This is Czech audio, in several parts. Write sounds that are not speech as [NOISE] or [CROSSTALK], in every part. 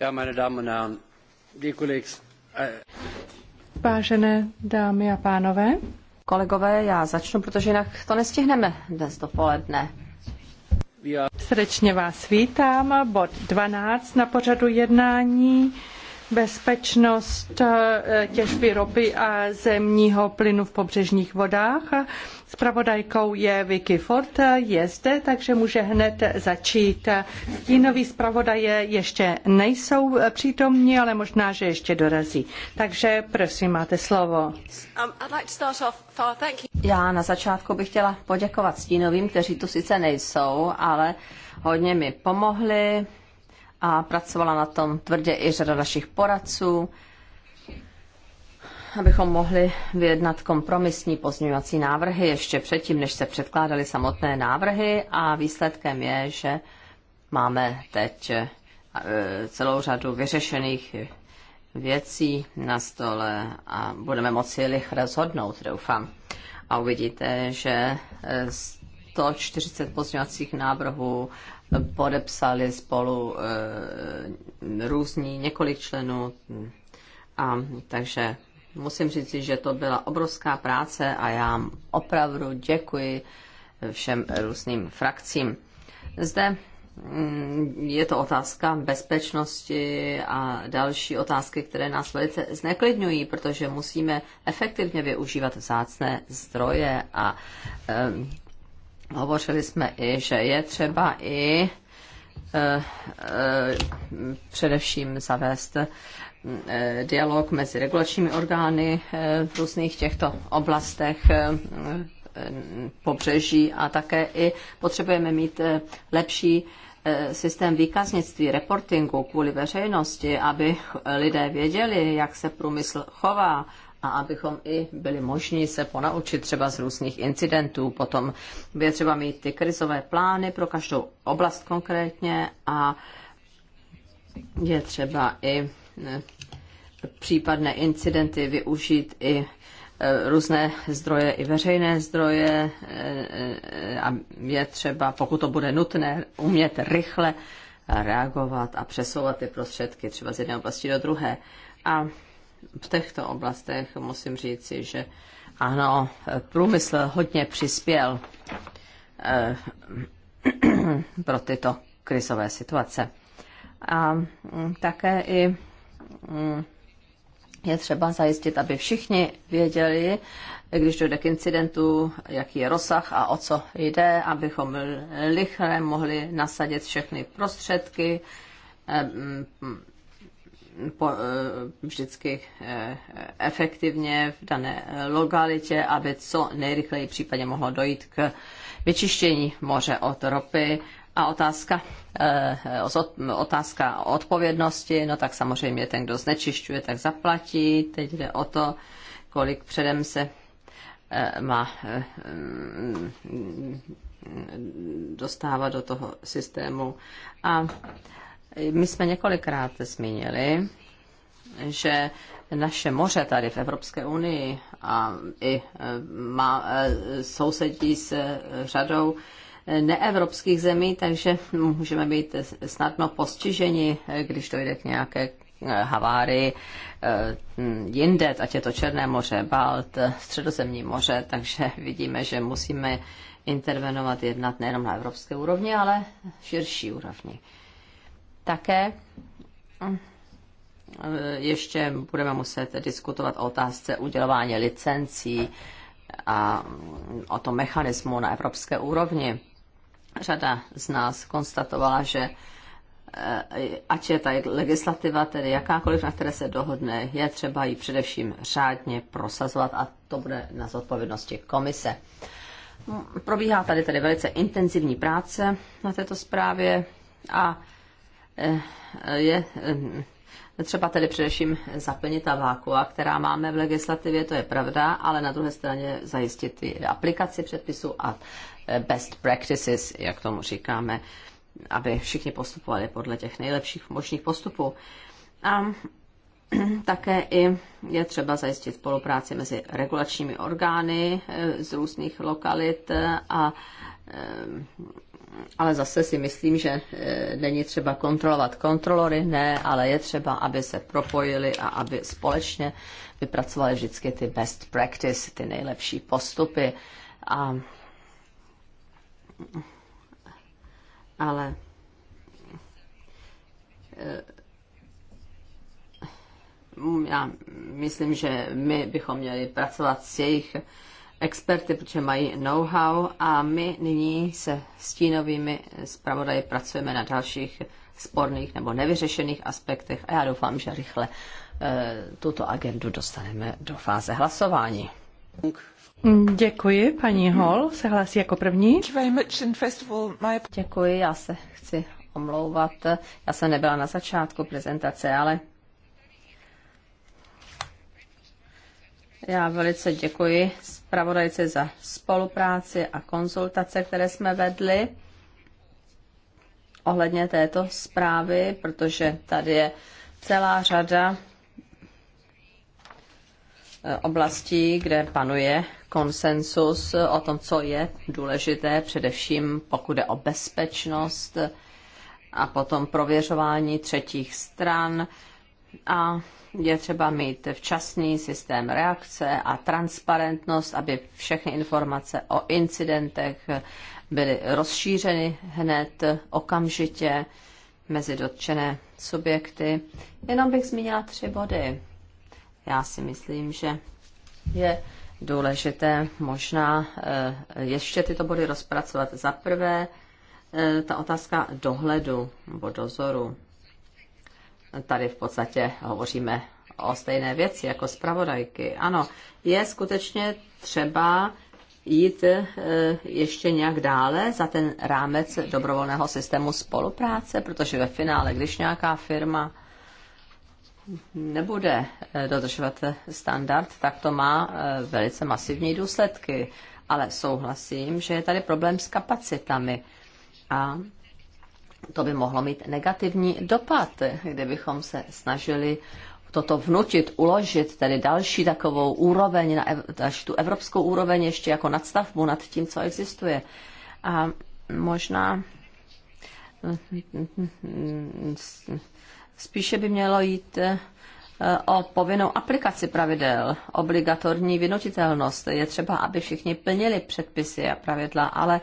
meine Damen und Herren, die äh, Vážené dámy a pánové, kolegové, já začnu, protože jinak to nestihneme dnes dopoledne. Srdečně vás vítám. Bod 12 na pořadu jednání bezpečnost eh, těžby ropy a zemního plynu v pobřežních vodách. Spravodajkou je Vicky Ford, je zde, takže může hned začít. Stínoví zpravodaje ještě nejsou přítomní, ale možná, že ještě dorazí. Takže prosím, máte slovo. Um, Já na začátku bych chtěla poděkovat stínovým, kteří tu sice nejsou, ale hodně mi pomohli a pracovala na tom tvrdě i řada našich poradců, abychom mohli vyjednat kompromisní pozměňovací návrhy ještě předtím, než se předkládaly samotné návrhy a výsledkem je, že máme teď eh, celou řadu vyřešených věcí na stole a budeme moci rychle rozhodnout, doufám. A uvidíte, že 140 eh, pozměňovacích návrhů podepsali spolu eh, různí několik členů. A takže musím říct, že to byla obrovská práce a já opravdu děkuji všem různým frakcím. Zde mm, je to otázka bezpečnosti a další otázky, které nás velice zneklidňují, protože musíme efektivně využívat vzácné zdroje a eh, Hovořili jsme i, že je třeba i e, e, především zavést e, dialog mezi regulačními orgány v různých těchto oblastech pobřeží a také i potřebujeme mít lepší systém výkaznictví, reportingu kvůli veřejnosti, aby lidé věděli, jak se průmysl chová a abychom i byli možní se ponaučit třeba z různých incidentů. Potom je třeba mít ty krizové plány pro každou oblast konkrétně a je třeba i eh, případné incidenty využít i eh, různé zdroje, i veřejné zdroje eh, a je třeba, pokud to bude nutné, umět rychle reagovat a přesouvat ty prostředky třeba z jedné oblasti do druhé. A v těchto oblastech musím říci, že ano, průmysl hodně přispěl eh, [CLEARS THROAT] pro tyto krizové situace. A mm, také i mm, je třeba zajistit, aby všichni věděli, když dojde k incidentu, jaký je rozsah a o co jde, abychom rychle mohli nasadit všechny prostředky, eh, mm, po, eh, vždycky eh, efektivně v dané lokalitě, aby co nejrychleji případně mohlo dojít k vyčištění moře od ropy. A otázka, eh, otázka odpovědnosti, no tak samozřejmě ten, kdo znečišťuje, tak zaplatí. Teď jde o to, kolik předem se má mm, dostávat do toho systému. A my jsme několikrát zmínili, že naše moře tady v Evropské unii a i e, má, e, sousedí s řadou neevropských zemí, takže můžeme být snadno postiženi, e, když dojde k nějaké havárii jinde, ať je to Černé moře, Balt, Středozemní moře, takže vidíme, že musíme intervenovat, jednat nejenom na evropské úrovni, ale širší úrovni. Také mm, eh, ještě budeme muset diskutovat o otázce udělování licencí a mm, o tom mechanismu na evropské úrovni. Řada z nás konstatovala, že eh, ať je ta legislativa, tedy jakákoliv, na které se dohodne, je třeba ji především řádně prosazovat a to bude na zodpovědnosti komise. Mm, probíhá tady tedy velice intenzivní práce na této zprávě a Eh, je eh, třeba tedy především zaplnit ta vákua, která máme v legislativě, to je pravda, ale na druhé straně zajistit i aplikaci předpisů a eh, best practices, jak tomu říkáme, aby všichni postupovali podle těch nejlepších možných postupů. A [CLEARS THROAT] také i je třeba zajistit spolupráci mezi regulačními orgány z různých lokalit a ale zase si myslím, že eh, není třeba kontrolovat kontrolory, ne, ale je třeba, aby se propojili a aby společně vypracovali vždycky ty best practice, ty nejlepší postupy. A, ale eh, já myslím, že my bychom měli pracovat s jejich experty, protože mají know-how a my nyní se stínovými zpravodaji pracujeme na dalších sporných nebo nevyřešených aspektech a já doufám, že rychle eh, tuto agendu dostaneme do fáze hlasování. Děkuji, paní Hall se hlásí jako první. Děkuji, já se chci omlouvat. Já jsem nebyla na začátku prezentace, ale Já velice děkuji zpravodajce za spolupráci a konzultace, které jsme vedli ohledně této zprávy, protože tady je celá řada eh, oblastí, kde panuje konsensus o tom, co je důležité, především pokud je o bezpečnost a potom prověřování třetích stran a je třeba mít včasný systém reakce a transparentnost, aby všechny informace o incidentech byly rozšířeny hned okamžitě mezi dotčené subjekty. Jenom bych zmínila tři body. Já si myslím, že je důležité možná eh, ještě tyto body rozpracovat. Za prvé, eh, ta otázka dohledu nebo dozoru tady v podstatě hovoříme o stejné věci jako zpravodajky. Ano, je skutečně třeba jít e, ještě nějak dále za ten rámec dobrovolného systému spolupráce, protože ve finále, když nějaká firma nebude e, dodržovat standard, tak to má e, velice masivní důsledky. Ale souhlasím, že je tady problém s kapacitami. A to by mohlo mít negativní dopad, kdybychom se snažili toto vnutit, uložit tedy další takovou úroveň, na, další tu evropskou úroveň ještě jako nadstavbu nad tím, co existuje. A možná spíše by mělo jít eh, o povinnou aplikaci pravidel, obligatorní vynutitelnost. Je třeba, aby všichni plnili předpisy a pravidla, ale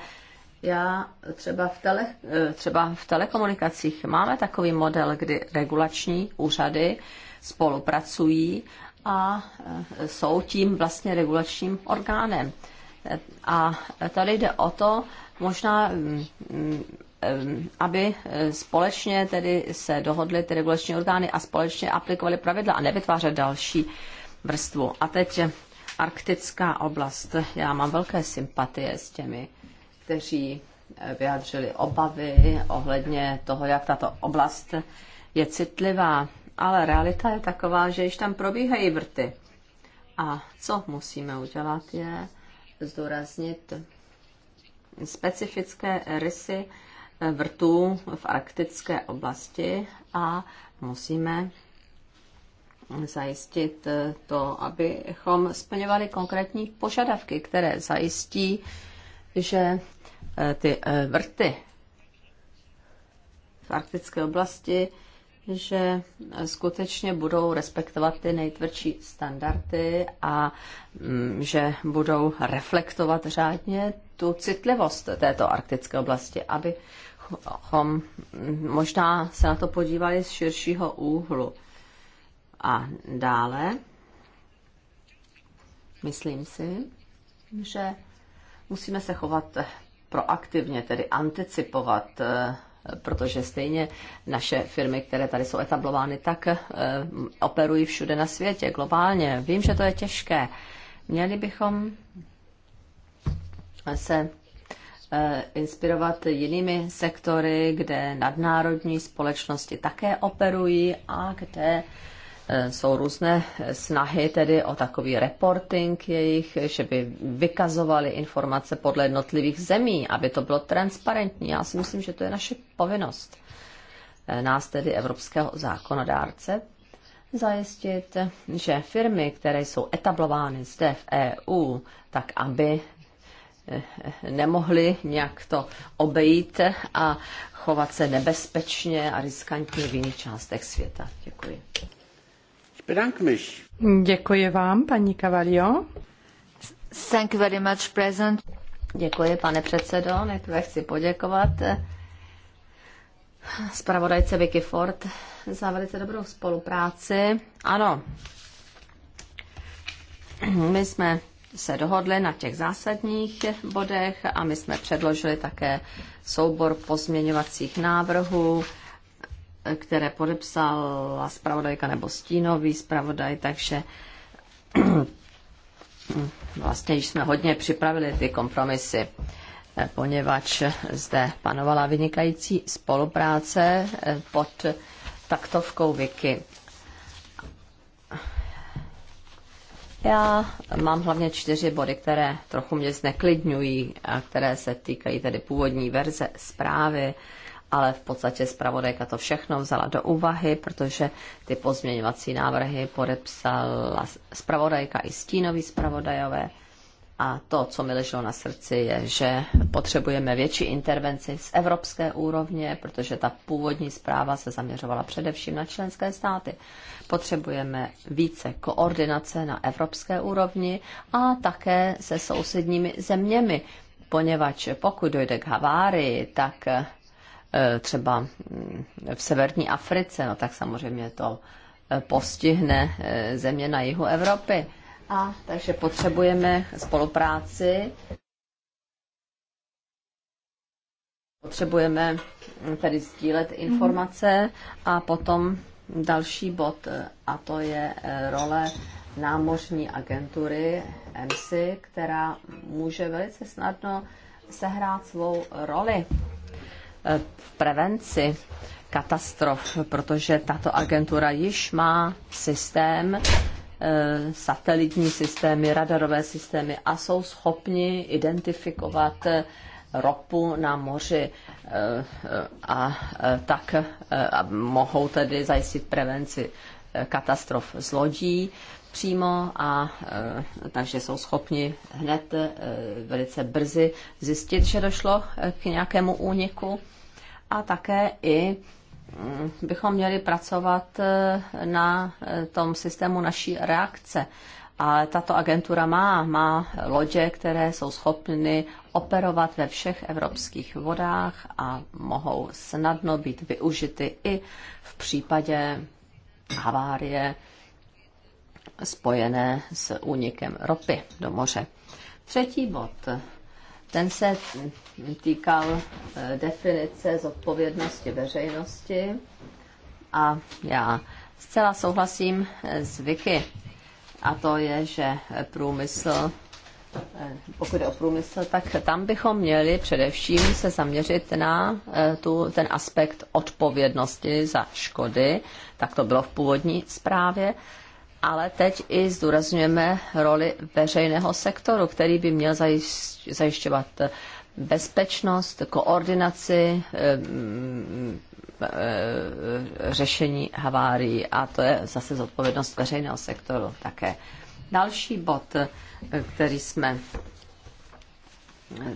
já třeba v, tele, eh, třeba v telekomunikacích máme takový model, kdy regulační úřady spolupracují a eh, jsou tím vlastně regulačním orgánem. Eh, a tady jde o to, možná mm, mm, aby společně tedy se dohodly ty regulační orgány a společně aplikovaly pravidla a nevytvářet další vrstvu. A teď arktická oblast. Já mám velké sympatie s těmi kteří eh, vyjádřili obavy ohledně toho, jak tato oblast je citlivá. Ale realita je taková, že již tam probíhají vrty. A co musíme udělat, je zdůraznit specifické rysy eh, vrtů v arktické oblasti a musíme zajistit eh, to, abychom splňovali konkrétní požadavky, které zajistí že eh, ty eh, vrty v arktické oblasti, že skutečně budou respektovat ty nejtvrdší standardy a mm, že budou reflektovat řádně tu citlivost této arktické oblasti, abychom mm, možná se na to podívali z širšího úhlu. A dále, myslím si, že Musíme se chovat proaktivně, tedy anticipovat, eh, protože stejně naše firmy, které tady jsou etablovány, tak eh, operují všude na světě, globálně. Vím, že to je těžké. Měli bychom se eh, inspirovat jinými sektory, kde nadnárodní společnosti také operují a kde Eh, jsou různé snahy tedy o takový reporting jejich, že by vykazovali informace podle jednotlivých zemí, aby to bylo transparentní. Já si myslím, že to je naše povinnost eh, nás tedy evropského zákonodárce zajistit, že firmy, které jsou etablovány zde v EU, tak aby eh, nemohli nějak to obejít a chovat se nebezpečně a riskantně v jiných částech světa. Děkuji. Děkuji vám, paní Cavalio. Thank you very much, President. Děkuji, pane předsedo. Nejprve chci poděkovat eh, zpravodajce Vicky Ford za velice dobrou spolupráci. Ano, my jsme se dohodli na těch zásadních bodech a my jsme předložili také soubor pozměňovacích návrhů které podepsala zpravodajka nebo stínový zpravodaj, takže [CLEARS THROAT] vlastně již jsme hodně připravili ty kompromisy, eh, poněvadž zde panovala vynikající spolupráce eh, pod taktovkou Viki. Já mám hlavně čtyři body, které trochu mě zneklidňují a které se týkají tedy původní verze zprávy ale v podstatě zpravodajka to všechno vzala do úvahy, protože ty pozměňovací návrhy podepsala zpravodajka i stínový zpravodajové. A to, co mi leželo na srdci, je, že potřebujeme větší intervenci z evropské úrovně, protože ta původní zpráva se zaměřovala především na členské státy. Potřebujeme více koordinace na evropské úrovni a také se sousedními zeměmi, poněvadž pokud dojde k havárii, tak Eh, třeba mm, v severní Africe, no tak samozřejmě to eh, postihne eh, země na jihu Evropy. A takže potřebujeme spolupráci. Potřebujeme mm, tedy sdílet mhm. informace a potom další bod, a to je role námořní agentury EMSI, která může velice snadno sehrát svou roli v eh, prevenci katastrof, protože tato agentura již má systém, eh, satelitní systémy, radarové systémy a jsou schopni identifikovat eh, ropu na moři a tak mohou tedy zajistit prevenci katastrof z lodí přímo a e, takže jsou schopni hned e, velice brzy zjistit, že došlo e, k nějakému úniku. A také i mm, bychom měli pracovat na tom systému naší reakce. A tato agentura má, má lodě, které jsou schopny operovat ve všech evropských vodách a mohou snadno být využity i v případě havárie spojené s únikem ropy do moře. Třetí bod. Ten se týkal e, definice zodpovědnosti veřejnosti a já zcela souhlasím e, s Vicky. A to je, že průmysl, e, pokud je o průmysl, tak tam bychom měli především se zaměřit na tu, ten aspekt odpovědnosti za škody. Tak to bylo v původní zprávě ale teď i zdůrazňujeme roli veřejného sektoru, který by měl zajišťovat bezpečnost, koordinaci, eh, eh, řešení havárií a to je zase zodpovědnost veřejného sektoru také. Další bod, eh, který jsme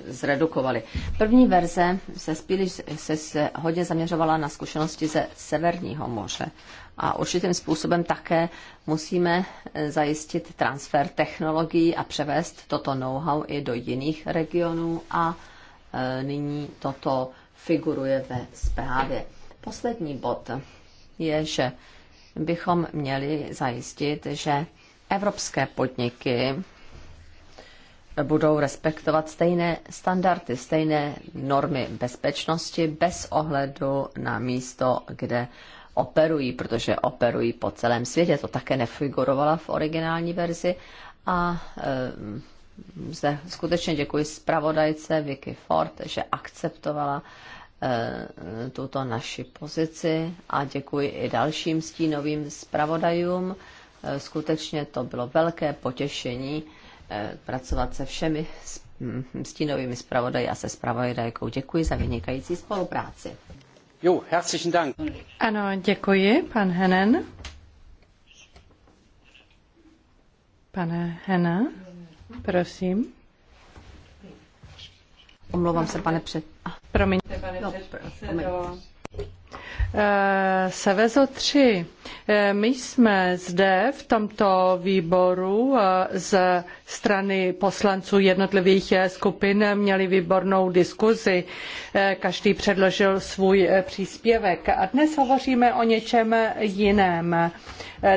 zredukovali. První verze se spíš se, se hodně zaměřovala na zkušenosti ze Severního moře a určitým způsobem také musíme eh, zajistit transfer technologií a převést toto know-how i do jiných regionů a eh, nyní toto figuruje ve zprávě. Poslední bod je, že bychom měli zajistit, že evropské podniky budou respektovat stejné standardy, stejné normy bezpečnosti bez ohledu na místo, kde operují, protože operují po celém světě. To také nefigurovala v originální verzi. A e, zde skutečně děkuji zpravodajce Vicky Ford, že akceptovala e, tuto naši pozici a děkuji i dalším stínovým zpravodajům. E, skutečně to bylo velké potěšení Eh, pracovat se všemi stínovými zpravodaji a se zpravodajkou. Děkuji za vynikající spolupráci. Jo, herzlichen Dank. Ano, děkuji, pan Henen. Pane Hena, prosím. Omlouvám se, pane před... Promiňte, no, pane no, předsedo. Sevezo 3. Eh, my jsme zde v tomto výboru eh, z strany poslanců jednotlivých eh, skupin měli výbornou diskuzi. Každý předložil svůj příspěvek a dnes hovoříme o něčem jiném.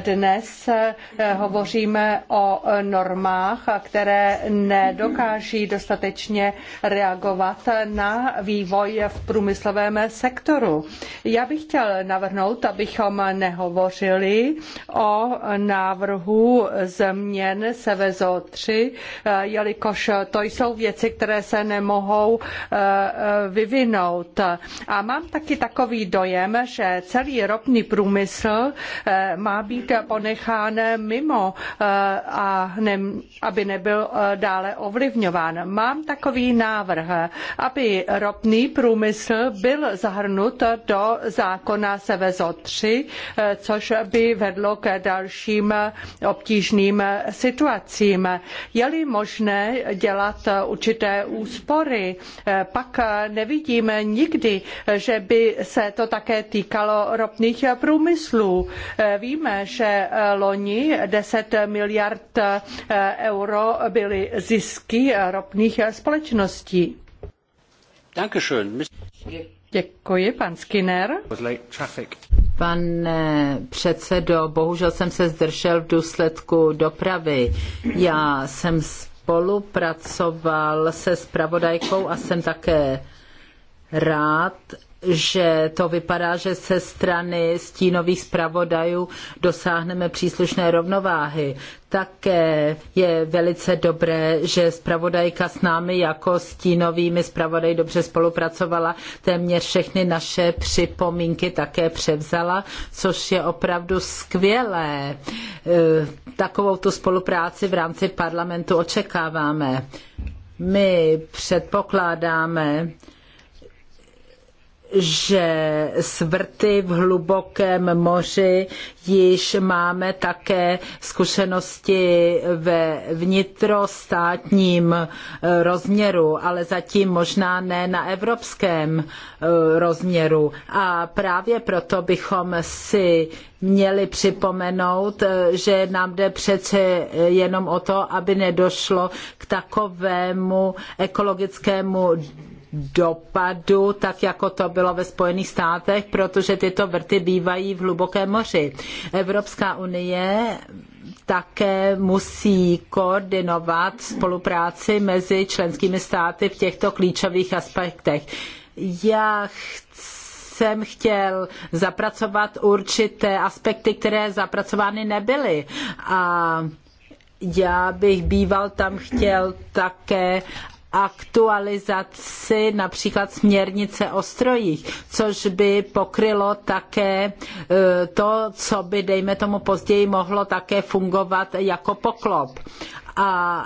Dnes eh, hovoříme o normách, které nedokáží dostatečně reagovat na vývoj v průmyslovém sektoru. Já bych chtěl navrhnout, abychom nehovořili o návrhu změn Sevezo 3, eh, jelikož to jsou věci, které se nemohou eh, vyvinout. A mám taky takový dojem, že celý ropný průmysl má být být ponechán mimo eh, a ne, aby nebyl eh, dále ovlivňován. Mám takový návrh, aby ropný průmysl byl zahrnut do zákona Sevezo 3, eh, což by vedlo k dalším obtížným situacím. Je-li možné dělat určité úspory, pak nevidím nikdy, že by se to také týkalo ropných průmyslů. Víme, že eh, loni 10 miliard eh, euro byly zisky ropných společností. Děkuji, pan Skinner. Pane předsedo, bohužel jsem se zdržel v důsledku dopravy. Já jsem spolupracoval se spravodajkou a jsem také rád, že to vypadá, že se strany stínových zpravodajů dosáhneme příslušné rovnováhy. Také je velice dobré, že zpravodajka s námi jako stínovými zpravodaj dobře spolupracovala, téměř všechny naše připomínky také převzala, což je opravdu skvělé. E, takovou tu spolupráci v rámci parlamentu očekáváme. My předpokládáme, že svrty v hlubokém moři již máme také zkušenosti ve vnitrostátním eh, rozměru, ale zatím možná ne na evropském eh, rozměru. A právě proto bychom si měli připomenout, eh, že nám jde přece jenom o to, aby nedošlo k takovému ekologickému dopadu, tak jako to bylo ve Spojených státech, protože tyto vrty bývají v hlubokém moři. Evropská unie také musí koordinovat spolupráci mezi členskými státy v těchto klíčových aspektech. Já jsem chtěl zapracovat určité aspekty, které zapracovány nebyly. A já bych býval tam chtěl také, aktualizaci například směrnice o strojích, což by pokrylo také eh, to, co by, dejme tomu, později mohlo také fungovat jako poklop. A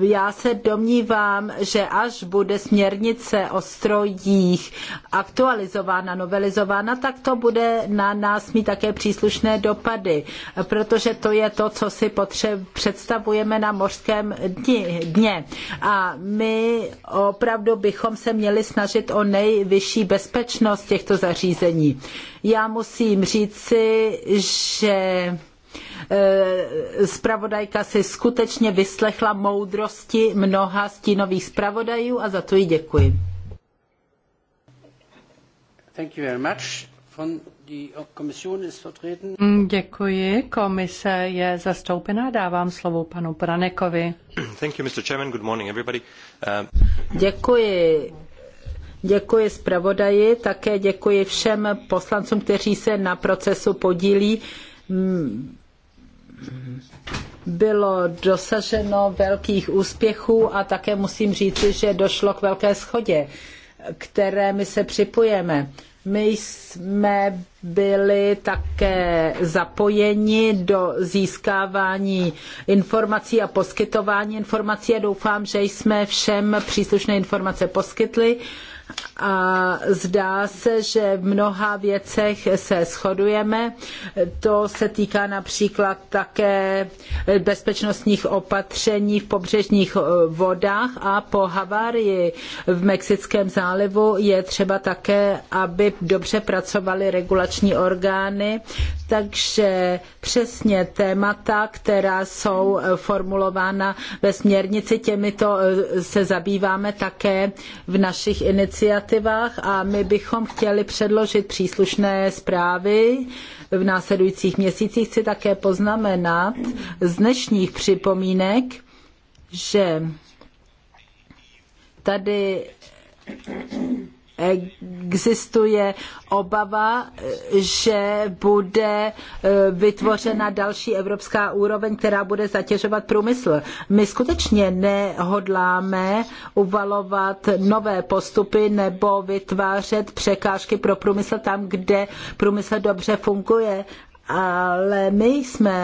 já se domnívám, že až bude směrnice o strojích aktualizována, novelizována, tak to bude na nás mít také příslušné dopady, protože to je to, co si potřeb představujeme na mořském dni, dně. A my opravdu bychom se měli snažit o nejvyšší bezpečnost těchto zařízení. Já musím říci, že Eh, spravodajka si skutečně vyslechla moudrosti mnoha stínových spravodajů a za to jí děkuji. Mm, děkuji. Komise je zastoupena. Dávám slovo panu Pranekovi. Uh, děkuji. Děkuji zpravodaji, také děkuji všem poslancům, kteří se na procesu podílí. Mm, bylo dosaženo velkých úspěchů a také musím říci, že došlo k velké schodě, které my se připojeme. My jsme byli také zapojeni do získávání informací a poskytování informací a doufám, že jsme všem příslušné informace poskytli a zdá se, že v mnoha věcech se shodujeme. To se týká například také bezpečnostních opatření v pobřežních eh, vodách a po havárii v Mexickém zálivu je třeba také, aby dobře pracovaly regulační orgány, takže přesně témata, která jsou eh, formulována ve směrnici, těmito eh, se zabýváme také v našich iniciativách iniciativách a my bychom chtěli předložit příslušné zprávy v následujících měsících. Chci také poznamenat z dnešních připomínek, že tady existuje obava, že bude eh, vytvořena další evropská úroveň, která bude zatěžovat průmysl. My skutečně nehodláme uvalovat nové postupy nebo vytvářet překážky pro průmysl tam, kde průmysl dobře funguje, ale my jsme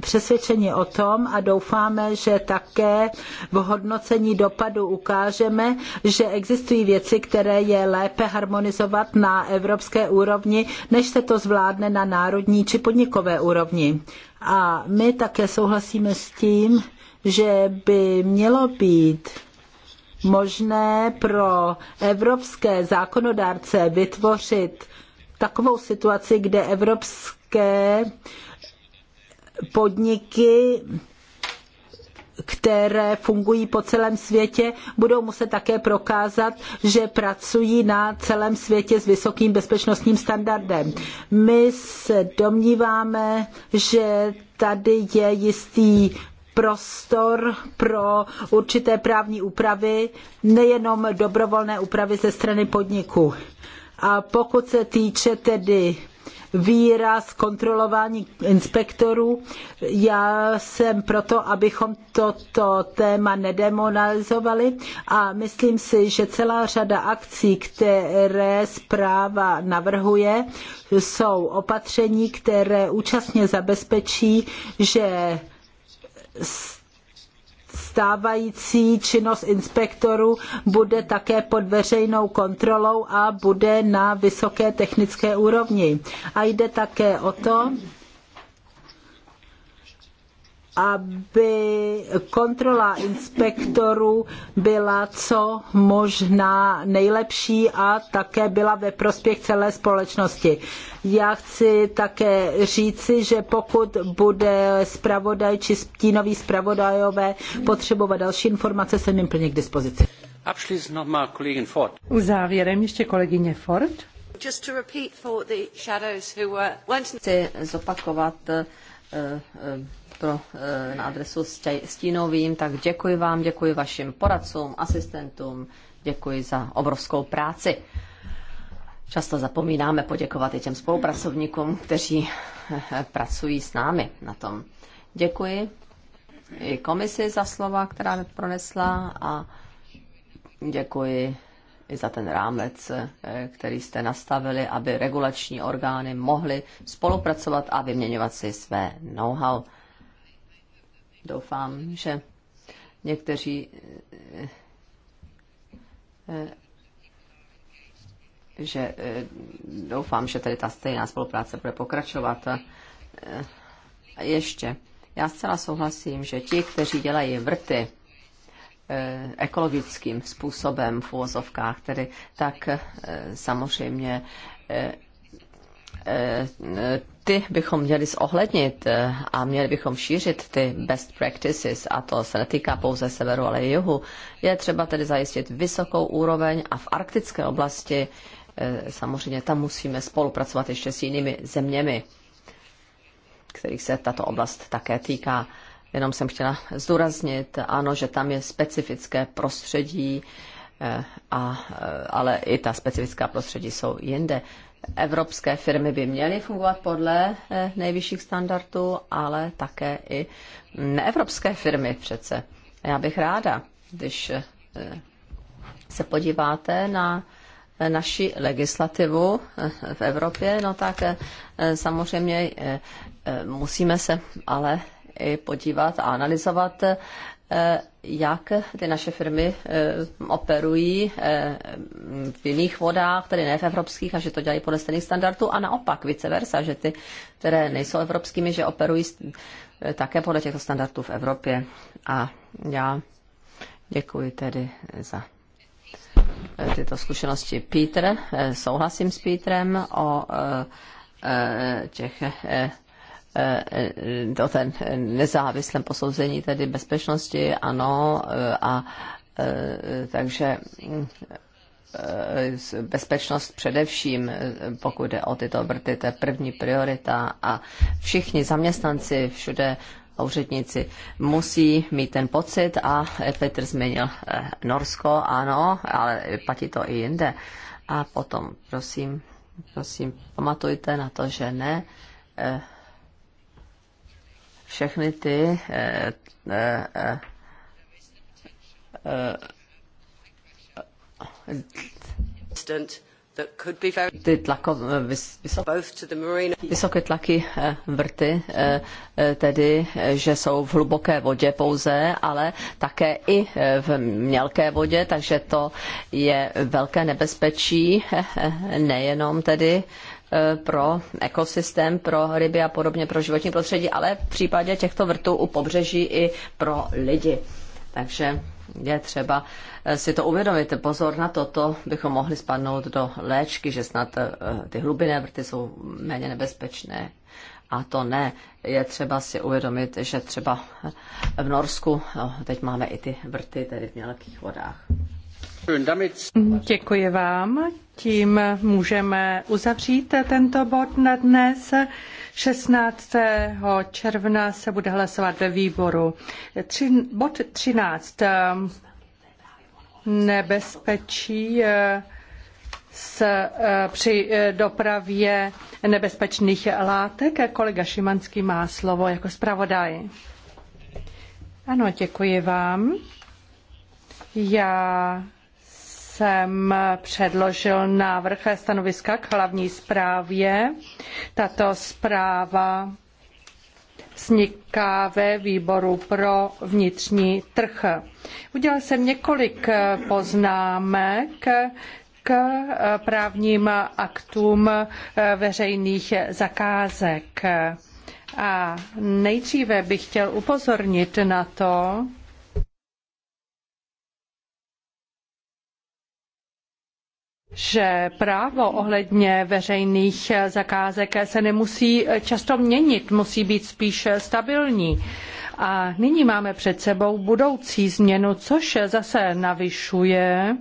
přesvědčeni o tom a doufáme, že také v hodnocení dopadu ukážeme, že existují věci, které je lépe harmonizovat na evropské úrovni, než se to zvládne na národní či podnikové úrovni. A my také souhlasíme s tím, že by mělo být možné pro evropské zákonodárce vytvořit takovou situaci, kde evropské velké podniky které fungují po celém světě, budou muset také prokázat, že pracují na celém světě s vysokým bezpečnostním standardem. My se domníváme, že tady je jistý prostor pro určité právní úpravy, nejenom dobrovolné úpravy ze strany podniku. A pokud se týče tedy výraz kontrolování inspektorů. Já jsem proto, abychom toto téma nedemonalizovali a myslím si, že celá řada akcí, které zpráva navrhuje, jsou opatření, které účastně zabezpečí, že stávající činnost inspektorů bude také pod veřejnou kontrolou a bude na vysoké technické úrovni. A jde také o to, aby kontrola inspektorů byla co možná nejlepší a také byla ve prospěch celé společnosti. Já chci také říci, že pokud bude zpravodaj či stínový zpravodajové potřebovat další informace, jsem jim plně k dispozici. Závěrem ještě kolegyně Ford. Chci zopakovat uh, uh, pro, eh, na adresu stínovým, tak děkuji vám, děkuji vašim poradcům, asistentům, děkuji za obrovskou práci. Často zapomínáme poděkovat i těm spolupracovníkům, kteří eh, pracují s námi na tom. Děkuji i komisi za slova, která mi pronesla a děkuji i za ten rámec, eh, který jste nastavili, aby regulační orgány mohly spolupracovat a vyměňovat si své know-how doufám, že někteří eh, že eh, doufám, že tady ta stejná spolupráce bude pokračovat. A eh, ještě, já zcela souhlasím, že ti, kteří dělají vrty ekologickým způsobem v úvozovkách, tedy tak samozřejmě ty bychom měli zohlednit eh, a měli bychom šířit ty best practices, a to se netýká pouze severu, ale i jihu. Je třeba tedy zajistit vysokou úroveň a v arktické oblasti eh, samozřejmě tam musíme spolupracovat ještě s jinými zeměmi, kterých se tato oblast také týká. Jenom jsem chtěla zdůraznit, ano, že tam je specifické prostředí, eh, a, ale i ta specifická prostředí jsou jinde. Evropské firmy by měly fungovat podle eh, nejvyšších standardů, ale také i neevropské firmy přece. Já bych ráda, když eh, se podíváte na eh, naši legislativu v Evropě, no tak samozřejmě musíme se ale i podívat a analyzovat Eh, jak ty naše firmy eh, operují eh, v jiných vodách, tedy ne v evropských, a že to dělají podle stejných standardů, a naopak vice versa, že ty, které nejsou evropskými, že operují také podle těchto standardů v Evropě. A já děkuji tedy za tyto zkušenosti. Peter, souhlasím s Petrem o těch do eh, ten nezávislém posouzení tedy bezpečnosti, ano, eh, a eh, takže bezpečnost především, pokud jde o tyto vrty, to je první priorita a všichni zaměstnanci všude úředníci musí mít ten pocit a Petr změnil Norsko, ano, ale platí to i jinde. A potom, prosím, prosím, pamatujte na to, že ne všechny ty eh, eh, eh, ty tlako, eh, vysoké tlaky eh, vrty, eh, tedy, že jsou v hluboké vodě pouze, ale také i v mělké vodě, takže to je velké nebezpečí, nejenom tedy Eh, pro ekosystém, pro ryby a podobně, pro životní prostředí, ale v případě těchto vrtů u pobřeží i pro lidi. Takže je třeba eh, si to uvědomit. Pozor na toto, bychom mohli spadnout do léčky, že snad eh, ty hlubinné vrty jsou méně nebezpečné. A to ne. Je třeba si uvědomit, že třeba v Norsku, no, teď máme i ty vrty tady v mělkých vodách. Děkuji vám. Tím můžeme uzavřít tento bod na dnes. 16. června se bude hlasovat ve výboru. Tři, bod 13. Nebezpečí eh, s, eh, při eh, dopravě nebezpečných látek. Kolega Šimanský má slovo jako zpravodaj. Ano, děkuji vám. Já jsem předložil návrh stanoviska k hlavní zprávě. Tato zpráva vzniká ve výboru pro vnitřní trh. Udělal jsem několik poznámek k právním aktům veřejných zakázek. A nejdříve bych chtěl upozornit na to, že právo ohledně veřejných zakázek se nemusí často měnit, musí být spíš stabilní. A nyní máme před sebou budoucí změnu, což zase navyšuje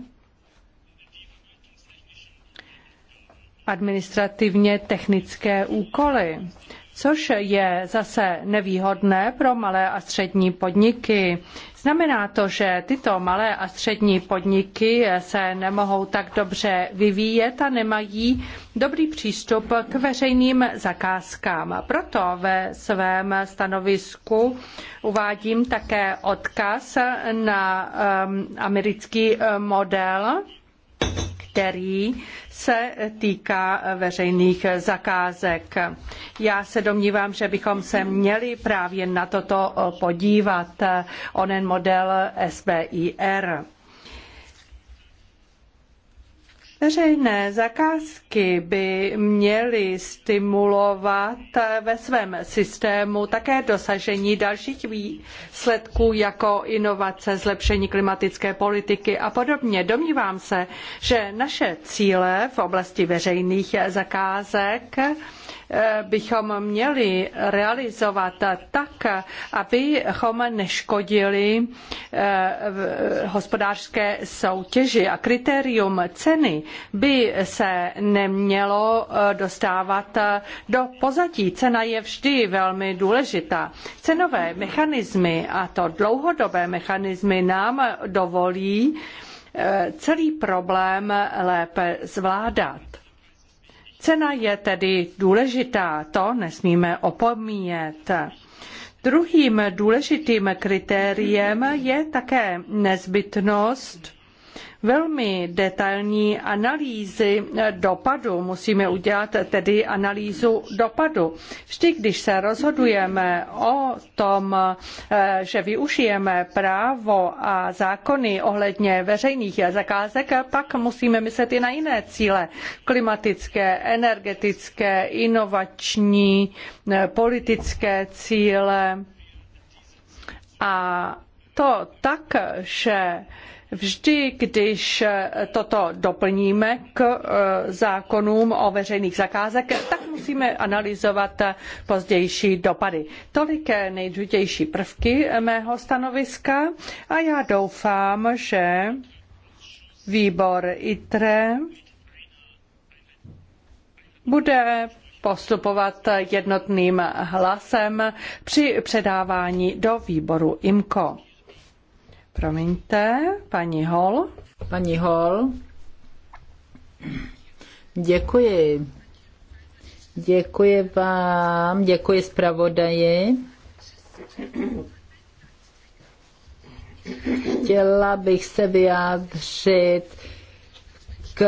administrativně technické úkoly což je zase nevýhodné pro malé a střední podniky. Znamená to, že tyto malé a střední podniky se nemohou tak dobře vyvíjet a nemají dobrý přístup k veřejným zakázkám. Proto ve svém stanovisku uvádím také odkaz na um, americký model který se týká veřejných zakázek. Já se domnívám, že bychom se měli právě na toto podívat, onen model SBIR. Veřejné zakázky by měly stimulovat ve svém systému také dosažení dalších výsledků jako inovace, zlepšení klimatické politiky a podobně. Domnívám se, že naše cíle v oblasti veřejných zakázek bychom měli realizovat tak, abychom neškodili eh, hospodářské soutěži a kritérium ceny by se nemělo eh, dostávat eh, do pozadí. Cena je vždy velmi důležitá. Cenové mechanismy a to dlouhodobé mechanismy nám dovolí celý problém lépe zvládat. Cena je tedy důležitá, to nesmíme opomíjet. Druhým důležitým kritériem je také nezbytnost velmi detailní analýzy dopadu. Musíme udělat tedy analýzu dopadu. Vždy, když se rozhodujeme o tom, eh, že využijeme právo a zákony ohledně veřejných zakázek, pak musíme myslet i na jiné cíle. Klimatické, energetické, inovační, eh, politické cíle. A to tak, že Vždy, když toto doplníme k e, zákonům o veřejných zakázek, tak musíme analyzovat pozdější dopady. Tolik nejdůležitější prvky mého stanoviska a já doufám, že výbor ITRE bude postupovat jednotným hlasem při předávání do výboru IMCO. Promiňte, paní Hol. Paní Hol. Děkuji. Děkuji vám, děkuji zpravodaji. Chtěla bych se vyjádřit k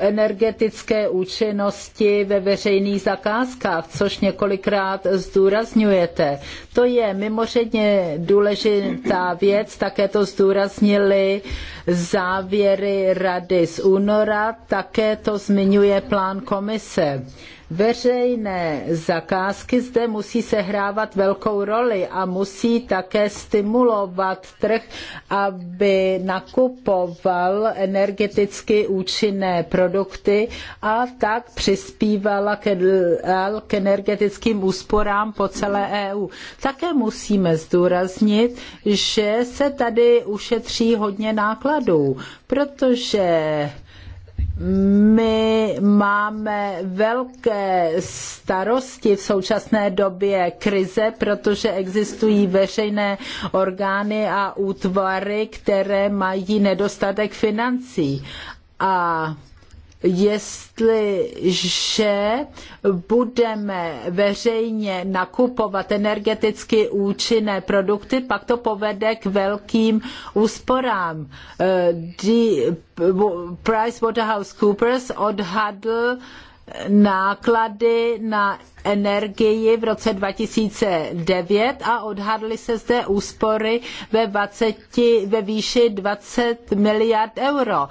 energetické účinnosti ve veřejných zakázkách, což několikrát zdůrazňujete. To je mimořádně důležitá věc, také to zdůraznili závěry rady z února, také to zmiňuje plán komise. Veřejné zakázky zde musí sehrávat velkou roli a musí také stimulovat trh, aby nakupoval energeticky účinné produkty a tak přispívala k, k energetickým úsporám po celé EU. Také musíme zdůraznit, že se tady ušetří hodně nákladů, protože my máme velké starosti v současné době krize, protože existují veřejné orgány a útvary, které mají nedostatek financí. A jestliže budeme veřejně nakupovat energeticky účinné produkty, pak to povede k velkým úsporám. Eh, Price Waterhouse Coopers odhadl náklady na energii v roce 2009 a odhadly se zde úspory ve, 20, ve výši 20 miliard euro.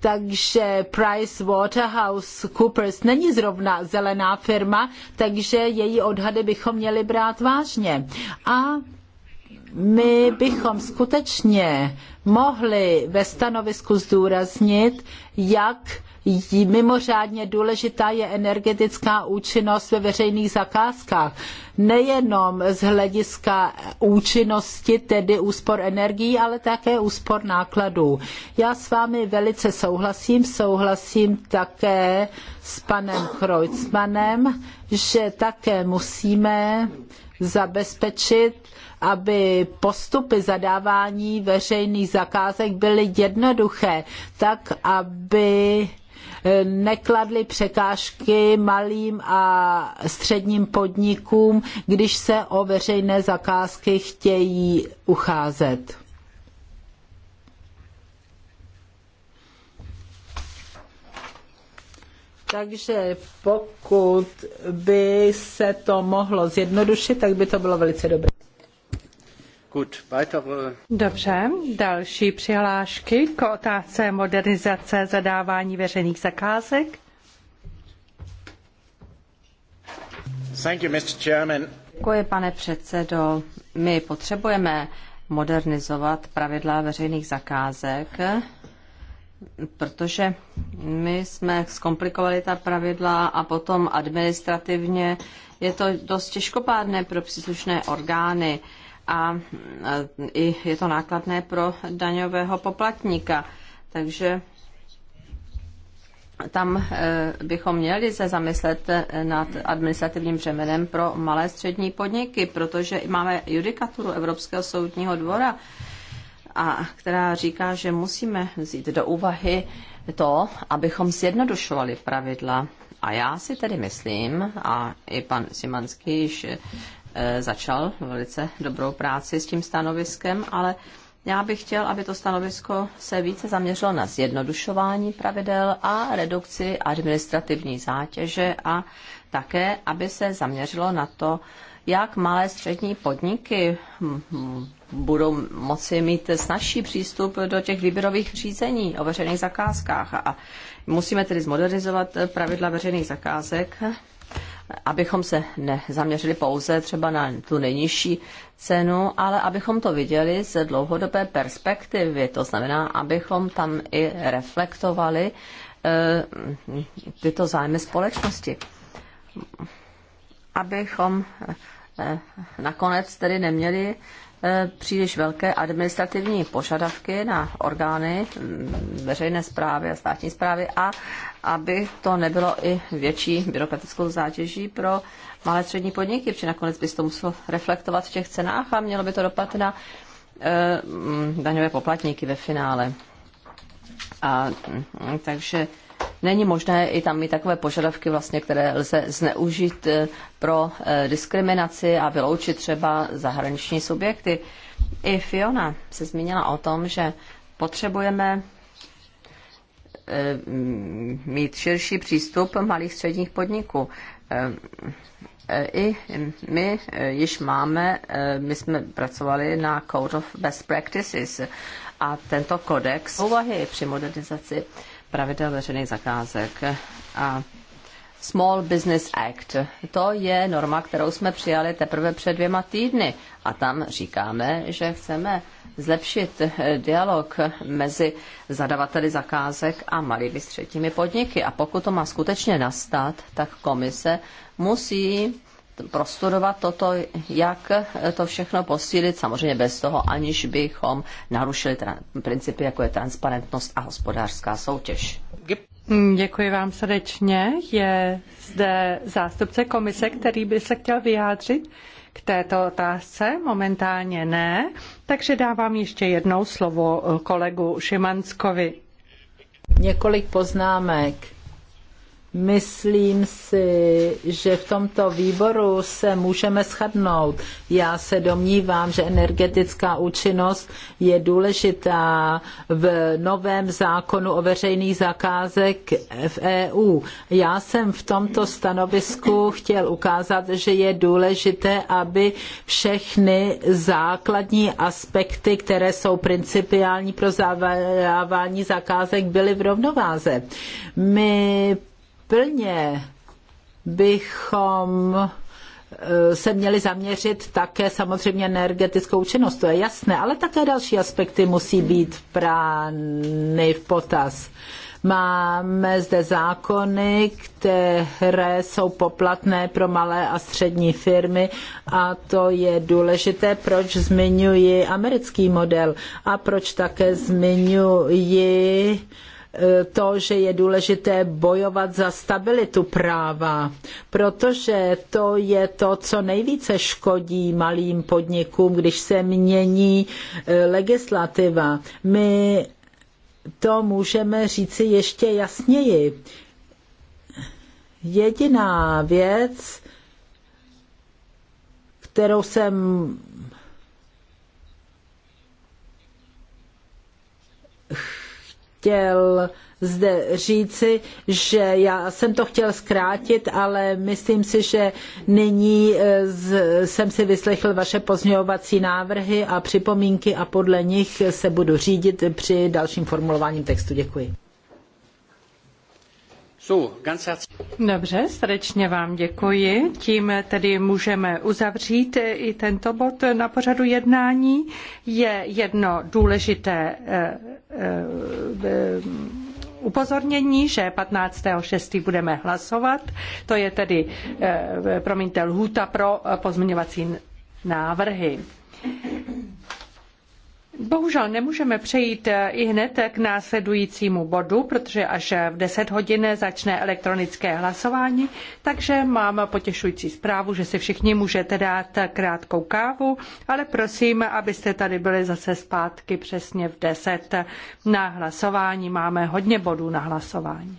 Takže Price Waterhouse Coopers není zrovna zelená firma, takže její odhady bychom měli brát vážně. A my bychom skutečně mohli ve stanovisku zdůraznit, jak Mimořádně důležitá je energetická účinnost ve veřejných zakázkách. Nejenom z hlediska účinnosti, tedy úspor energií, ale také úspor nákladů. Já s vámi velice souhlasím, souhlasím také s panem Kreutzmanem, že také musíme zabezpečit aby postupy zadávání veřejných zakázek byly jednoduché, tak aby Eh, nekladly překážky malým a středním podnikům, když se o veřejné zakázky chtějí ucházet. Takže pokud by se to mohlo zjednodušit, tak by to bylo velice dobré. Dobře, další přihlášky k otázce modernizace zadávání veřejných zakázek. Thank you, Mr. Chairman. Děkuji, pane předsedo. My potřebujeme modernizovat pravidla veřejných zakázek, protože my jsme zkomplikovali ta pravidla a potom administrativně je to dost těžkopádné pro příslušné orgány a i je to nákladné pro daňového poplatníka. Takže tam e, bychom měli se zamyslet e, nad administrativním břemenem pro malé střední podniky, protože máme judikaturu Evropského soudního dvora, a která říká, že musíme vzít do úvahy to, abychom zjednodušovali pravidla. A já si tedy myslím, a i pan Simanský již Eh, začal velice dobrou práci s tím stanoviskem, ale já bych chtěl, aby to stanovisko se více zaměřilo na zjednodušování pravidel a redukci administrativní zátěže a také, aby se zaměřilo na to, jak malé střední podniky hm, hm, budou moci mít snažší přístup do těch výběrových řízení o veřejných zakázkách. A musíme tedy zmodernizovat pravidla veřejných zakázek abychom se nezaměřili pouze třeba na tu nejnižší cenu, ale abychom to viděli ze dlouhodobé perspektivy. To znamená, abychom tam i reflektovali eh, tyto zájmy společnosti. Abychom eh, nakonec tedy neměli Eh, příliš velké administrativní požadavky na orgány mm, veřejné zprávy a státní zprávy a aby to nebylo i větší byrokratickou zátěží pro malé střední podniky, protože nakonec by se to muselo reflektovat v těch cenách a mělo by to dopad na eh, mm, daňové poplatníky ve finále. A, mm, takže není možné i tam mít takové požadavky, vlastně, které lze zneužít eh, pro eh, diskriminaci a vyloučit třeba zahraniční subjekty. I Fiona se zmínila o tom, že potřebujeme eh, mít širší přístup malých středních podniků. I my již máme, my jsme pracovali na Code of Best Practices a tento kodex úvahy při modernizaci pravidel veřejných zakázek. A Small Business Act. To je norma, kterou jsme přijali teprve před dvěma týdny. A tam říkáme, že chceme zlepšit dialog mezi zadavateli zakázek a malými středními podniky. A pokud to má skutečně nastat, tak komise musí prostudovat toto, jak to všechno posílit, samozřejmě bez toho, aniž bychom narušili principy, jako je transparentnost a hospodářská soutěž. Děkuji vám srdečně. Je zde zástupce komise, který by se chtěl vyjádřit k této otázce. Momentálně ne, takže dávám ještě jednou slovo kolegu Šimanskovi. Několik poznámek Myslím si, že v tomto výboru se můžeme shodnout. Já se domnívám, že energetická účinnost je důležitá v novém zákonu o veřejných zakázek v EU. Já jsem v tomto stanovisku chtěl ukázat, že je důležité, aby všechny základní aspekty, které jsou principiální pro zadávání zakázek, byly v rovnováze. My plně bychom eh, se měli zaměřit také samozřejmě energetickou činnost, to je jasné, ale také další aspekty musí být prány v potaz. Máme zde zákony, které jsou poplatné pro malé a střední firmy a to je důležité, proč zmiňuji americký model a proč také zmiňuji Eh, to, že je důležité bojovat za stabilitu práva, protože to je to, co nejvíce škodí malým podnikům, když se mění eh, legislativa. My to můžeme říci ještě jasněji. Jediná věc, kterou jsem chtěl zde říci, že já jsem to chtěl zkrátit, ale myslím si, že nyní e, jsem si vyslechl vaše pozměňovací návrhy a připomínky a podle nich se budu řídit při dalším formulování textu. Děkuji. Dobře, srdečně vám děkuji. Tím tedy můžeme uzavřít i tento bod na pořadu jednání. Je jedno důležité eh, eh, upozornění, že 15.6. budeme hlasovat. To je tedy, eh, promiňte, lhůta pro pozměňovací návrhy. Bohužel nemůžeme přejít eh, i hned k následujícímu bodu, protože až v 10 hodin začne elektronické hlasování, takže mám potěšující zprávu, že si všichni můžete dát krátkou kávu, ale prosím, abyste tady byli zase zpátky přesně v 10 na hlasování. Máme hodně bodů na hlasování.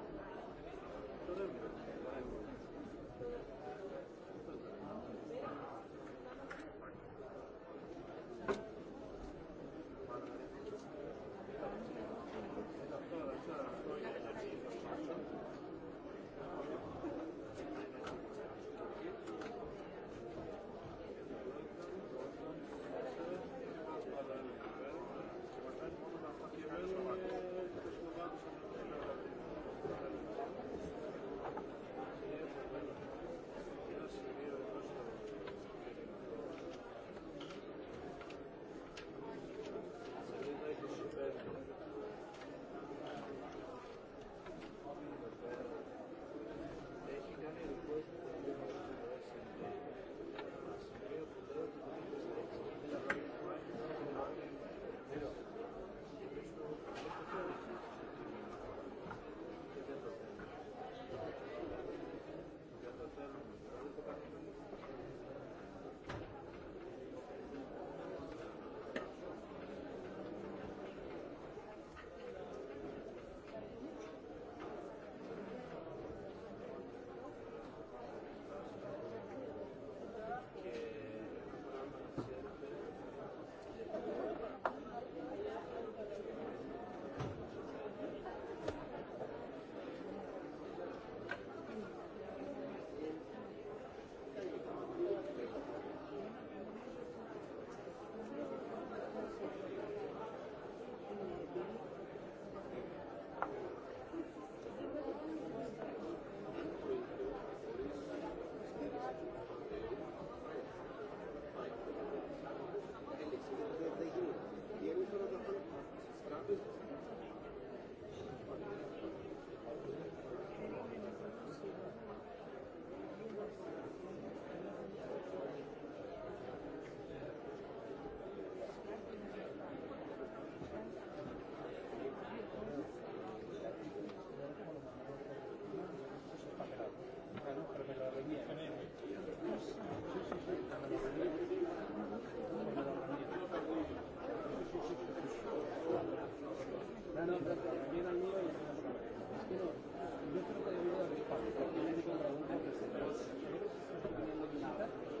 máte?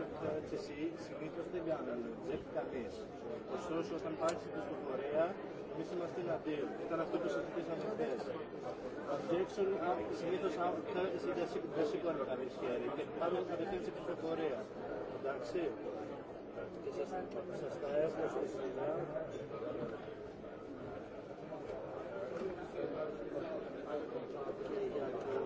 έτσι συνήθω δεν κάνανε τσεκ κανεί. Ωστόσο, όταν υπάρχει η πληροφορία, εμεί είμαστε εναντίον. Ήταν αυτό που συζητήσαμε χθε. Ο Τζέξον συνήθω δεν σήκωνε κανεί χέρι και πάμε κατευθείαν στην πληροφορία. Εντάξει. Και σα τα έχω στη σειρά. Και για το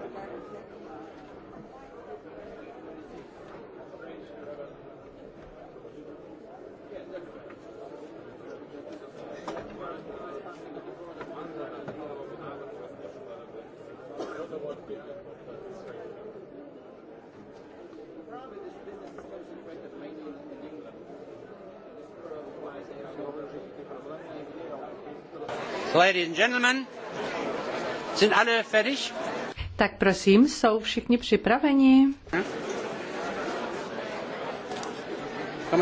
Ladies and gentlemen, sind alle fertig? Tak prosím, jsou všichni připraveni? Oh,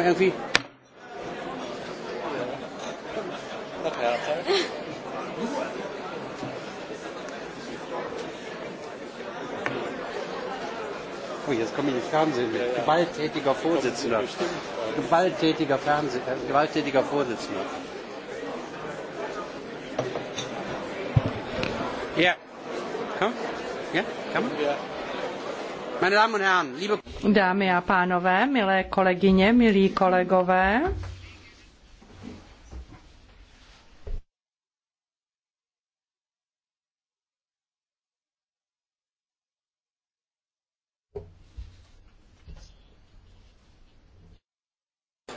jetzt komme ich ins Fernsehen Gewalttätiger Vorsitzender. Gewalttätiger, Fernseh, äh, gewalttätiger Vorsitzender. Ja. Komm. Ja, Ja. Dámy a pánové, milé kolegyně, milí kolegové,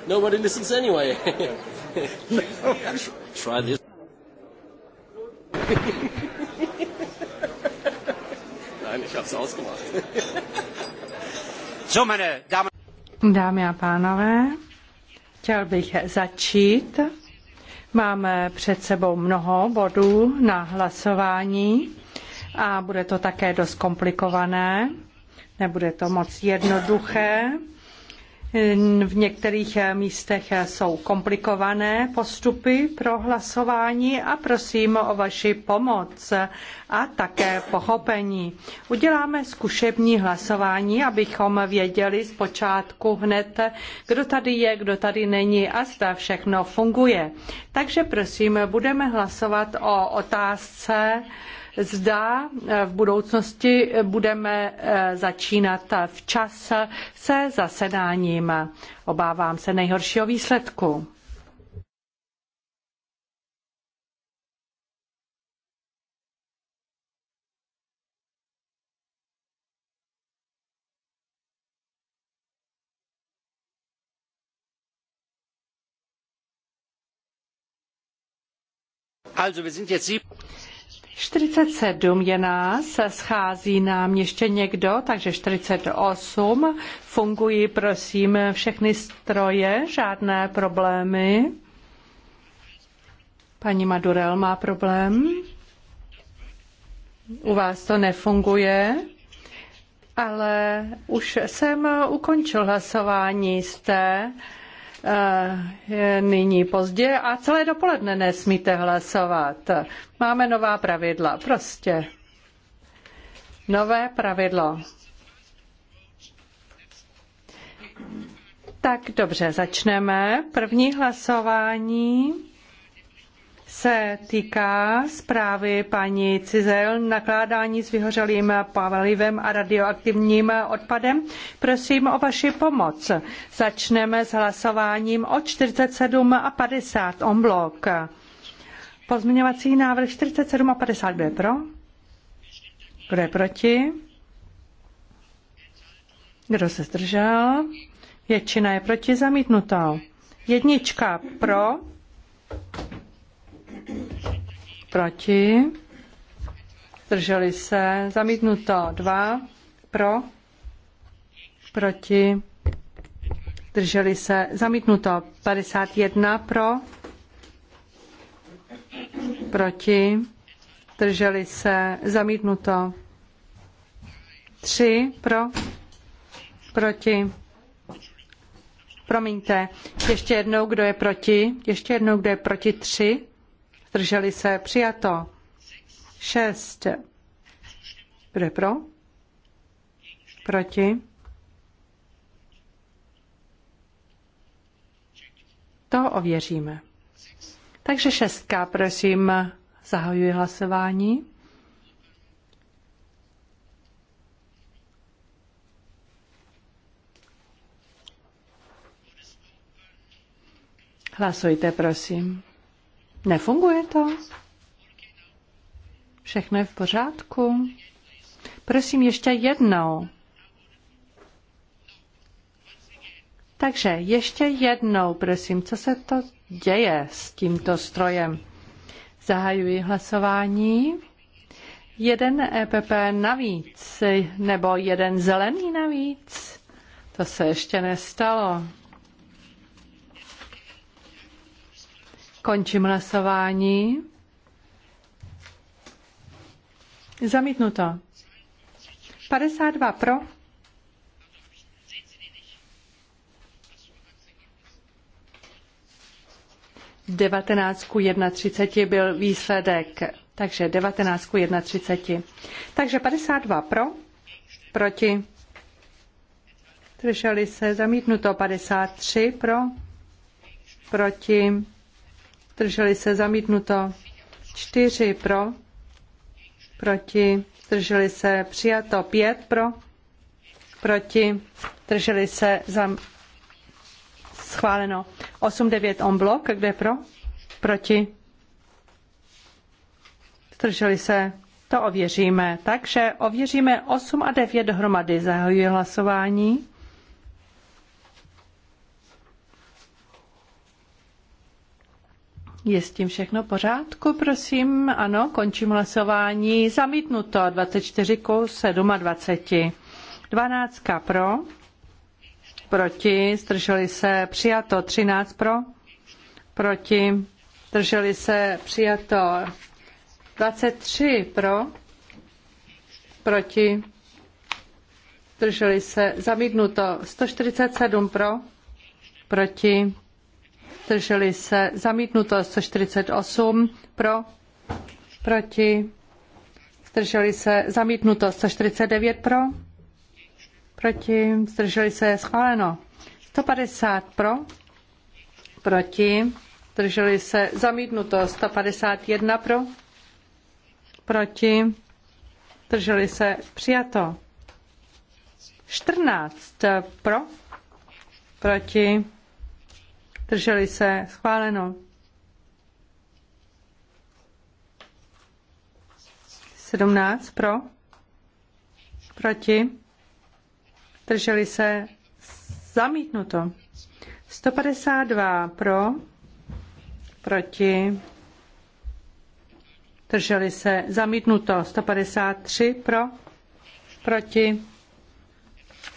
Nobody listens anyway. [LAUGHS] Try this. Nein, ich habe es ausgemacht. so, meine Damen. Dámy a pánové, chtěl bych začít. Máme před sebou mnoho bodů na hlasování a bude to také dost komplikované. Nebude to moc jednoduché. V některých místech jsou komplikované postupy pro hlasování a prosím o vaši pomoc a také pochopení. Uděláme zkušební hlasování, abychom věděli zpočátku hned, kdo tady je, kdo tady není a zda všechno funguje. Takže prosím, budeme hlasovat o otázce, Zda eh, v budoucnosti budeme eh, začínat eh, včas se zasedáním. Obávám se nejhoršího výsledku. Also, wir sind jetzt 47 je nás, schází nám ještě někdo, takže 48. Fungují, prosím, všechny stroje, žádné problémy. Paní Madurel má problém. U vás to nefunguje, ale už jsem ukončil hlasování. Jste Eh, nyní pozdě a celé dopoledne nesmíte hlasovat. Máme nová pravidla, prostě. Nové pravidlo. Tak dobře, začneme. První hlasování se týká zprávy paní Cizel nakládání s vyhořelým palivem a radioaktivním odpadem. Prosím o vaši pomoc. Začneme s hlasováním o 47 a 50 on blok. Pozměňovací návrh 47 a 50 kdo je pro? Kdo je proti? Kdo se zdržel? Většina je proti zamítnuto. Jednička pro, Proti. Zdrželi se. Zamítnuto. Dva. Pro. Proti. Zdrželi se. Zamítnuto. 51 pro. Proti. Zdrželi se. Zamítnuto. Tři pro. Proti. Promiňte. Ještě jednou, kdo je proti? Ještě jednou, kdo je proti? Tři. Zdrželi se? Přijato. Šest. Kdo je pro? Proti? To ověříme. Takže šestka, prosím, zahajuji hlasování. Hlasujte, prosím. Nefunguje to? Všechno je v pořádku? Prosím ještě jednou. Takže ještě jednou, prosím, co se to děje s tímto strojem? Zahajuji hlasování. Jeden EPP navíc, nebo jeden zelený navíc. To se ještě nestalo. Končím hlasování. Zamítnuto. 52 pro. Devatenáct 31 byl výsledek, takže 19 31. Takže 52 pro, proti, drželi se, zamítnuto 53 pro, proti, zdrželi se zamítnuto. 4 pro, proti, zdrželi se přijato. 5 pro, proti, zdrželi se zam... schváleno. 8-9 on blok, kde pro, proti, zdrželi se, to ověříme. Takže ověříme 8 a 9 dohromady. Zahajuji hlasování. Je s tím všechno pořádku, prosím? Ano, končím hlasování. Zamítnuto 24 ku 27. 12 pro, proti, zdrželi se, přijato 13 pro, proti, zdrželi se, přijato 23 pro, proti, zdrželi se, zamítnuto 147 pro, proti, zdrželi se, zamítnuto 148, pro, proti, zdrželi se, zamítnuto 149 pro, proti, zdrželi se, schváleno 150 pro, proti, zdrželi se, zamítnuto 151 pro, proti, zdrželi se, přijato 14 pro, proti, Drželi se? Schváleno. 17 pro. Proti. Drželi se? Zamítnuto. 152 pro. Proti. Drželi se? Zamítnuto. 153 pro. Proti.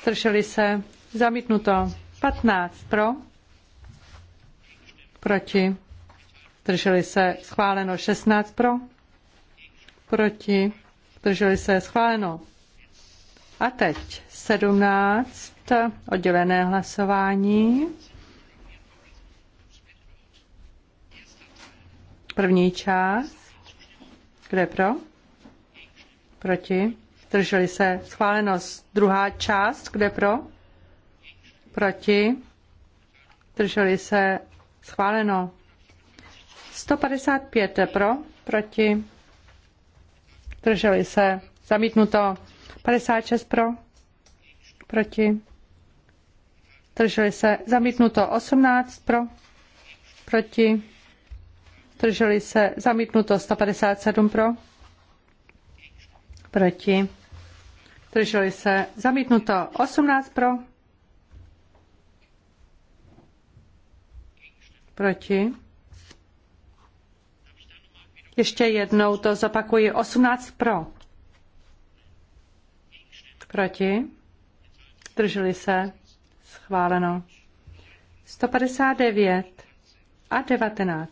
Drželi se? Zamítnuto. 15 pro proti, drželi se schváleno 16 pro, proti, drželi se schváleno. A teď 17 oddělené hlasování. První část. Kde pro? Proti. Drželi se schváleno. Druhá část. Kde pro? Proti. Drželi se Schváleno. 155 pro, proti, drželi se, zamítnuto. 56 pro, proti, drželi se, zamítnuto. 18 pro, proti, drželi se, zamítnuto. 157 pro, proti, drželi se, zamítnuto. 18 pro, Proti? Ještě jednou to zopakuji. 18 pro. Proti? Drželi se? Schváleno. 159 a 19.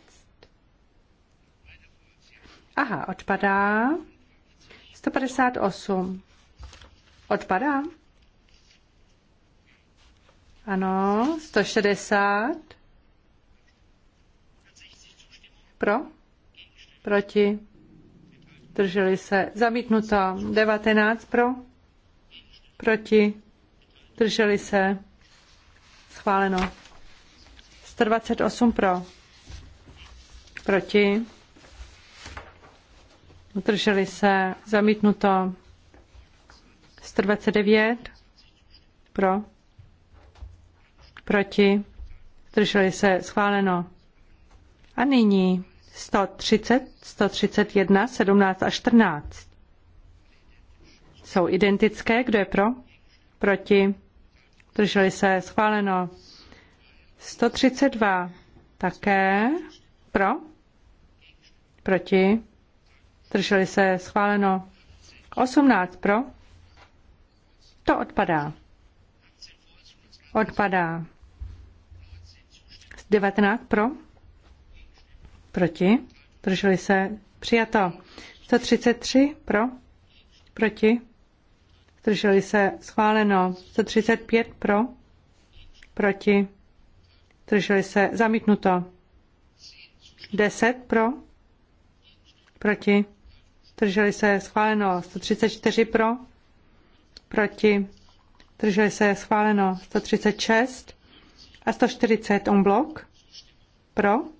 Aha, odpadá. 158. Odpadá? Ano, 160. Pro? Proti? Drželi se. Zamítnuto. 19 pro? Proti? Drželi se. Schváleno. 128 pro. Proti? Drželi se. Zamítnuto. 129 pro. Proti? Drželi se. Schváleno. A nyní 130, 131, 17 a 14. Jsou identické. Kdo je pro? Proti? Drželi se. Schváleno. 132. Také. Pro? Proti? Drželi se. Schváleno. 18. Pro? To odpadá. Odpadá. 19 pro? Proti? Drželi se? Přijato. 133 pro? Proti? Drželi se? Schváleno. 135 pro? Proti? Drželi se? Zamítnuto. 10 pro? Proti? Drželi se? Schváleno. 134 pro? Proti? Drželi se? Schváleno. 136 a 140 on blok? Pro?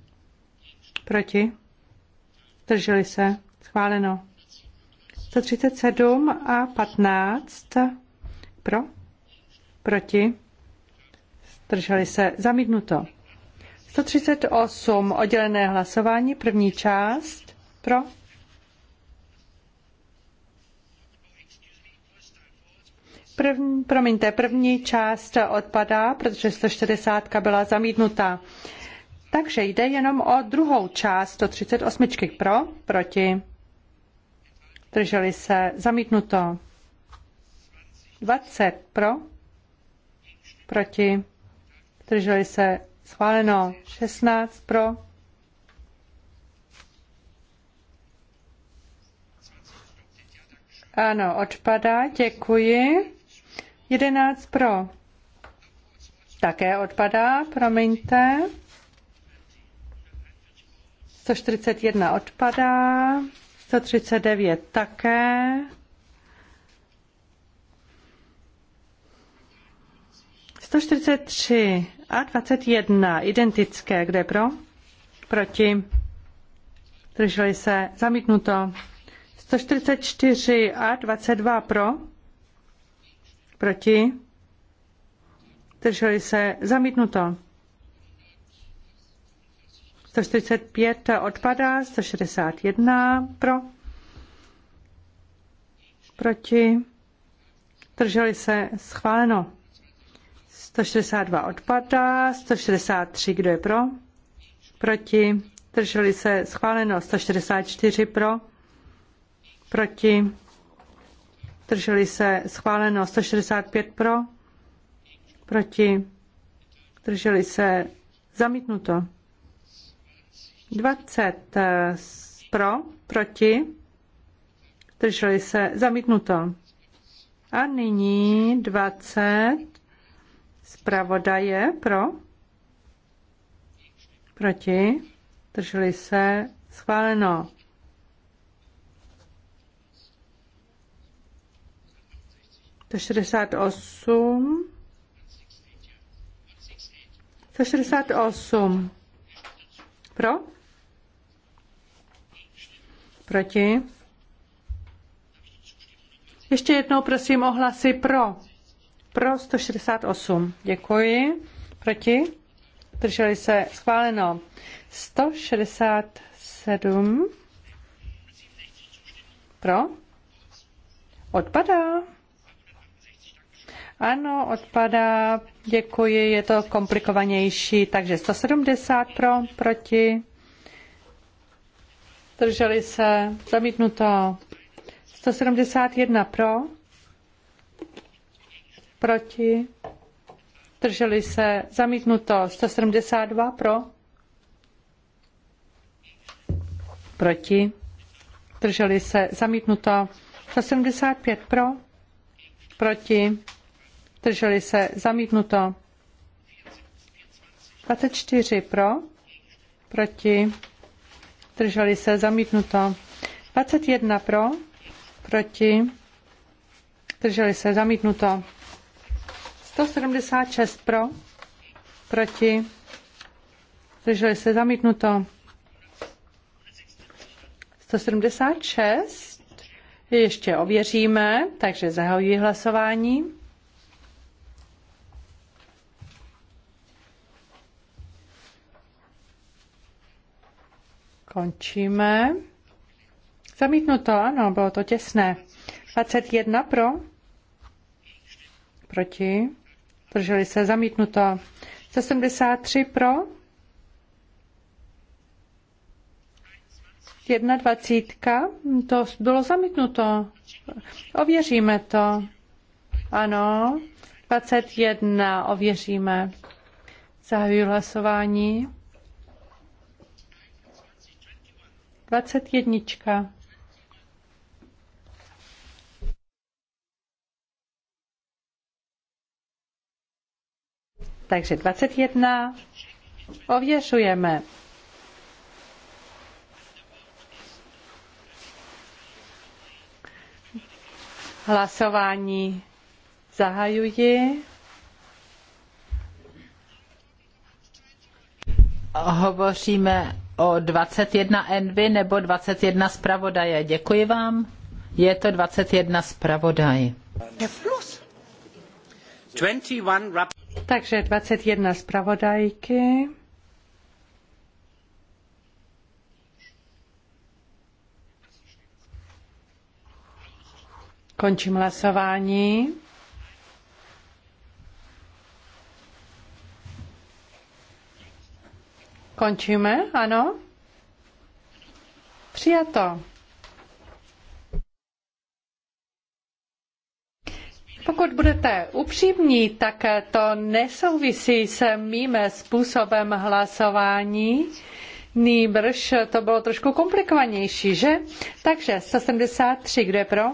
Proti? Drželi se. Schváleno. 137 a 15. Pro? Proti? Drželi se. Zamítnuto. 138. Oddělené hlasování. První část. Pro? První, promiňte, první část odpadá, protože 140 byla zamítnutá. Takže jde jenom o druhou část 138 pro, proti. Drželi se, zamítnuto. 20 pro, proti. Drželi se, schváleno. 16 pro, Ano, odpadá, děkuji. 11 pro. Také odpadá, promiňte. 141 odpadá, 139 také. 143 a 21 identické. kde pro? Proti? Drželi se. Zamítnuto. 144 a 22 pro? Proti? Drželi se. Zamítnuto. 145 odpadá, 161 pro, proti, drželi se schváleno. 162 odpadá, 163 kdo je pro, proti, drželi se schváleno, 164 pro, proti, drželi se schváleno, 165 pro, proti, drželi se zamítnuto. 20 eh, pro, proti, drželi se, zamítnuto. A nyní 20 zpravodaje pro, proti, drželi se, schváleno. To 68. 168. Pro? Proti? Ještě jednou prosím o hlasy pro. Pro 168. Děkuji. Proti? Drželi se. Schváleno. 167. Pro? Odpadá. Ano, odpadá. Děkuji, je to komplikovanější. Takže 170 pro, proti. Zdrželi se. Zamítnuto. 171 pro. Proti. Zdrželi se. Zamítnuto. 172 pro. Proti. Zdrželi se. Zamítnuto. 175 pro. Proti. Zdrželi se. Zamítnuto. 24 pro. Proti. Drželi se zamítnuto. 21 pro, proti, drželi se zamítnuto. 176 pro, proti, drželi se zamítnuto. 176 ještě ověříme, takže zahajuji hlasování. Končíme. Zamítnuto, ano, bylo to těsné. 21 pro. Proti. Drželi se zamítnuto. 73 pro. 21. To bylo zamítnuto. Ověříme to. Ano. 21. Ověříme. Zahajuji hlasování. 21. Takže 21 ověřujeme. Hlasování zahajuji. Hovoříme o 21 Envy nebo 21 zpravodaje. Děkuji vám. Je to 21 zpravodaj. Takže 21 zpravodajky. Končím hlasování. Končíme, ano? Přijato. Pokud budete upřímní, tak to nesouvisí s mým způsobem hlasování. Nýbrž to bylo trošku komplikovanější, že? Takže 173, kdo je pro?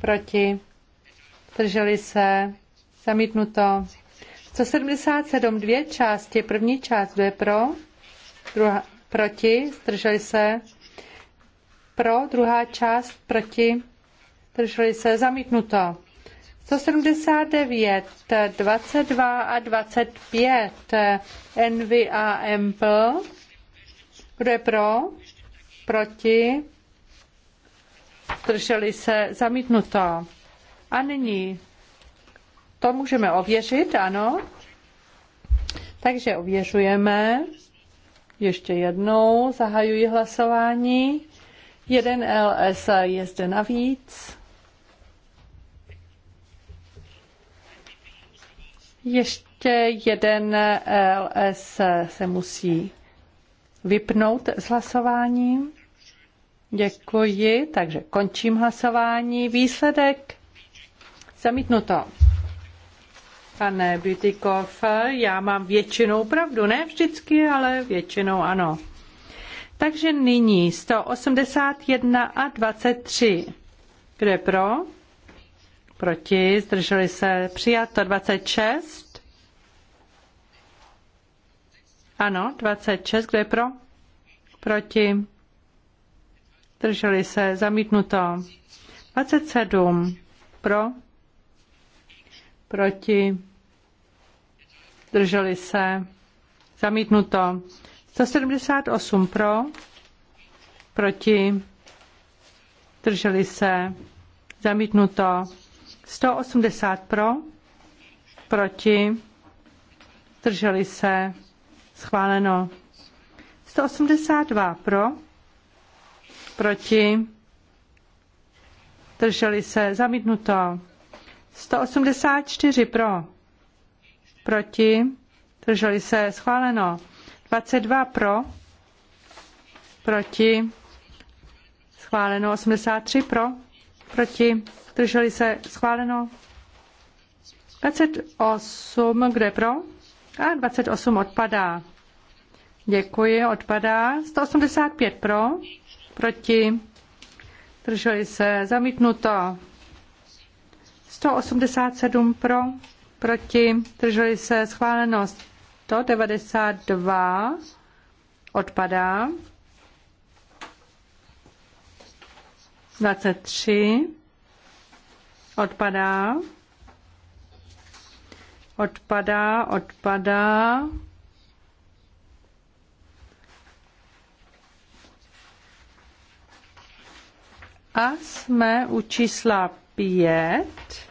Proti? Drželi se? Zamítnuto? 177, dvě části. První část, je pro, druhá, proti, zdrželi se. Pro, druhá část, proti, zdrželi se, zamítnuto. 179, 22 a 25, Envy a Ample. Kdo je pro? Proti? Zdrželi se, zamítnuto. A nyní to můžeme ověřit, ano. Takže ověřujeme. Ještě jednou zahajuji hlasování. Jeden LS je zde navíc. Ještě jeden LS se musí vypnout s hlasováním. Děkuji, takže končím hlasování. Výsledek zamítnuto. Pane Bytykov, já mám většinou pravdu, ne vždycky, ale většinou ano. Takže nyní 181 a 23. Kdo je pro? Proti, zdrželi se, přijato 26. Ano, 26, kdo je pro? Proti, zdrželi se, zamítnuto. 27, pro? Proti, Drželi se. Zamítnuto. 178 pro. Proti. Drželi se. Zamítnuto. 180 pro. Proti. Drželi se. Schváleno. 182 pro. Proti. Drželi se. Zamítnuto. 184 pro proti, drželi se, schváleno. 22 pro, proti, schváleno. 83 pro, proti, drželi se, schváleno. 28, kde pro? A 28 odpadá. Děkuji, odpadá. 185 pro, proti, drželi se, zamítnuto. 187 pro, proti, drželi se, schváleno 192, odpadá. 23, odpadá. Odpadá, odpadá. A jsme u čísla pět.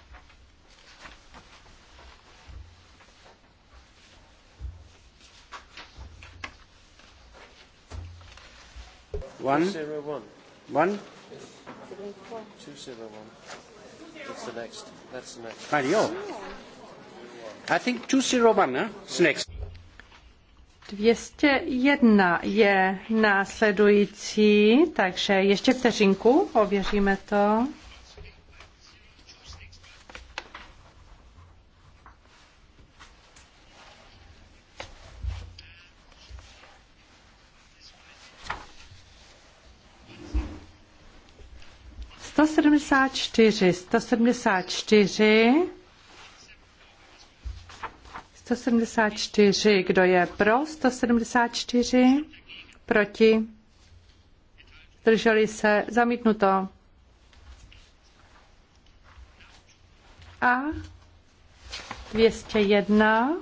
One? Zero one. One? Two zero one. It's the next. That's the next. Mario. I think 201, huh? next. 201 je následující, takže ještě vteřinku, ověříme to. 174, 174, 174, kdo je pro 174, proti, zdrželi se, zamítnuto. A 201,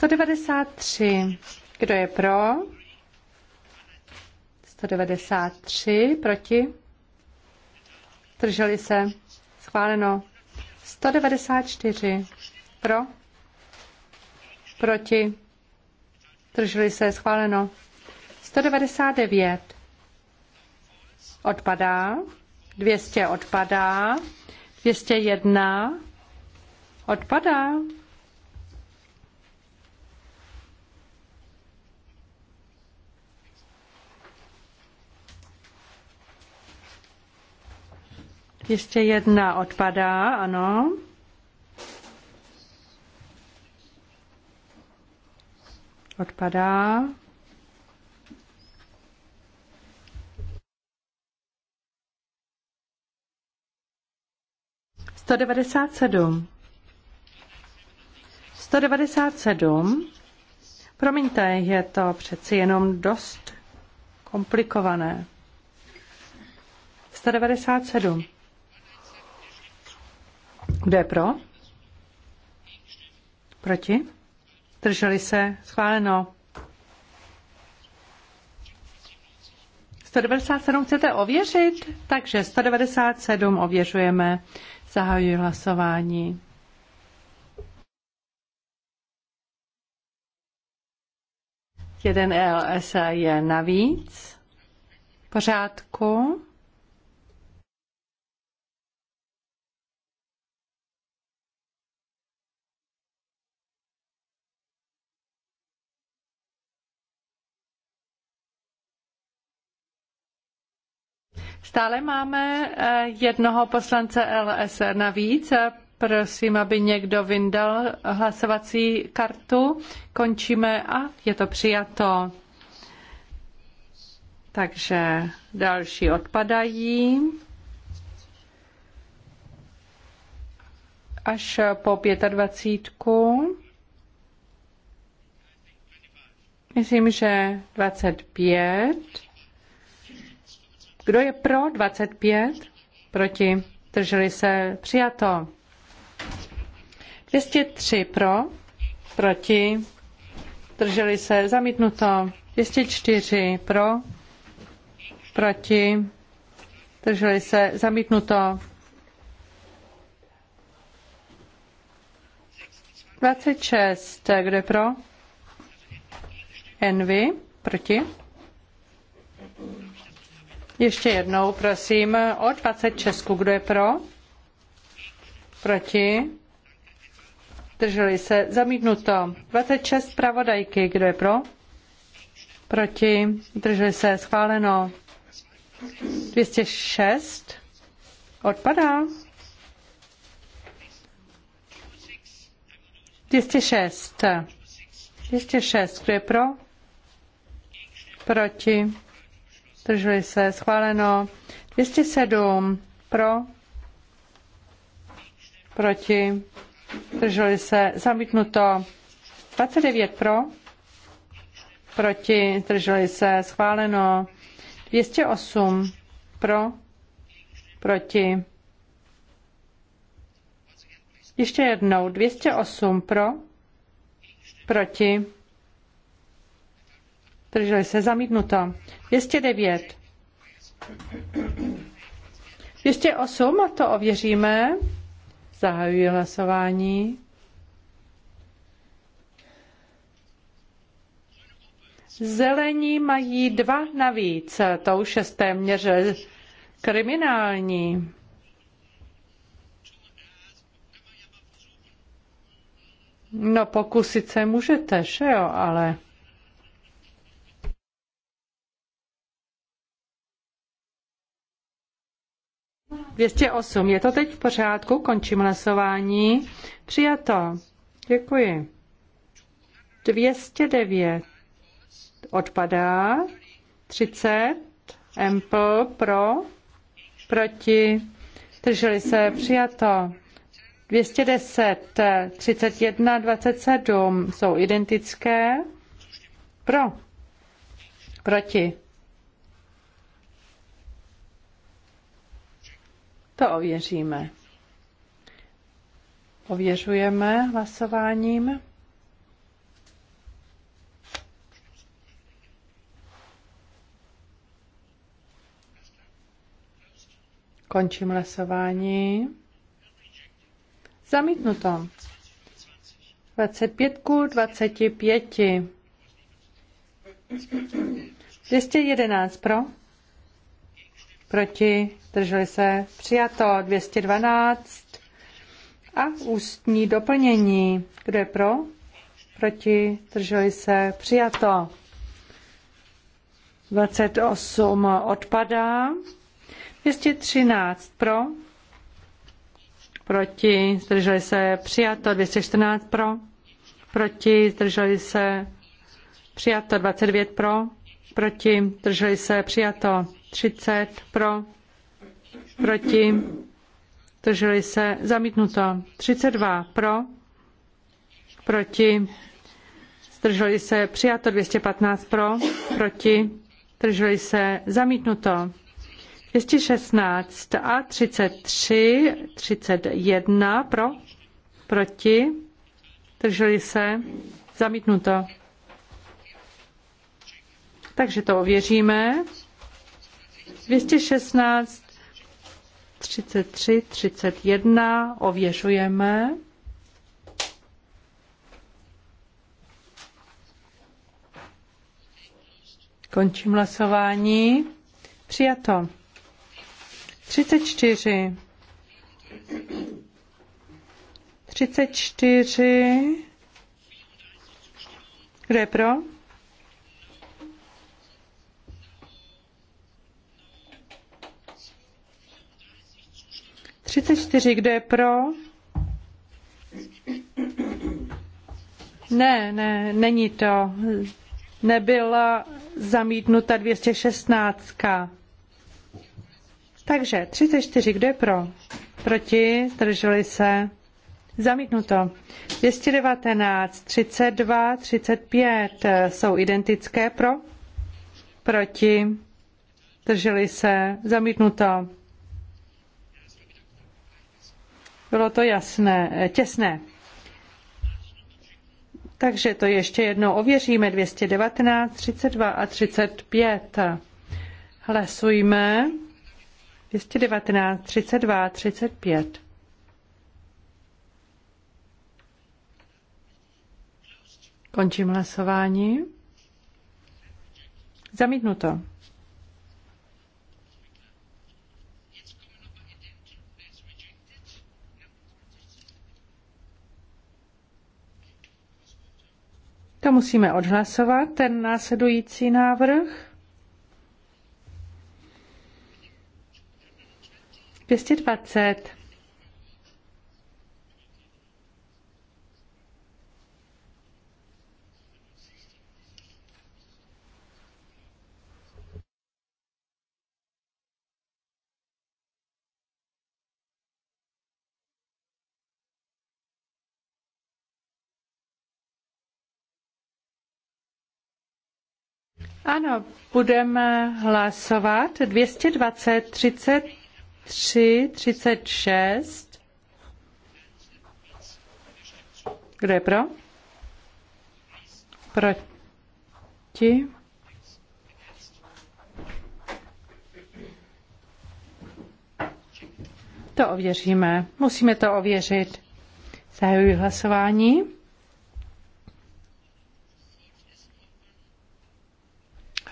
193. Kdo je pro? 193. Proti? Drželi se. Schváleno. 194. Pro? Proti? Drželi se. Schváleno. 199. Odpadá. 200 odpadá. 201 odpadá. Ještě jedna odpadá, ano. Odpadá. Sto devadesát sedm. Sto devadesát sedm. Promiňte, je to přeci jenom dost komplikované. 197. Kdo je pro? Proti? Drželi se? Schváleno. 197 chcete ověřit? Takže 197 ověřujeme. Zahajuji hlasování. Jeden ELS je navíc. V pořádku. Stále máme eh, jednoho poslance LSR. navíc. Prosím, aby někdo vyndal hlasovací kartu. Končíme a je to přijato. Takže další odpadají. Až po 25. Myslím, že 25. Kdo je pro 25? Proti? Drželi se? Přijato. 203 pro? Proti? Drželi se? Zamítnuto. 204 pro? Proti? Drželi se? Zamítnuto. 26. Kdo je pro? Envy. Proti? Ještě jednou, prosím, o 20 Česku. Kdo je pro? Proti? Drželi se. Zamítnuto. 26 pravodajky. Kdo je pro? Proti? Drželi se. Schváleno. 206. Odpadá. 206. 206. Kdo je pro? Proti? Drželi se. Schváleno. 207 pro. Proti. Drželi se. Zamítnuto. 29 pro. Proti. Drželi se. Schváleno. 208 pro. Proti. Ještě jednou. 208 pro. Proti. Drželi se zamítnuto. 209. 208, to ověříme. Zahajuji hlasování. Zelení mají dva navíc, to už je téměř kriminální. No pokusit se můžete, že jo, ale... 208. Je to teď v pořádku? Končím hlasování. Přijato. Děkuji. 209 odpadá. 30. Empl pro. Proti. Drželi se. Přijato. 210, 31, 27 jsou identické. Pro. Proti. To ověříme. Ověřujeme hlasováním. Končím hlasování. Zamítnuto. 25 k 25. 211 pro proti, drželi se, přijato 212 a ústní doplnění. Kdo je pro? Proti, drželi se, přijato. 28 odpadá. 213 pro, proti, zdrželi se, přijato 214 pro, proti, zdrželi se, přijato 29 pro, proti, zdrželi se, přijato 30 pro, proti, drželi se, zamítnuto. 32 pro, proti, zdrželi se, přijato 215 pro, proti, drželi se, zamítnuto. 216 a 33, 31 pro, proti, drželi se, zamítnuto. Takže to ověříme. 216, 33, 31 ověřujeme. Končím hlasování. Přijato. 34. 34. Kdo je pro? 34, kdo je pro? Ne, ne, není to. Nebyla zamítnuta 216. Takže 34, kdo je pro? Proti, zdrželi se. Zamítnuto. 219, 32, 35 jsou identické pro? Proti, Drželi se. Zamítnuto. Bylo to jasné, eh, těsné. Takže to ještě jednou ověříme. 219, 32 a 35. Hlasujme. 219, 32 a 35. Končím hlasování. Zamítnuto. To musíme odhlasovat, ten následující návrh. 220. Ano, budeme hlasovat 220, 33, 36. Kdo je pro? Proti? To ověříme. Musíme to ověřit. Zahajuji hlasování.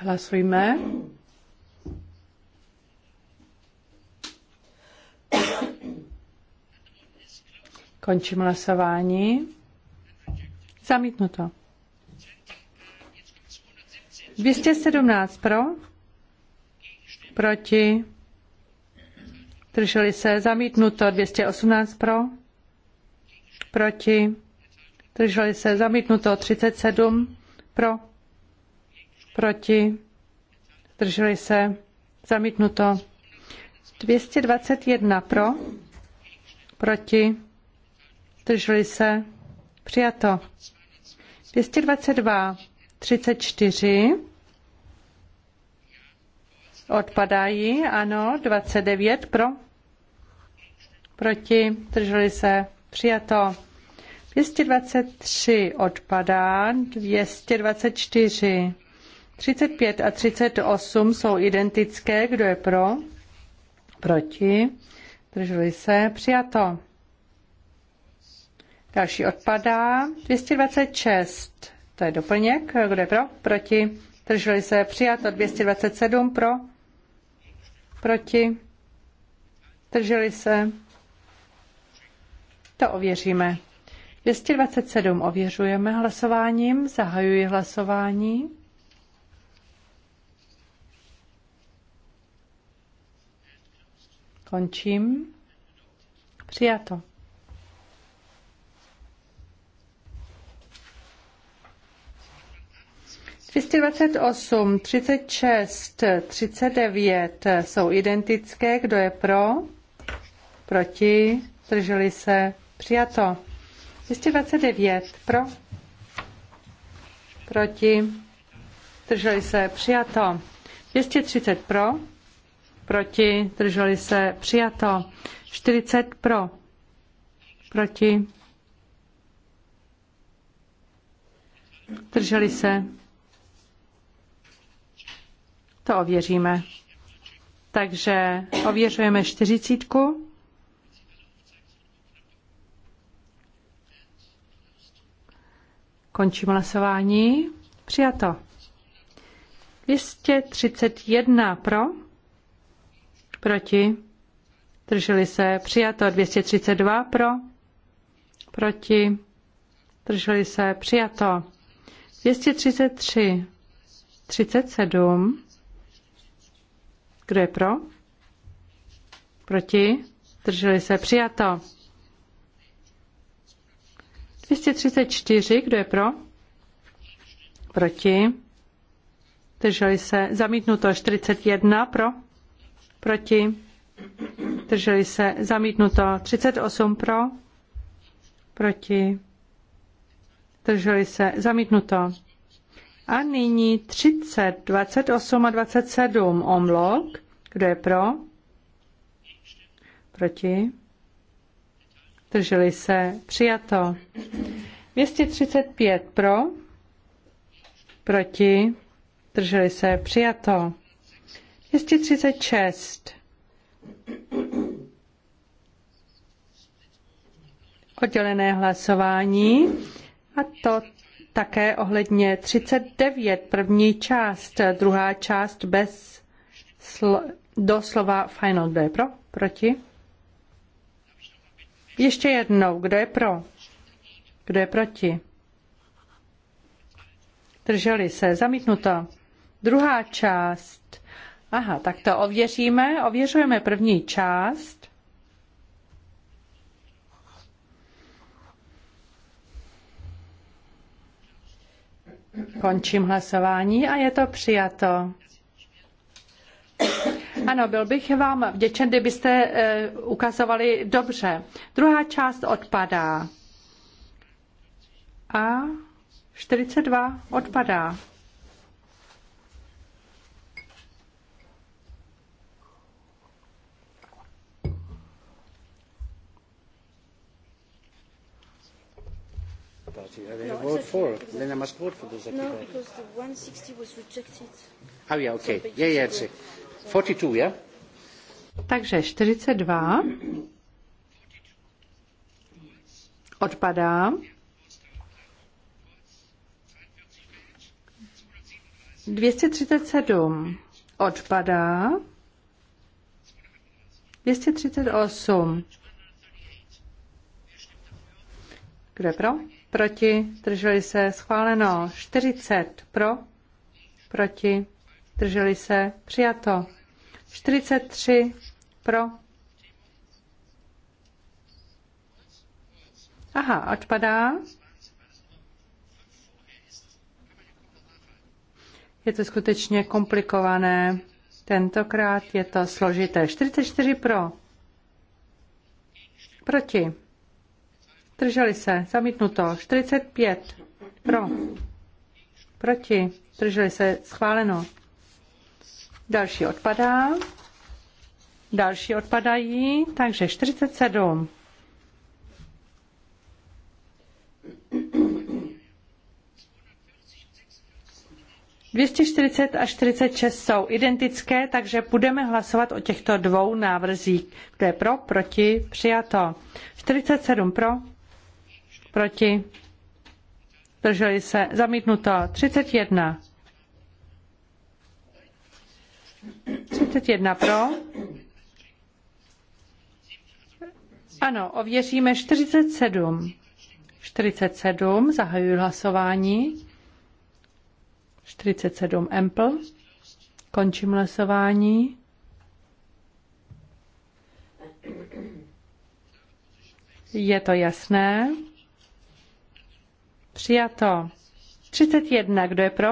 Hlasujme. Končím hlasování. Zamítnuto. 217 pro, proti, drželi se, zamítnuto 218 pro, proti, drželi se, zamítnuto 37 pro, proti, zdrželi se, zamítnuto. 221 pro, proti, zdrželi se, přijato. 222, 34, odpadají, ano, 29 pro, proti, zdrželi se, přijato. 223 odpadá, 224 35 a 38 jsou identické. Kdo je pro? Proti? Drželi se? Přijato. Další odpadá. 226. To je doplněk. Kdo je pro? Proti? Drželi se? Přijato. 227 pro? Proti? Drželi se? To ověříme. 227 ověřujeme hlasováním. Zahajuji hlasování. Končím. Přijato. osm, 36, 39 jsou identické. Kdo je pro? Proti? Drželi se? Přijato. 229 pro? Proti? Drželi se? Přijato. 230 pro? proti, drželi se, přijato. 40 pro, proti, drželi se. To ověříme. Takže ověřujeme čtyřicítku. Končím hlasování. Přijato. 231 pro. Proti? Drželi se. Přijato 232 pro. Proti? Drželi se. Přijato 233. 37. Kdo je pro? Proti? Drželi se. Přijato. 234. Kdo je pro? Proti? Drželi se. Zamítnuto 41. Pro? proti, drželi se, zamítnuto 38 pro, proti, drželi se, zamítnuto. A nyní 30, 28 a 27 omlok. Kdo je pro? Proti? Drželi se. Přijato. 235 pro? Proti? Drželi se. Přijato. 236. Oddělené hlasování a to také ohledně 39, první část, druhá část bez slo- do slova final. Kdo je pro? Proti? Ještě jednou, kdo je pro? Kdo je proti? Drželi se, zamítnuto. Druhá část Aha, tak to ověříme. Ověřujeme první část. Končím hlasování a je to přijato. Ano, byl bych vám vděčen, kdybyste eh, ukazovali dobře. Druhá část odpadá. A 42 odpadá. exactly. Uh, they no, vote exactly, for. Exactly. Then I must vote for those that No, because the 160 was rejected. Oh, yeah, okay. So, yeah, yeah, it's it. 42, yeah? Takže 42 odpadá. Dvěstě třicet sedm odpadá. Dvěstě třicet osm. Kdo je pro? proti, drželi se, schváleno. 40 pro, proti, drželi se, přijato. 43 pro. Aha, odpadá. Je to skutečně komplikované. Tentokrát je to složité. 44 pro. Proti. Drželi se. Zamítnuto. 45. Pro. Proti. Drželi se. Schváleno. Další odpadá. Další odpadají. Takže 47. Dvěstě čtyřicet a 46 jsou identické, takže budeme hlasovat o těchto dvou návrzích. Kdo je pro, proti, přijato. 47 pro, Proti? Zdrželi se. Zamítnuto. 31. 31 pro. Ano, ověříme 47. 47, zahajuji hlasování. 47 Ample. Končím hlasování. Je to jasné. Přijato. 31. Kdo je pro?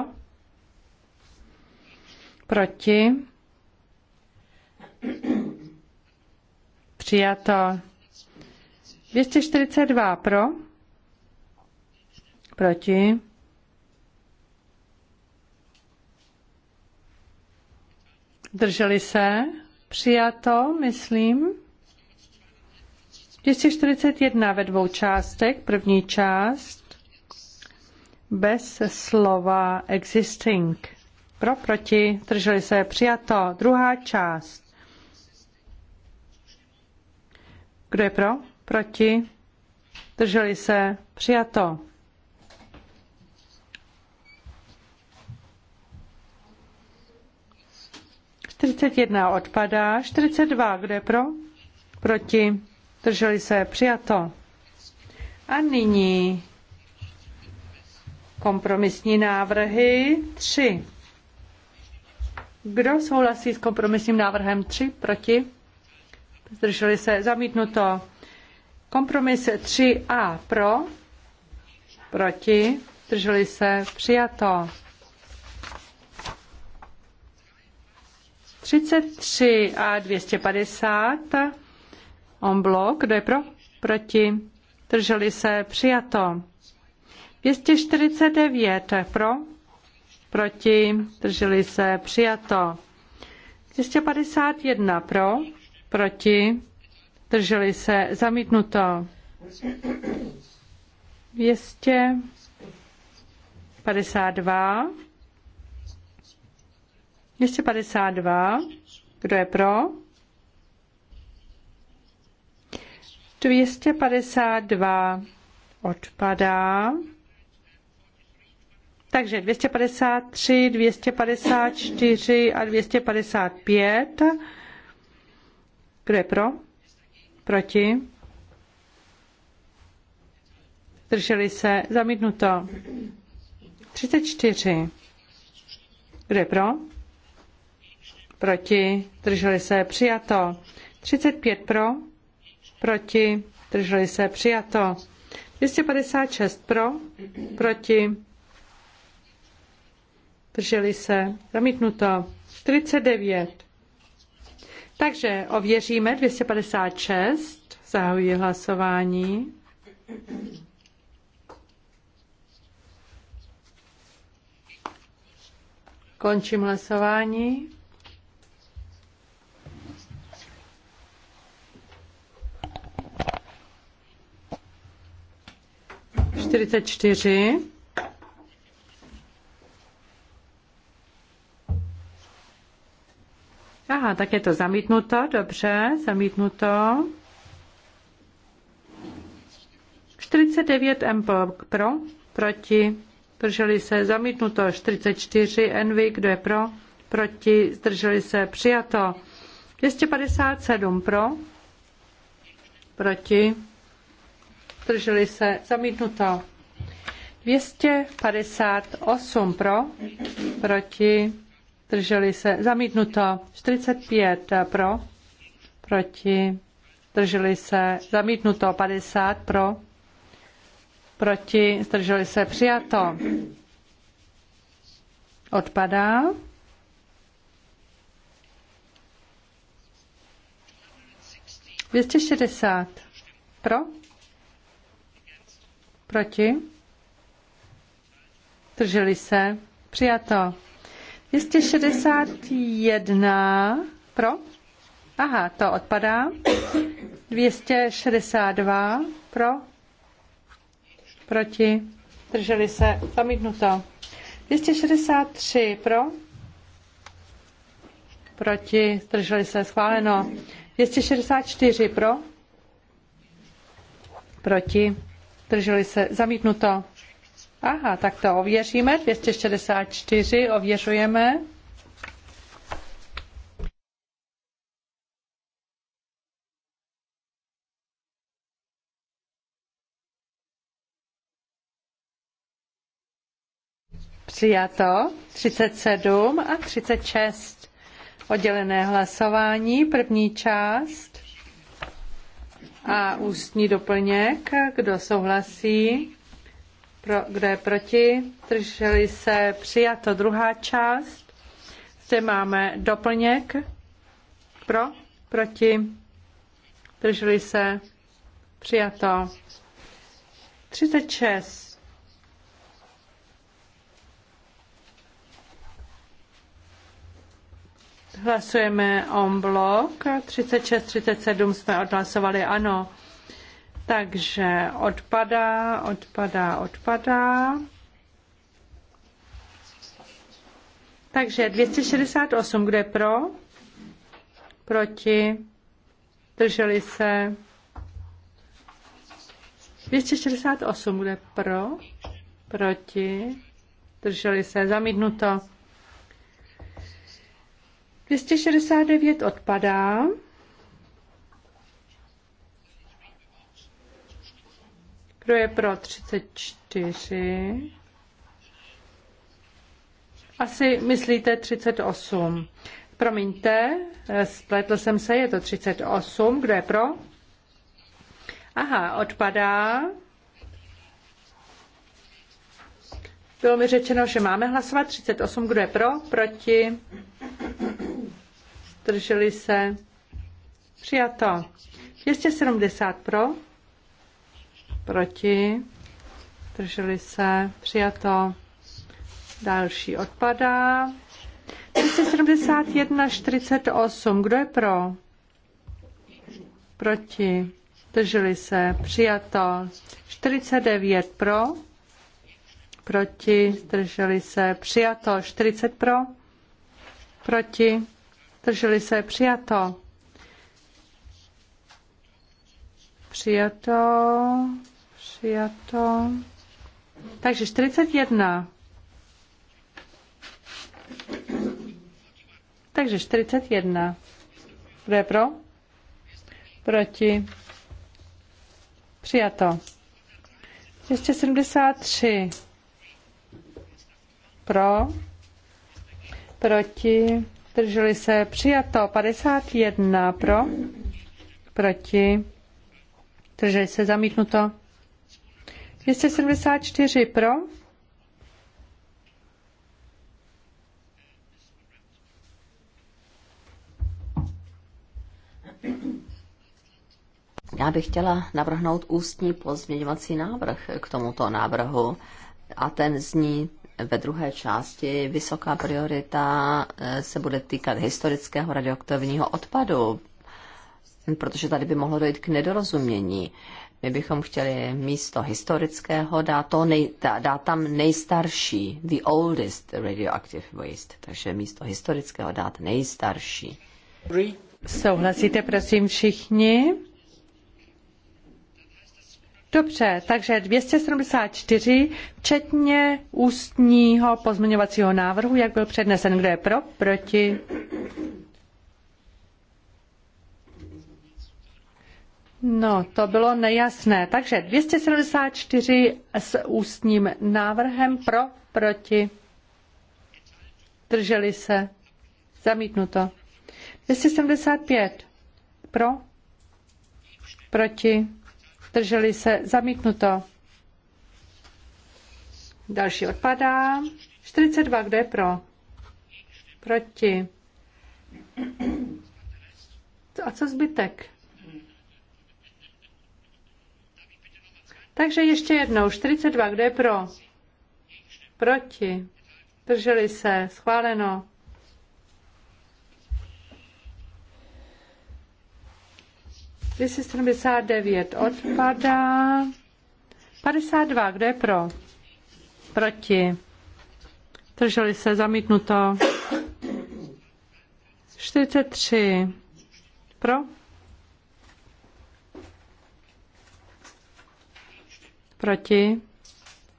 Proti? Přijato. 242 pro? Proti? Drželi se? Přijato, myslím. 241 ve dvou částech. První část bez slova existing. Pro, proti, drželi se, přijato. Druhá část. Kdo je pro? Proti? Drželi se? Přijato. Čtyřicet jedna odpadá. Čtyřicet dva. Kdo je pro? Proti? Drželi se? Přijato. A nyní Kompromisní návrhy 3. Kdo souhlasí s kompromisním návrhem 3? Proti? Zdrželi se? Zamítnuto. Kompromis 3a pro? Proti? Zdrželi se? Přijato. 33 a 250 on blok. Kdo je pro? Proti? Drželi se? Přijato. 249 pro, proti, drželi se, přijato. 251 pro, proti, drželi se, zamítnuto. 252. 252. Kdo je pro? 252 odpadá. Takže 253, 254 a 255. Kdo je pro? Proti? Drželi se? Zamítnuto. 34. Kdo je pro? Proti? Drželi se? Přijato. 35 pro? Proti? Drželi se? Přijato. 256 pro? Proti? zdrželi se. Zamítnuto. 49. Takže ověříme 256. Zahajuji hlasování. Končím hlasování. Čtyřicet čtyři. Aha, tak je to zamítnuto, dobře, zamítnuto. 49 M pro, proti, drželi se, zamítnuto. 44 Envy, kdo je pro, proti, zdrželi se, přijato. 257 pro, proti, drželi se, zamítnuto. 258 pro, proti, Drželi se. Zamítnuto. 45 pro. Proti. Drželi se. Zamítnuto. 50 pro. Proti. Zdrželi se. Přijato. Odpadá. Dvěstě šedesát. Pro? Proti? Drželi se. Přijato. 261 pro. Aha, to odpadá. 262 pro. Proti. Drželi se. Zamítnuto. 263 pro. Proti. Drželi se. Schváleno. 264 pro. Proti. Drželi se. Zamítnuto. Aha, tak to ověříme. 264 ověřujeme. Přijato 37 a 36. Oddělené hlasování, první část a ústní doplněk. Kdo souhlasí? Pro, kdo je proti? Drželi se přijato druhá část. Zde máme doplněk. Pro, proti? Drželi se přijato 36. Hlasujeme on blok. 36, 37 jsme odhlasovali ano. Takže odpadá, odpadá, odpadá. Takže 268, kdo je pro? Proti? Drželi se? 268 je pro, proti, drželi se, zamítnuto. 269 odpadá. Kdo je pro 34? Asi myslíte 38. Promiňte, eh, spletl jsem se, je to 38. Kdo je pro? Aha, odpadá. Bylo mi řečeno, že máme hlasovat 38. Kdo je pro? Proti? Zdrželi se? Přijato. 270 pro? proti, drželi se, přijato, další odpadá. 371, 48, kdo je pro? Proti, drželi se, přijato, 49 pro, proti, drželi se, přijato, 40 pro, proti, drželi se, přijato. Přijato. Přijato. Takže 41. Takže 41. Kdo je pro? Proti. Přijato. Ještě 73. Pro. Proti. Drželi se. Přijato. 51. Pro. Proti. Drželi se. Zamítnuto. 274 pro. Já bych chtěla navrhnout ústní pozměňovací návrh k tomuto návrhu a ten zní ve druhé části vysoká priorita eh, se bude týkat historického radioaktivního odpadu, protože tady by mohlo dojít k nedorozumění. My bychom chtěli místo historického dát, to nej, dát tam nejstarší, the oldest radioactive waste, takže místo historického dát nejstarší. Souhlasíte prosím všichni? Dobře, takže 274, včetně ústního pozměňovacího návrhu, jak byl přednesen. Kdo je pro? Proti? No, to bylo nejasné. Takže 274 s ústním návrhem pro, proti, drželi se, zamítnuto. 275 pro, proti, drželi se, zamítnuto. Další odpadá. 42, kde je pro? Proti. A co zbytek? Takže ještě jednou, 42, kdo je pro? Proti. Drželi se, schváleno. Vy 79 odpadá. 52, kdo je pro? Proti. Drželi se, zamítnuto. 43. Pro? Proti?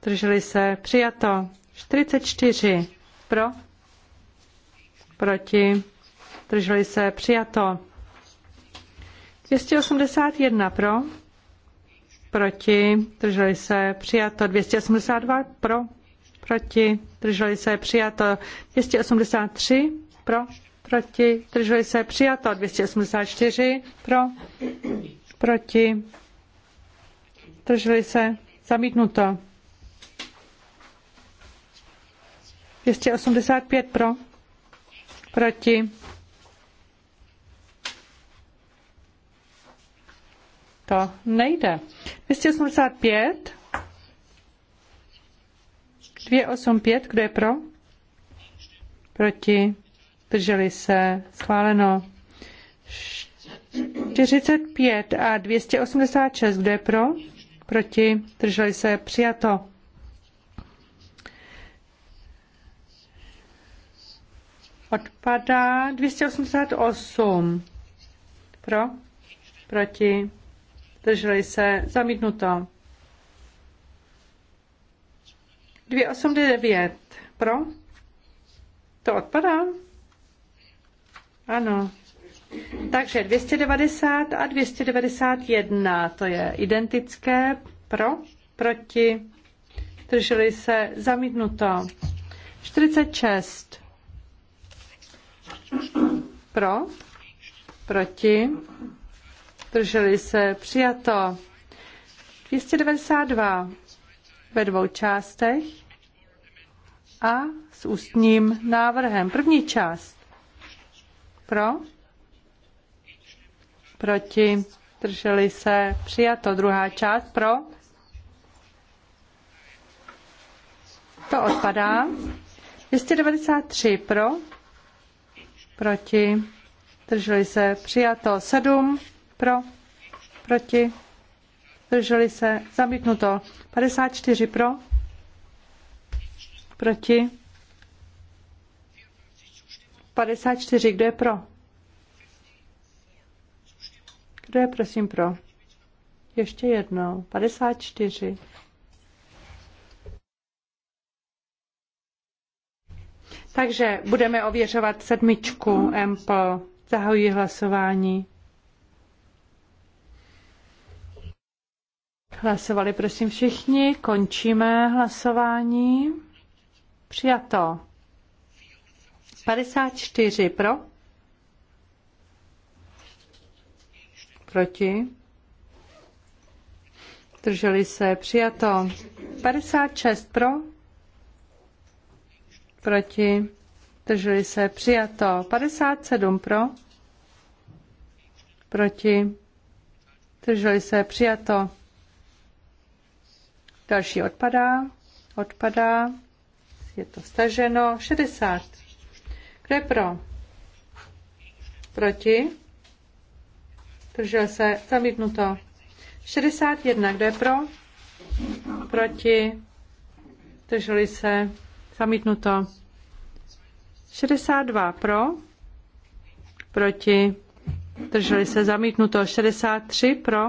Drželi se. Přijato. 44. Pro? Proti? Drželi se. Přijato. 281 pro, proti, drželi se, přijato 282 pro, proti, drželi se, přijato 283 pro, proti, drželi se, přijato 284 pro, proti, drželi se, Zamítnuto. 285 pro. Proti. To nejde. 285. 285, kdo je pro? Proti. Drželi se. Schváleno. 45 a 286, kdo je pro? proti, drželi se, přijato. Odpadá 288. Pro, proti, drželi se, zamítnuto. 289. Pro? To odpadá? Ano, takže 290 a 291, to je identické. Pro, proti, drželi se, zamítnuto. 46. Pro, proti, drželi se, přijato. 292 ve dvou částech a s ústním návrhem. První část. Pro, proti, drželi se, přijato. Druhá část pro, to odpadá. 293 pro, proti, drželi se, přijato. 7 pro, proti, drželi se, zamítnuto. 54 pro, proti, 54, kdo je pro? Kdo je prosím pro? Ještě jednou. 54. Takže budeme ověřovat sedmičku MP. Zahajuji hlasování. Hlasovali prosím všichni. Končíme hlasování. Přijato. 54 pro. Proti? Drželi se. Přijato. 56 pro. Proti? Drželi se. Přijato. 57 pro. Proti? Drželi se. Přijato. Další odpadá. Odpadá. Je to staženo. 60. Kde pro? Proti? Zdržel se? Zamítnuto. 61. Kdo je pro? Proti? Zdrželi se? Zamítnuto. 62. Pro? Proti? Zdrželi se? Zamítnuto. 63. Pro?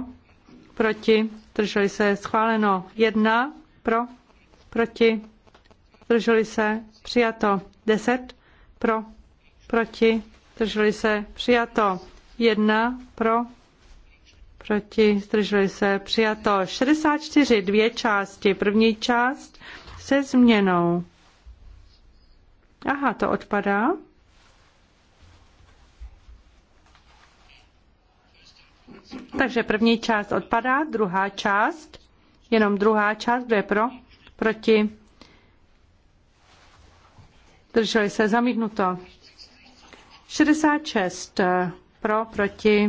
Proti? Zdrželi se? Schváleno. 1. Pro? Proti? Zdrželi se? Přijato. 10. Pro? Proti? Zdrželi se? Přijato. 1. Pro? proti, zdrželi se, přijato 64, dvě části, první část se změnou. Aha, to odpadá. Takže první část odpadá, druhá část, jenom druhá část, kdo je pro, proti, zdrželi se, zamítnuto. 66 pro, proti,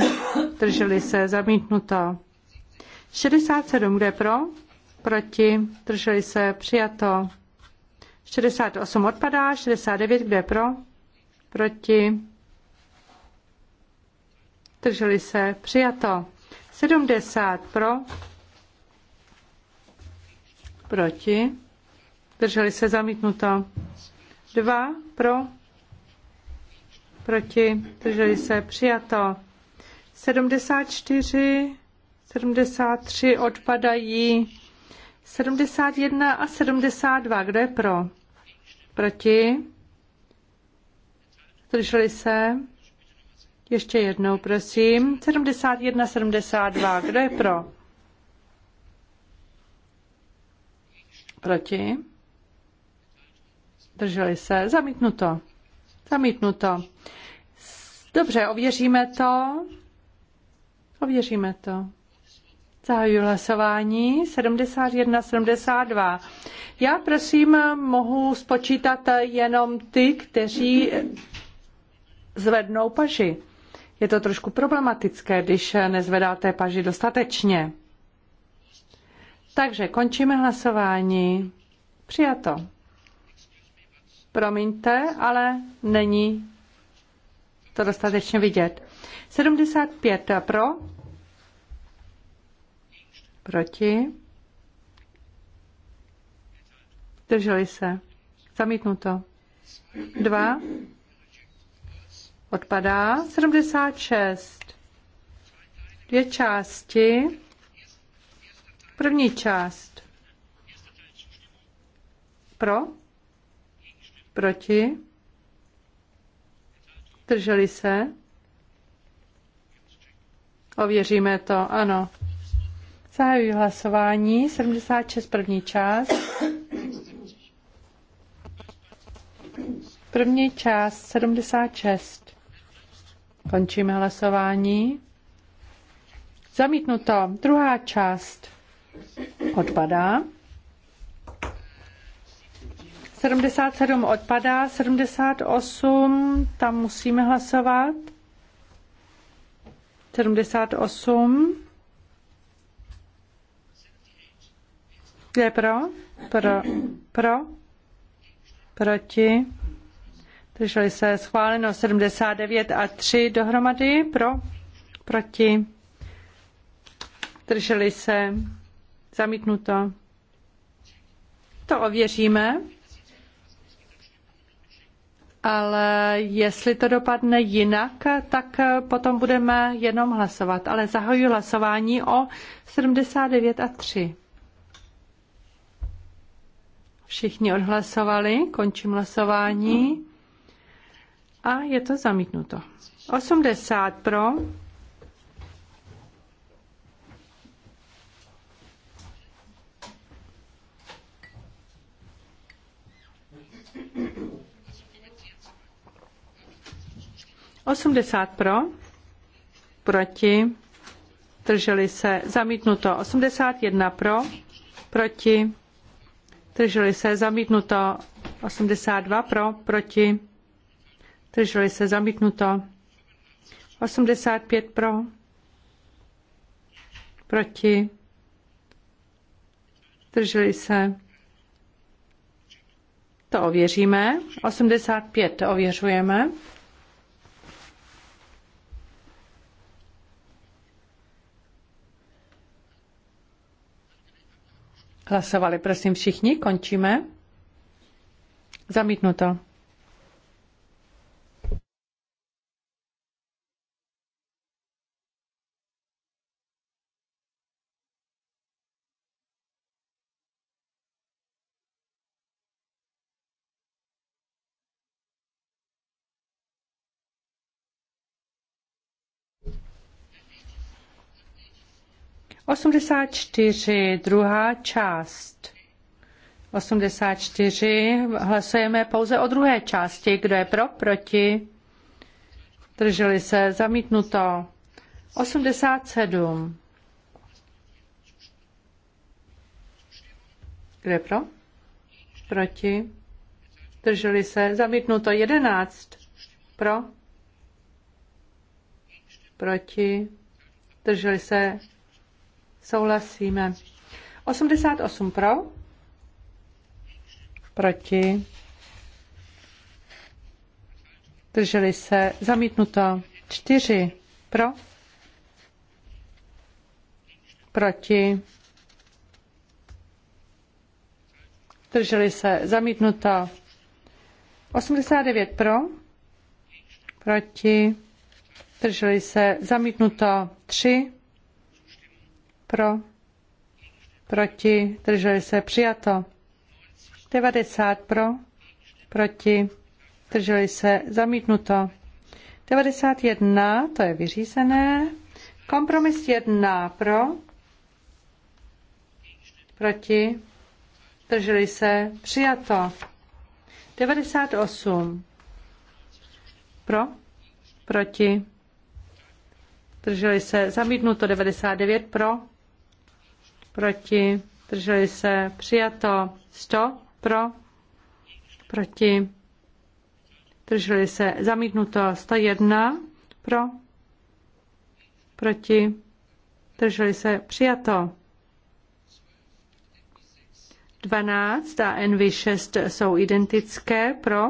drželi se, zamítnuto. 67, kde pro, proti, drželi se, přijato. 68 odpadá, 69, kde pro, proti, drželi se, přijato. 70 pro, proti, drželi se, zamítnuto. 2 pro, proti, drželi se, přijato. 74, 73 odpadají. 71 a 72, kdo je pro? Proti? Drželi se? Ještě jednou, prosím. 71, 72, kdo je pro? Proti? Drželi se? Zamítnuto. Zamítnuto. Dobře, ověříme to. Ověříme to. Zahajuji hlasování 71, 72. Já prosím mohu spočítat jenom ty, kteří zvednou paži. Je to trošku problematické, když nezvedáte paži dostatečně. Takže končíme hlasování. Přijato. Promiňte, ale není to dostatečně vidět. 75 pro, proti, drželi se, zamítnuto. 2 odpadá, 76. Dvě části. První část. Pro? Proti? Drželi se? Ověříme to, ano. Zahajuji hlasování, 76 první část. První část, 76. Končíme hlasování. Zamítnuto. Druhá část odpadá. 77 odpadá, 78, tam musíme hlasovat. 78. Kdo je pro? Pro. pro? Proti? Drželi se schváleno 79 a 3 dohromady. Pro? Proti? Drželi se zamítnuto. To ověříme ale jestli to dopadne jinak, tak potom budeme jenom hlasovat. Ale zahajuji hlasování o 79 a 3. Všichni odhlasovali, končím hlasování a je to zamítnuto. 80 pro, 80 pro, proti, drželi se, zamítnuto 81 pro, proti, drželi se, zamítnuto 82 pro, proti, drželi se, zamítnuto 85 pro, proti, drželi se, to ověříme, 85 ověřujeme. Hlasovali prosím všichni, končíme. Zamítnuto. 84, druhá část. 84, hlasujeme pouze o druhé části. Kdo je pro, proti? Drželi se, zamítnuto. 87. Kdo je pro? Proti? Drželi se, zamítnuto. 11. Pro? Proti? Drželi se, Souhlasíme. 88 pro? Proti? Drželi se. Zamítnuto. 4 pro? Proti? Drželi se. Zamítnuto. 89 pro? Proti? Drželi se. Zamítnuto. 3 pro, proti, drželi se, přijato. 90 pro, proti, drželi se, zamítnuto. 91, to je vyřízené. Kompromis 1 pro, proti, drželi se, přijato. 98 pro, proti, drželi se, zamítnuto 99 pro, proti, drželi se, přijato 100 pro, proti, drželi se, zamítnuto 101 pro, proti, drželi se, přijato 12 a NV6 jsou identické pro,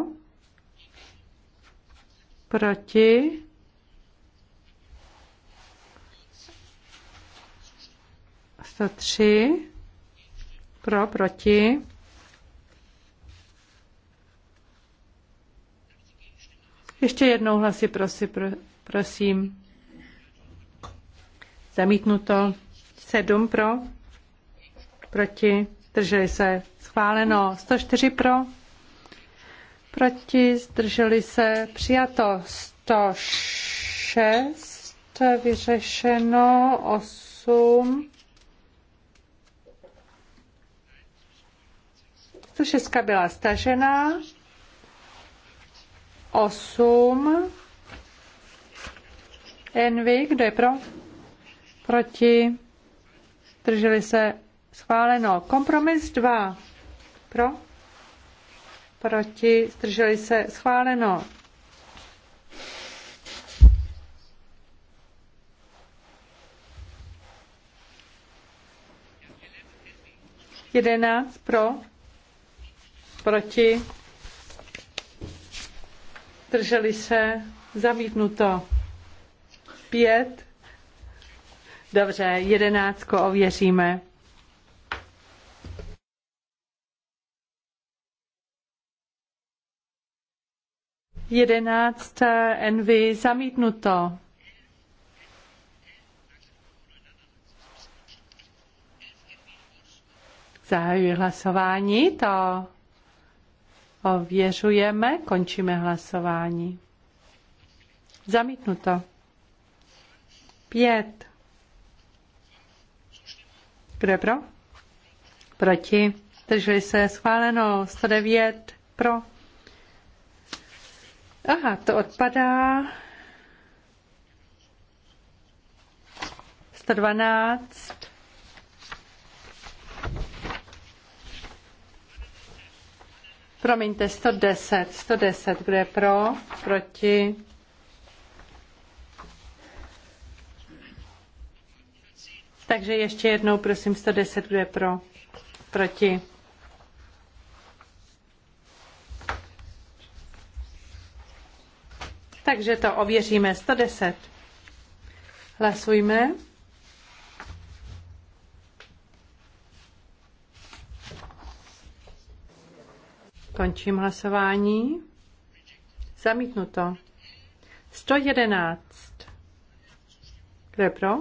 proti, 303 pro, proti. Ještě jednou hlasy, prosím, pr prosím. Zamítnuto. 7 pro, proti, zdrželi se. Schváleno. 104 pro, proti, zdrželi se. Přijato. 106 vyřešeno. 8 šestka byla stažená, 8, Envy, kdo je pro? Proti? Drželi se schváleno. Kompromis 2. Pro? Proti? drželi se schváleno. Jedenáct pro, proti, drželi se, zamítnuto. Pět, dobře, jedenáctko ověříme. Jedenáct, envy, zamítnuto. Zahajuji hlasování, to Ověřujeme, končíme hlasování. Zamítnuto. Pět. Kdo je pro? Proti. Drželi se schváleno 109 pro. Aha, to odpadá. 112 Promiňte, 110, 110, kdo je pro, proti. Takže ještě jednou, prosím, 110, kdo je pro, proti. Takže to ověříme, 110. Hlasujme. Končím hlasování. Zamítnuto. 111. Kdo je pro?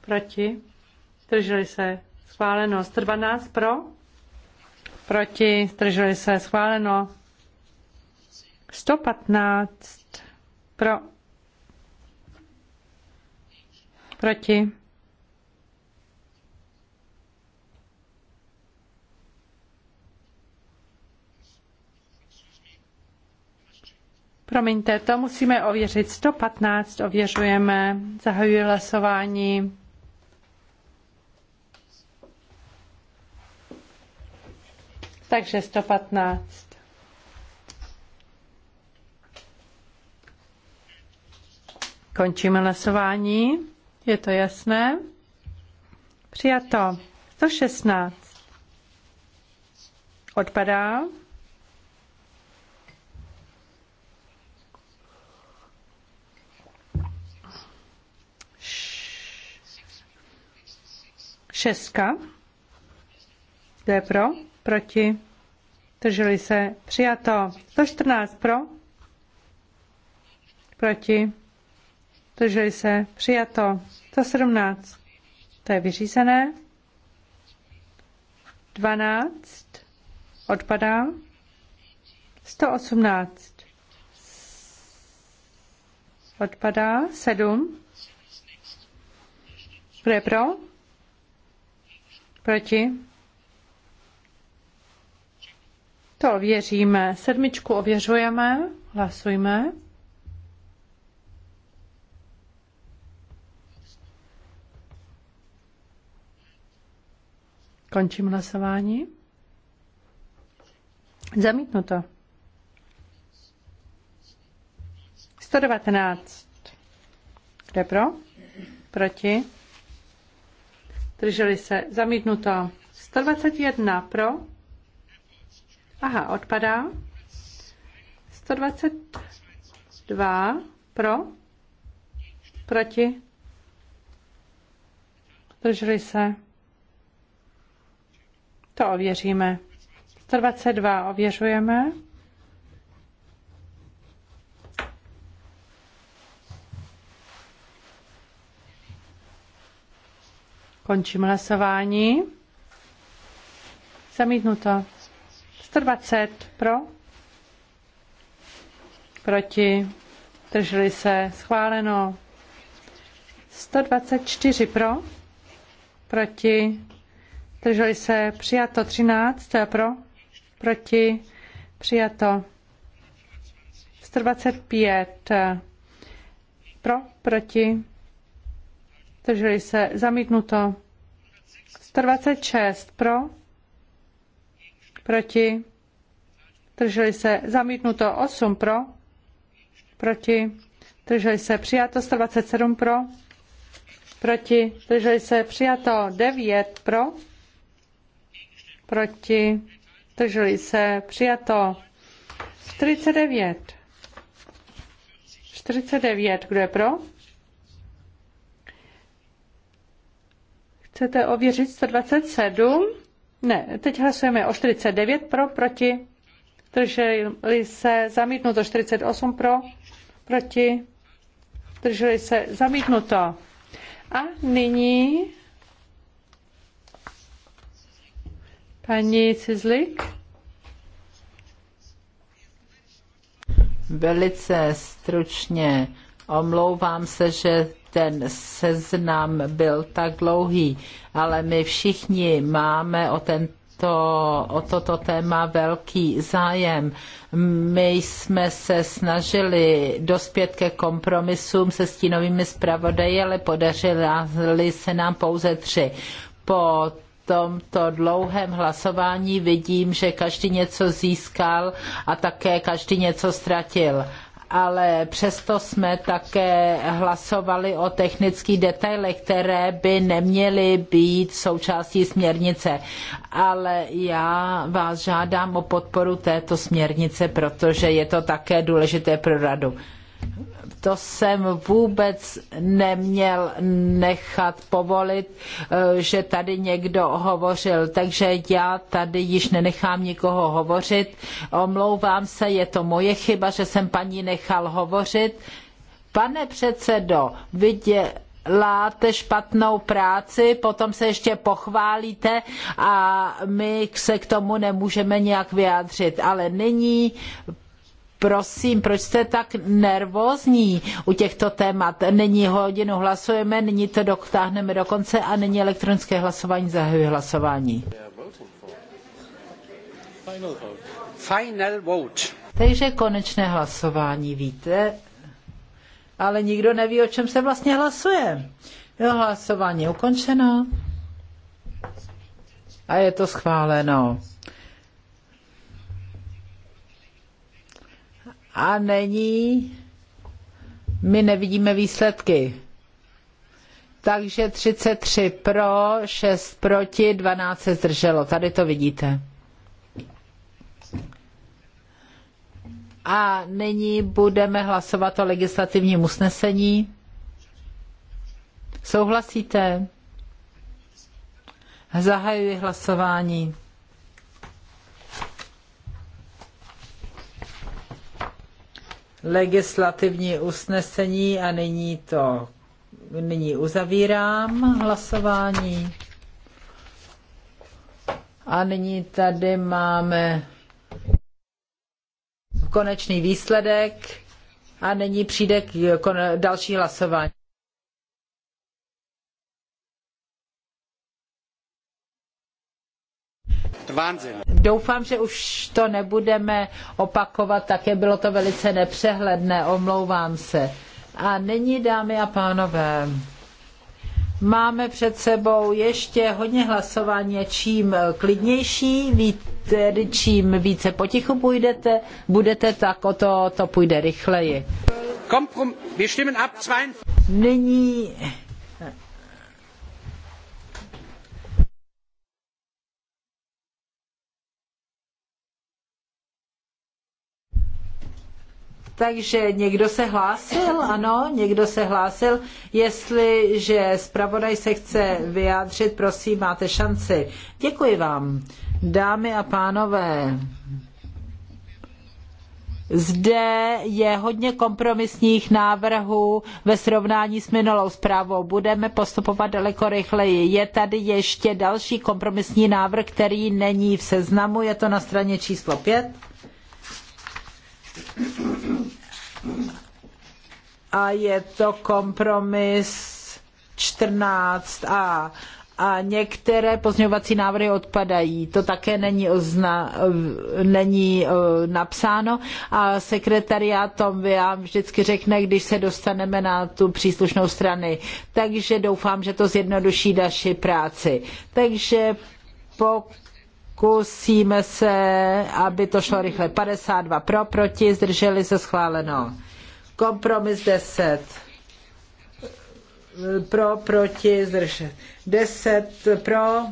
Proti? Zdrželi se. Schváleno. 112 pro? Proti? Zdrželi se. Schváleno. 115 pro? Proti? Promiňte, to musíme ověřit. 115 ověřujeme. Zahajuji hlasování. Takže 115. Končíme hlasování. Je to jasné? Přijato. 116. Odpadá. Česka. Kdo je pro? Proti? Drželi se. Přijato. 114 pro? Proti? Drželi se. Přijato. 117. To je vyřízené. 12. Odpadá. 118. Odpadá. 7. Kdo je pro? Proti? To ověříme. Sedmičku ověřujeme. Hlasujme. Končím hlasování. Zamítnuto. 119. Kde pro? Proti? Drželi se. Zamítnuto. 121 pro. Aha, odpadá. 122 pro. Proti. Drželi se. To ověříme. 122 ověřujeme. Končím hlasování. Zamítnuto. 120 pro. Proti. Drželi se. Schváleno. 124 pro. Proti. Drželi se. Přijato 13 pro. Proti. Přijato. 125 pro. Proti. Zdrželi se. Zamítnuto. 126 pro. Proti. Zdrželi se. Zamítnuto. 8 pro. Proti. Zdrželi se. Přijato. 127 pro. Proti. Zdrželi se. Přijato. 9 pro. Proti. Zdrželi se. Přijato. 49. 49. Kdo je pro? Chcete ověřit 127? Ne, teď hlasujeme o 49 pro, proti. Drželi se zamítnuto 48 pro, proti. Drželi se zamítnuto. A nyní paní Cizlik. Velice stručně. Omlouvám se, že ten seznam byl tak dlouhý, ale my všichni máme o tento o toto téma velký zájem. My jsme se snažili dospět ke kompromisům se stínovými zpravodaji, ale podařily se nám pouze tři. Po tomto dlouhém hlasování vidím, že každý něco získal a také každý něco ztratil ale přesto jsme také hlasovali o technických detailech, které by neměly být součástí směrnice. Ale já vás žádám o podporu této směrnice, protože je to také důležité pro radu to jsem vůbec neměl nechat povolit, eh, že tady někdo hovořil. Takže já tady již nenechám nikoho hovořit. Omlouvám se, je to moje chyba, že jsem paní nechal hovořit. Pane předsedo, vidě, láte špatnou práci, potom se ještě pochválíte a my se k tomu nemůžeme nějak vyjádřit. Ale nyní prosím, proč jste tak nervózní u těchto témat? Není hodinu hlasujeme, nyní to dotáhneme do konce a není elektronické hlasování, zahajuji hlasování. Final vote. Takže konečné hlasování, víte? Ale nikdo neví, o čem se vlastně hlasuje. Jo, hlasování je ukončeno. A je to schváleno. a není, my nevidíme výsledky. Takže 33 pro, 6 proti, 12 se zdrželo. Tady to vidíte. A nyní budeme hlasovat o legislativním usnesení. Souhlasíte? Zahajuji hlasování. legislativní usnesení a nyní to nyní uzavírám hlasování. A nyní tady máme konečný výsledek a nyní přijde k další hlasování. Wahnsinn. Doufám, že už to nebudeme opakovat, také bylo to velice nepřehledné, omlouvám se. A nyní, dámy a pánové, máme před sebou ještě hodně hlasování, čím klidnější, tedy čím více potichu půjdete, budete, tak o to, to půjde rychleji. Nyní Takže někdo se hlásil, ano, někdo se hlásil. Jestliže zpravodaj se chce vyjádřit, prosím, máte šanci. Děkuji vám. Dámy a pánové, zde je hodně kompromisních návrhů ve srovnání s minulou zprávou. Budeme postupovat daleko rychleji. Je tady ještě další kompromisní návrh, který není v seznamu, je to na straně číslo 5. A je to kompromis 14a a některé pozměňovací návrhy odpadají. To také není, ozna, není eh, napsáno a sekretariát tom vám vždycky řekne, když se dostaneme na tu příslušnou stranu. Takže doufám, že to zjednoduší další práci. Takže pokud Pokusíme se, aby to šlo rychle. 52 pro, proti, zdrželi se schváleno. Kompromis 10. Pro, proti, zdržet. 10 pro,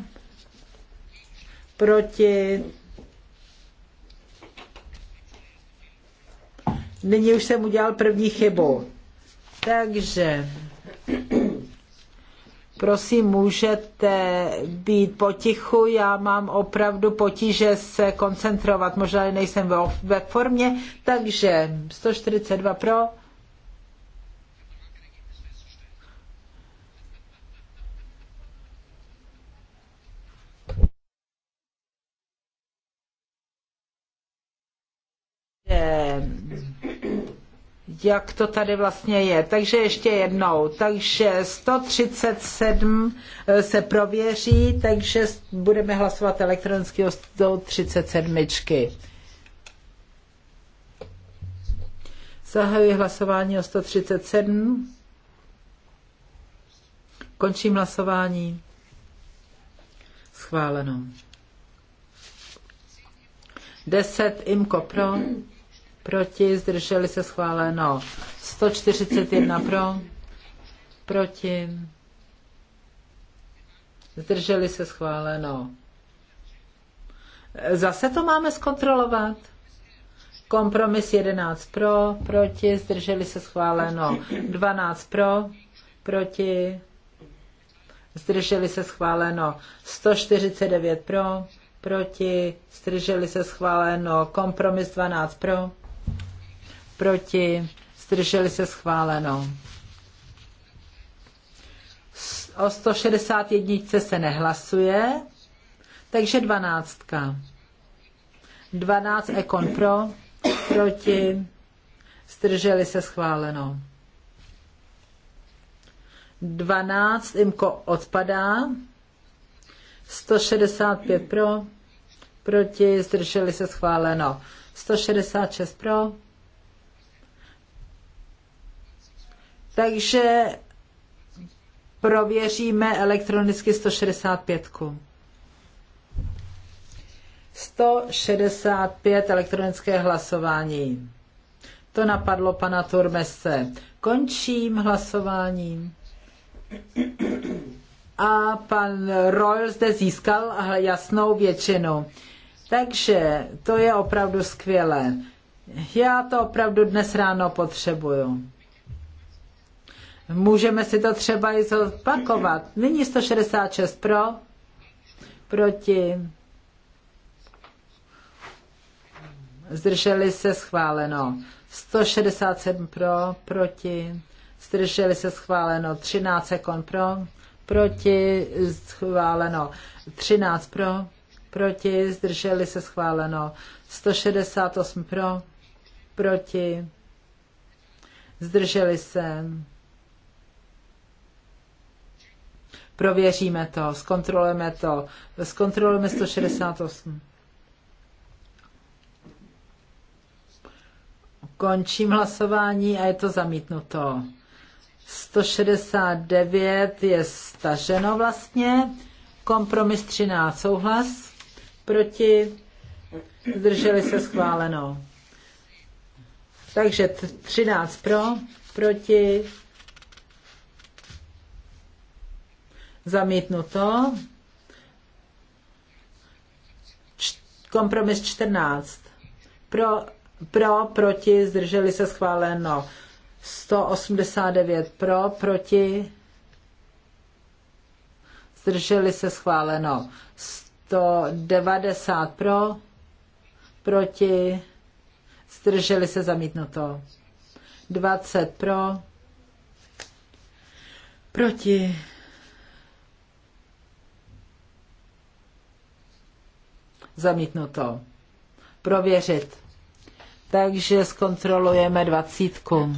proti. Nyní už jsem udělal první chybu. Takže Prosím, můžete být potichu, já mám opravdu potíže se koncentrovat, možná nejsem ve formě, takže 142 pro, jak to tady vlastně je. Takže ještě jednou. Takže 137 eh, se prověří, takže budeme hlasovat elektronicky o 137. Zahajuji hlasování o 137. Končím hlasování. Schváleno. 10 IMKO pro proti, zdrželi se schváleno. 141 pro, proti, zdrželi se schváleno. Zase to máme zkontrolovat. Kompromis 11 pro, proti, zdrželi se schváleno. 12 pro, proti, zdrželi se schváleno. 149 pro, proti, zdrželi se schváleno. Kompromis 12 pro proti, zdrželi se schváleno. O 161 se nehlasuje, takže 12. 12 ekon pro, proti, zdrželi se schváleno. 12 imko odpadá, 165 pro, proti, zdrželi se schváleno. 166 pro, Takže prověříme elektronicky 165. 165 elektronické hlasování. To napadlo pana Turmese. Končím hlasováním. A pan Royal zde získal jasnou většinu. Takže to je opravdu skvělé. Já to opravdu dnes ráno potřebuju. Můžeme si to třeba i zopakovat. Nyní 166 pro, proti, zdrželi se schváleno. 167 pro, proti, zdrželi se schváleno. 13 sekund pro, proti, schváleno. 13 pro, proti, zdrželi se schváleno. 168 pro, proti, zdrželi se. Prověříme to, zkontrolujeme to, zkontrolujeme 168. Končím hlasování a je to zamítnuto. 169 je staženo vlastně. Kompromis 13 souhlas. Proti zdrželi se schváleno. Takže 13 pro, proti Zamítnuto. Kompromis 14. Pro, pro, proti, zdrželi se schváleno. 189 pro, proti, zdrželi se schváleno. 190 pro, proti, zdrželi se zamítnuto. 20 pro, proti, Zamítnuto. Prověřit. Takže zkontrolujeme dvacítku.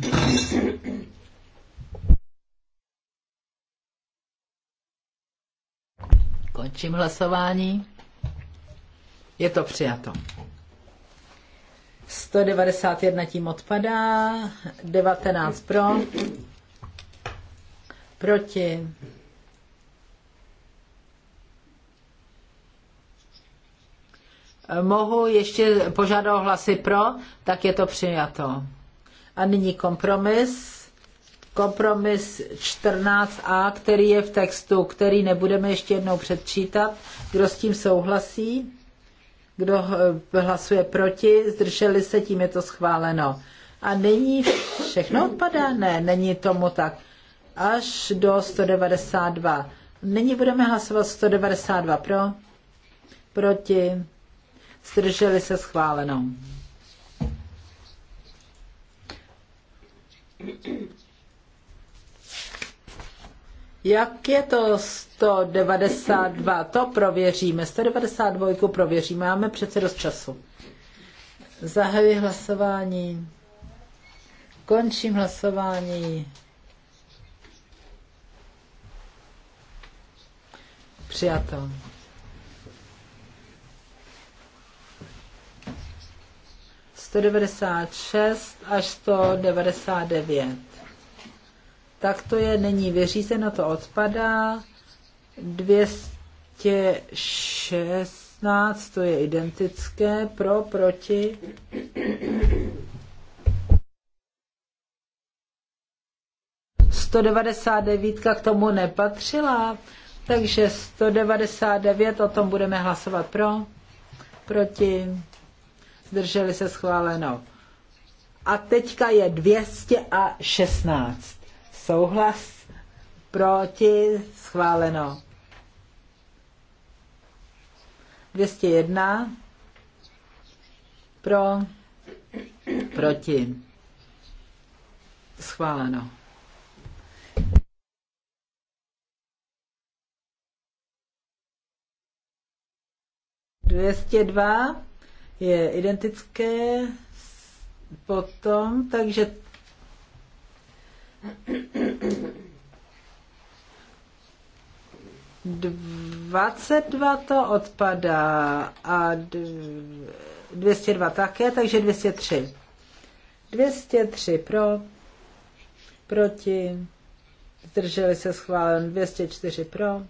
Končím hlasování. Je to přijato. 191 tím odpadá, 19 pro, proti, mohu ještě požádat hlasy pro, tak je to přijato. A nyní kompromis. Kompromis 14a, který je v textu, který nebudeme ještě jednou předčítat. Kdo s tím souhlasí? Kdo eh, hlasuje proti? Zdrželi se, tím je to schváleno. A nyní všechno odpadá? Ne, není tomu tak. Až do 192. Nyní budeme hlasovat 192 pro, proti zdrželi se schváleno. Jak je to 192? To prověříme. 192 prověříme. Máme přece dost času. Zahajuji hlasování. Končím hlasování. Přijatel. 196 až 199. Tak to je není vyřízeno, to odpadá. 216, to je identické, pro, proti. devítka k tomu nepatřila, takže 199 o tom budeme hlasovat pro, proti zdrželi se schváleno. A teďka je 216. Souhlas proti schváleno. 201 pro proti schváleno. Dvěstě dva je identické potom, takže Dvacet dva to odpadá a dva také, takže Dvěstě tři pro, proti, zdrželi se schváleno, čtyři pro,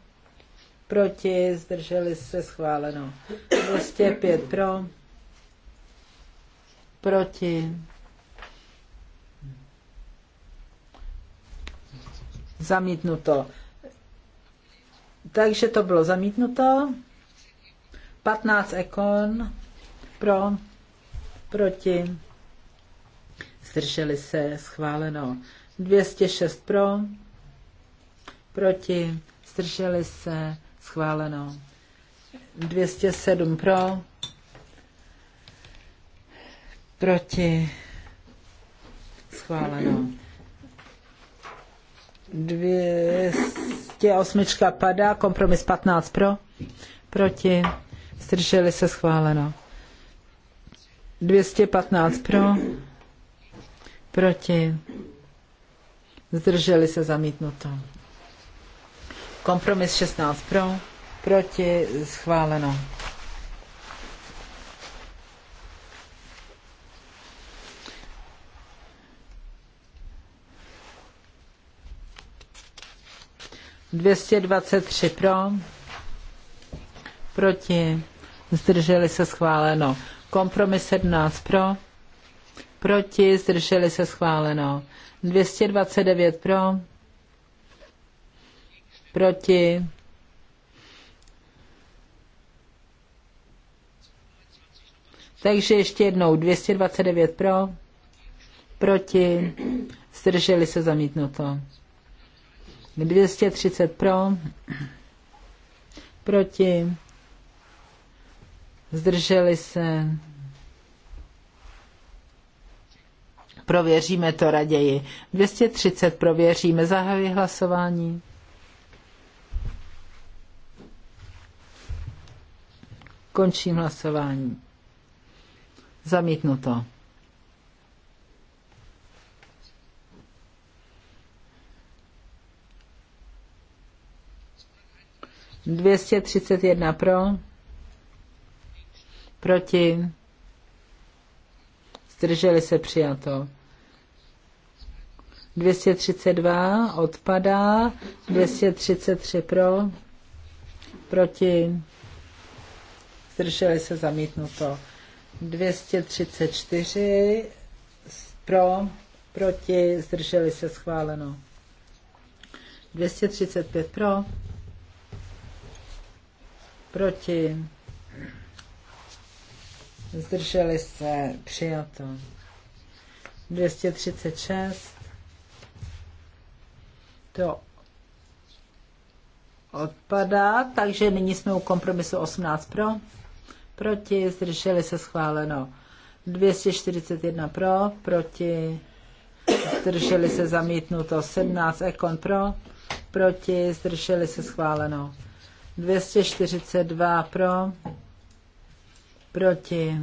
proti, zdrželi se schváleno, pět pro, Proti. Zamítnuto. Takže to bylo zamítnuto. 15 ekon pro, proti, zdrželi se, schváleno. 206 pro, proti, zdrželi se, schváleno. 207 pro, Proti. Schváleno. 208 padá, kompromis 15 pro, proti, zdrželi se schváleno. 215 pro, proti, zdrželi se zamítnuto. Kompromis 16 pro, proti, schváleno. 223 pro, proti, zdrželi se schváleno. Kompromis 17 pro, proti, zdrželi se schváleno. 229 pro, proti, Takže ještě jednou 229 pro, proti, zdrželi se zamítnuto. 230 pro, proti, zdrželi se. Prověříme to raději. 230 prověříme, zahajuji hlasování. Končím hlasování. Zamítnuto. 231 pro, proti, zdrželi se přijato. 232 odpadá, 233 pro, proti, zdrželi se zamítnuto. 234 pro, proti, zdrželi se schváleno. 235 pro, Proti. Zdrželi se. Přijato. 236. To odpadá, takže nyní jsme u kompromisu 18 pro. Proti. Zdrželi se. Schváleno. 241 pro. Proti. Zdrželi se. Zamítnuto. 17 ekon pro. Proti. Zdrželi se. Schváleno. 242 pro, proti.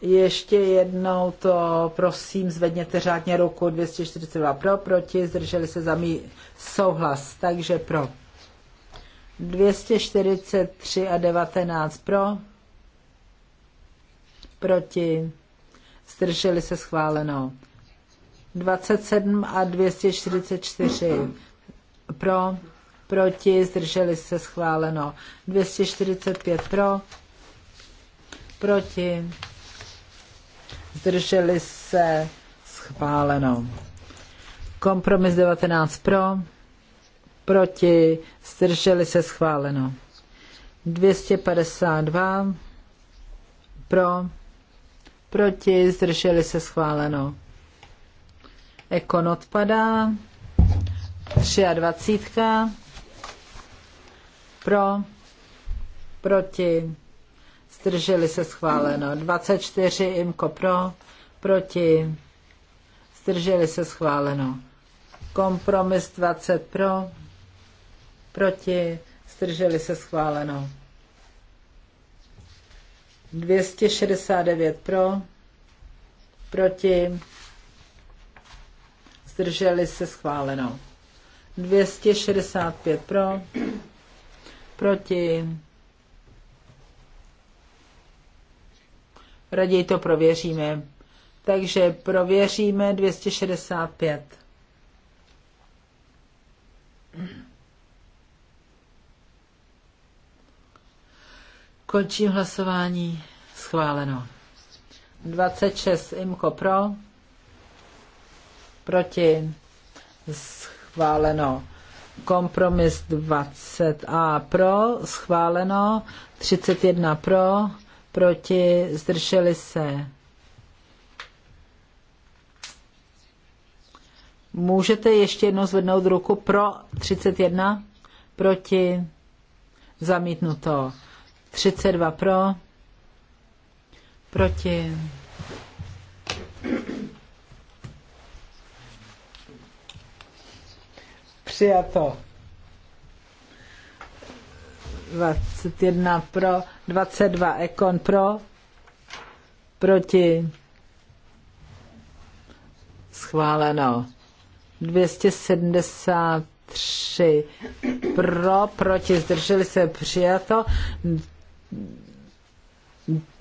Ještě jednou to, prosím, zvedněte řádně ruku 242 pro, proti, zdrželi se mý souhlas, takže pro. 243 a 19 pro, proti, zdrželi se schváleno. 27 a 244 pro, proti, zdrželi se schváleno. 245 pro, proti, zdrželi se schváleno. Kompromis 19 pro, proti, zdrželi se schváleno. 252 pro, proti, zdrželi se schváleno. Ekon odpadá. 23. Pro, proti, zdrželi se schváleno. 24. Imko pro, proti, zdrželi se schváleno. Kompromis 20 pro, proti, zdrželi se schváleno. 269 pro, proti, zdrželi se schváleno. 265 pro, proti. Raději to prověříme. Takže prověříme 265. Končím hlasování. Schváleno. 26 Imko pro. Proti. Schváleno schváleno. Kompromis 20a pro, schváleno. 31 pro, proti, zdrželi se. Můžete ještě jednou zvednout ruku pro 31, proti, zamítnuto. 32 pro, proti. přijato. 21 pro, 22 ekon pro, proti, schváleno. 273 pro, proti, zdrželi se, přijato.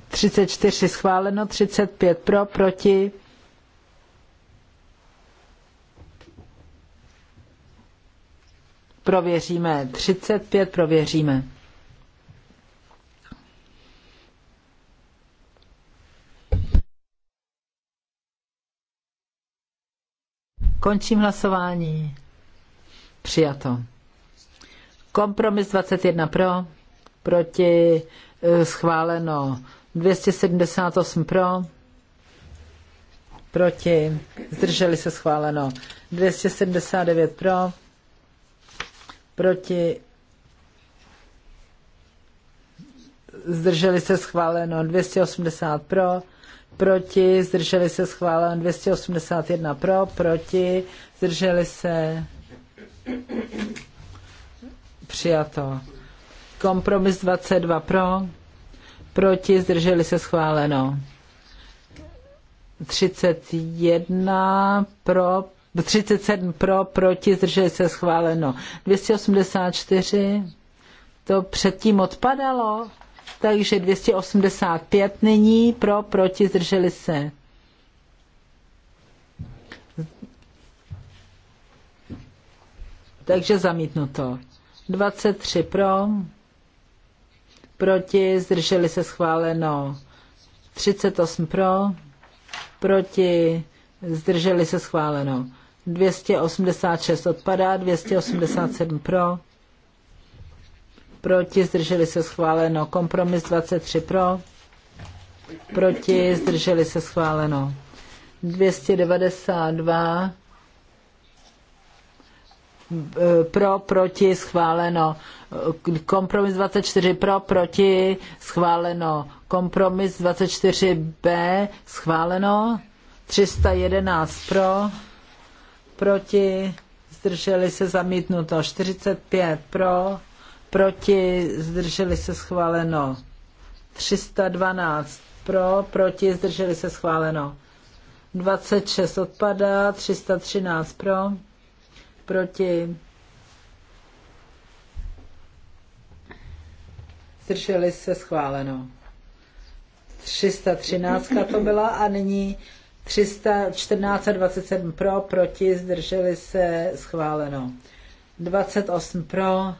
34 schváleno, 35 pro, proti, prověříme 35, prověříme. Končím hlasování. Přijato. Kompromis 21 pro, proti eh, schváleno 278 pro, proti zdrželi se schváleno 279 pro, proti, zdrželi se schváleno 280 pro, proti, zdrželi se schváleno 281 pro, proti, zdrželi se přijato. Kompromis 22 pro, proti, zdrželi se schváleno. 31 pro, 37 pro, proti, zdrželi se schváleno. 284, to předtím odpadalo, takže 285 nyní pro, proti, zdrželi se. Takže zamítnuto. 23 pro, proti, zdrželi se schváleno. 38 pro, proti, zdrželi se schváleno. 286 odpadá, 287 pro, proti, zdrželi se schváleno, kompromis 23 pro, proti, zdrželi se schváleno, 292 eh, pro, proti, schváleno. Kompromis 24 pro, proti, schváleno. Kompromis 24b, schváleno. 311 pro, proti, zdrželi se zamítnuto. 45 pro, proti, zdrželi se schváleno. 312 pro, proti, zdrželi se schváleno. 26 odpadá, 313 pro, proti, zdrželi se schváleno. 313 to byla a nyní 314 a 27 pro, proti, zdrželi se, schváleno. 28 pro,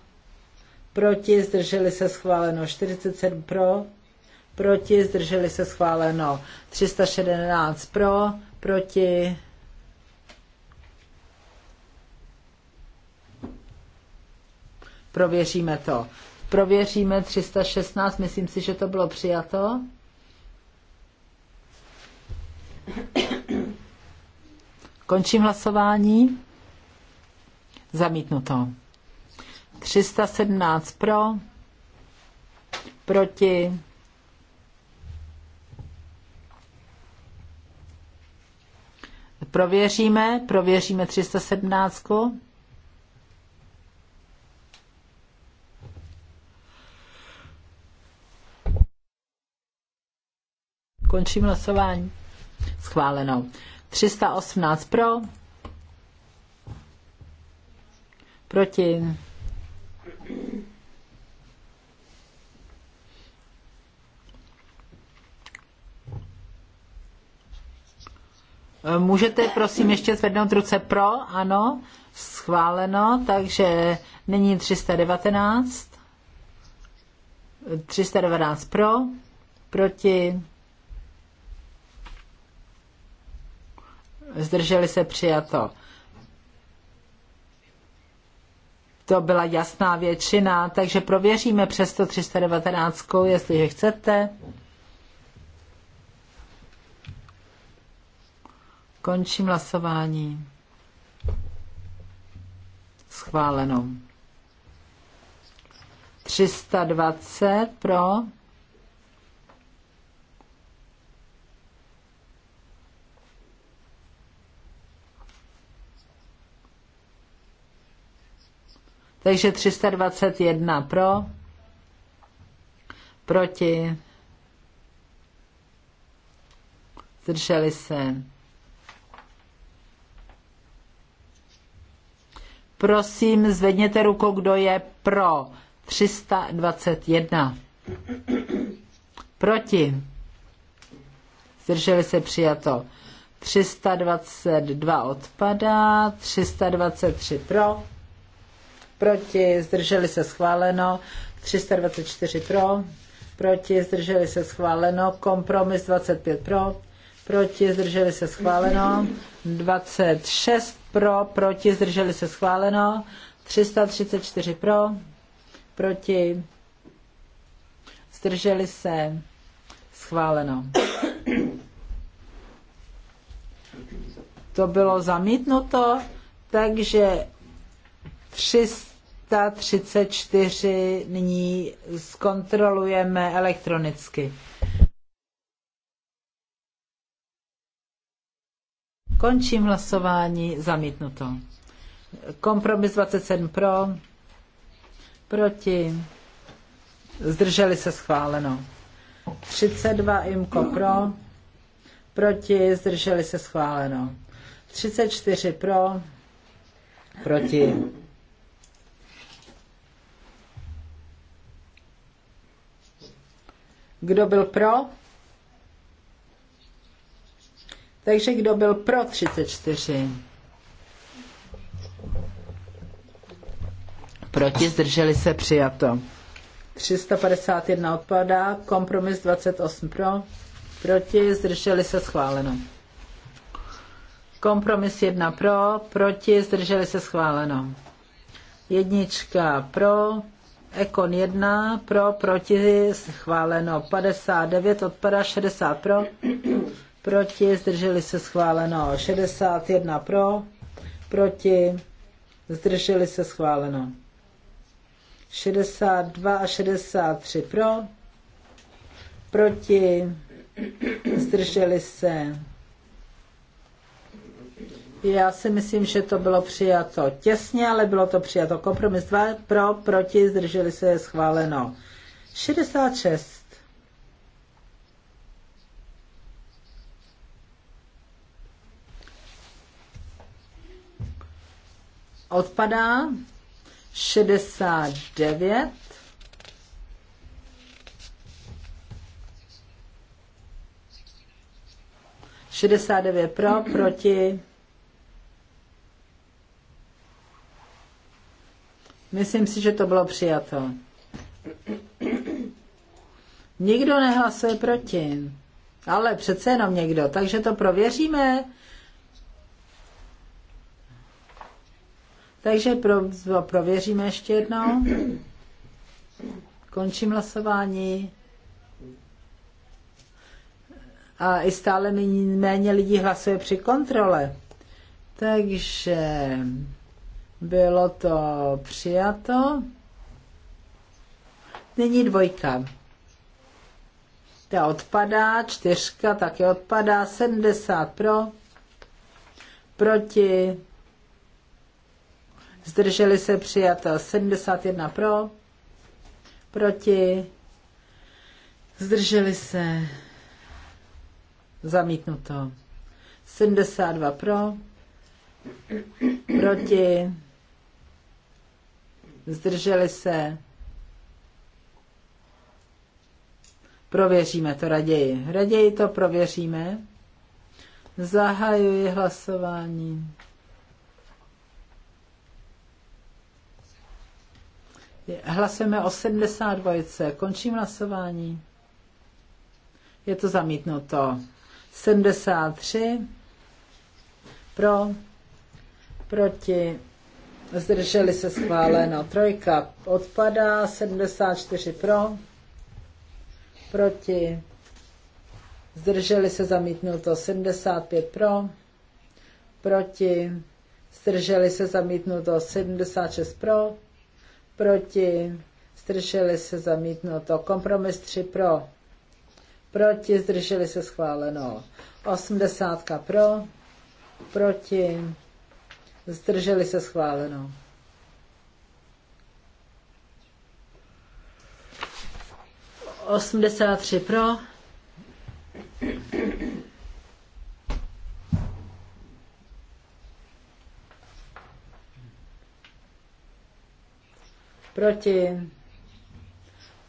proti, zdrželi se, schváleno. 47 pro, proti, zdrželi se, schváleno. 316 pro, proti, prověříme to. Prověříme 316, myslím si, že to bylo přijato. Končím hlasování. Zamítnuto. 317 pro, proti, Prověříme, prověříme 317. Končím hlasování. Schváleno. 318 pro. Proti. Můžete prosím ještě zvednout ruce pro? Ano, schváleno, takže nyní 319. 319 pro, proti, zdrželi se přijato. To byla jasná většina, takže prověříme přes to 319, jestliže chcete. Končím hlasování. Schváleno. 320 pro, Takže 321 pro, proti, zdrželi se. Prosím, zvedněte ruku, kdo je pro 321. Proti. Zdrželi se přijato. 322 odpadá, 323 pro proti, zdrželi se schváleno, 324 pro, proti, zdrželi se schváleno, kompromis 25 pro, proti, zdrželi se schváleno, 26 pro, proti, zdrželi se schváleno, 334 pro, proti, zdrželi se schváleno. To bylo zamítnuto, takže 300 334 nyní zkontrolujeme elektronicky. Končím hlasování, zamítnuto. Kompromis 27 pro, proti, zdrželi se schváleno. 32 imko pro, proti, zdrželi se schváleno. 34 pro, proti, Kdo byl pro? Takže kdo byl pro 34? Proti zdrželi se přijato. 351 odpadá, kompromis 28 pro, proti zdrželi se schváleno. Kompromis 1 pro, proti zdrželi se schváleno. Jednička pro, Ekon 1 pro, proti, schváleno 59, odpada 60 pro, proti, zdrželi se schváleno 61 pro, proti, zdrželi se schváleno 62 a 63 pro, proti, zdrželi se já si myslím, že to bylo přijato těsně, ale bylo to přijato kompromis Dva pro, proti, zdrželi se schváleno. 66. Odpadá 69. Šedesát devět pro, proti Myslím si, že to bylo přijato. Nikdo nehlasuje proti. Ale přece jenom někdo. Takže to prověříme. Takže pro, prověříme ještě jednou. Končím hlasování. A i stále méně lidí hlasuje při kontrole. Takže bylo to přijato. Nyní dvojka. Ta odpadá, čtyřka také odpadá, 70 pro, proti, zdrželi se přijato 71 pro, proti, zdrželi se zamítnuto 72 pro, proti, zdrželi se. Prověříme to raději. Raději to prověříme. Zahajuji hlasování. Hlasujeme o 72. Končím hlasování. Je to zamítnuto. 73 pro, proti zdrželi se schváleno. Trojka odpadá, 74 pro, proti, zdrželi se zamítnuto, 75 pro, proti, zdrželi se zamítnuto, 76 pro, proti, zdrželi se zamítnuto, kompromis 3 pro, proti, zdrželi se schváleno, 80 pro, proti, zdrželi se schváleno. Osmdesát tři pro. Proti.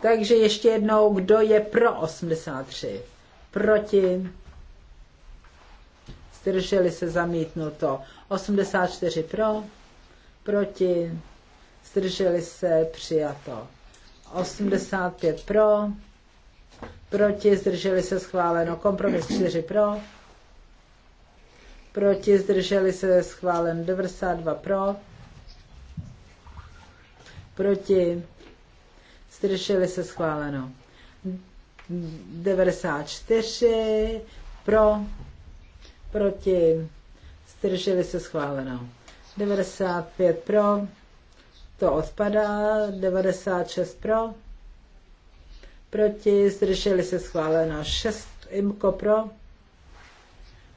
Takže ještě jednou, kdo je pro 83? Proti zdrželi se zamítnuto. 84 pro, proti, zdrželi se přijato. 85 pro, proti, zdrželi se schváleno. Kompromis 4 pro, proti, zdrželi se schválen 92 pro, proti, zdrželi se schváleno. 94 pro, proti, zdrželi se schváleno. 95 pro, to odpadá, 96 pro, proti, zdrželi se schváleno. 6 imko pro,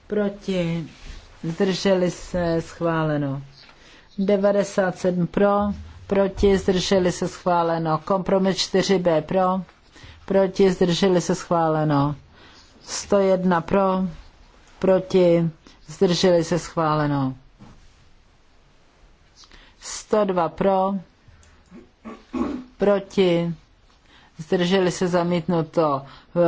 proti, zdrželi se schváleno. 97 pro, proti, zdrželi se schváleno. Kompromis 4b pro, proti, zdrželi se schváleno. 101 pro, proti, zdrželi se schváleno. 102 pro, proti, zdrželi se zamítnuto.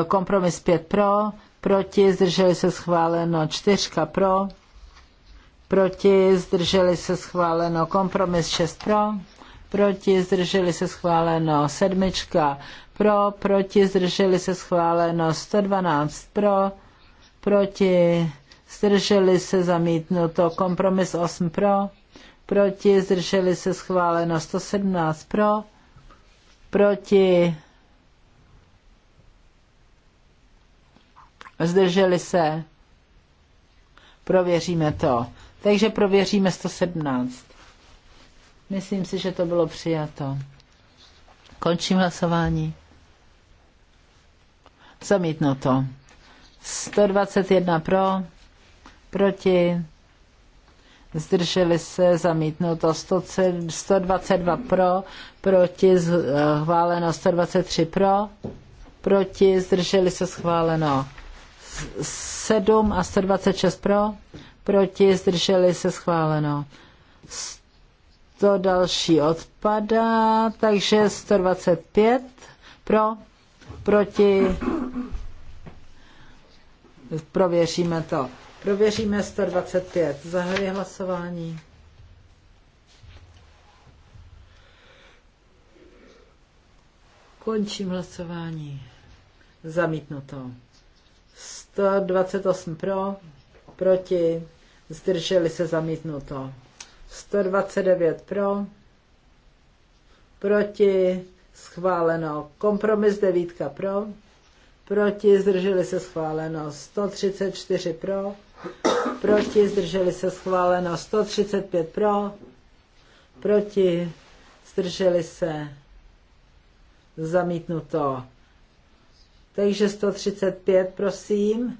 Kompromis 5 pro, proti, zdrželi se schváleno. 4 pro, proti, zdrželi se schváleno. Kompromis 6 pro, proti, zdrželi se schváleno. 7 pro, proti, zdrželi se schváleno. 112 pro, proti, zdrželi se zamítnuto, kompromis 8 pro, proti, zdrželi se schváleno 117 pro, proti, zdrželi se, prověříme to. Takže prověříme 117. Myslím si, že to bylo přijato. Končím hlasování. Zamítnuto. to. 121 pro, proti, zdrželi se, zamítnuto 122 pro, proti, schváleno eh, 123 pro, proti, zdrželi se, schváleno 7 a 126 pro, proti, zdrželi se, schváleno. To další odpadá, takže 125 pro, proti, Prověříme to. Prověříme 125. Zahajuji hlasování. Končím hlasování. Zamítnuto. 128 pro, proti, zdrželi se zamítnuto. 129 pro, proti, schváleno. Kompromis devítka pro, proti, zdrželi se schváleno 134 pro, proti, zdrželi se schváleno 135 pro, proti, zdrželi se zamítnuto. Takže 135, prosím.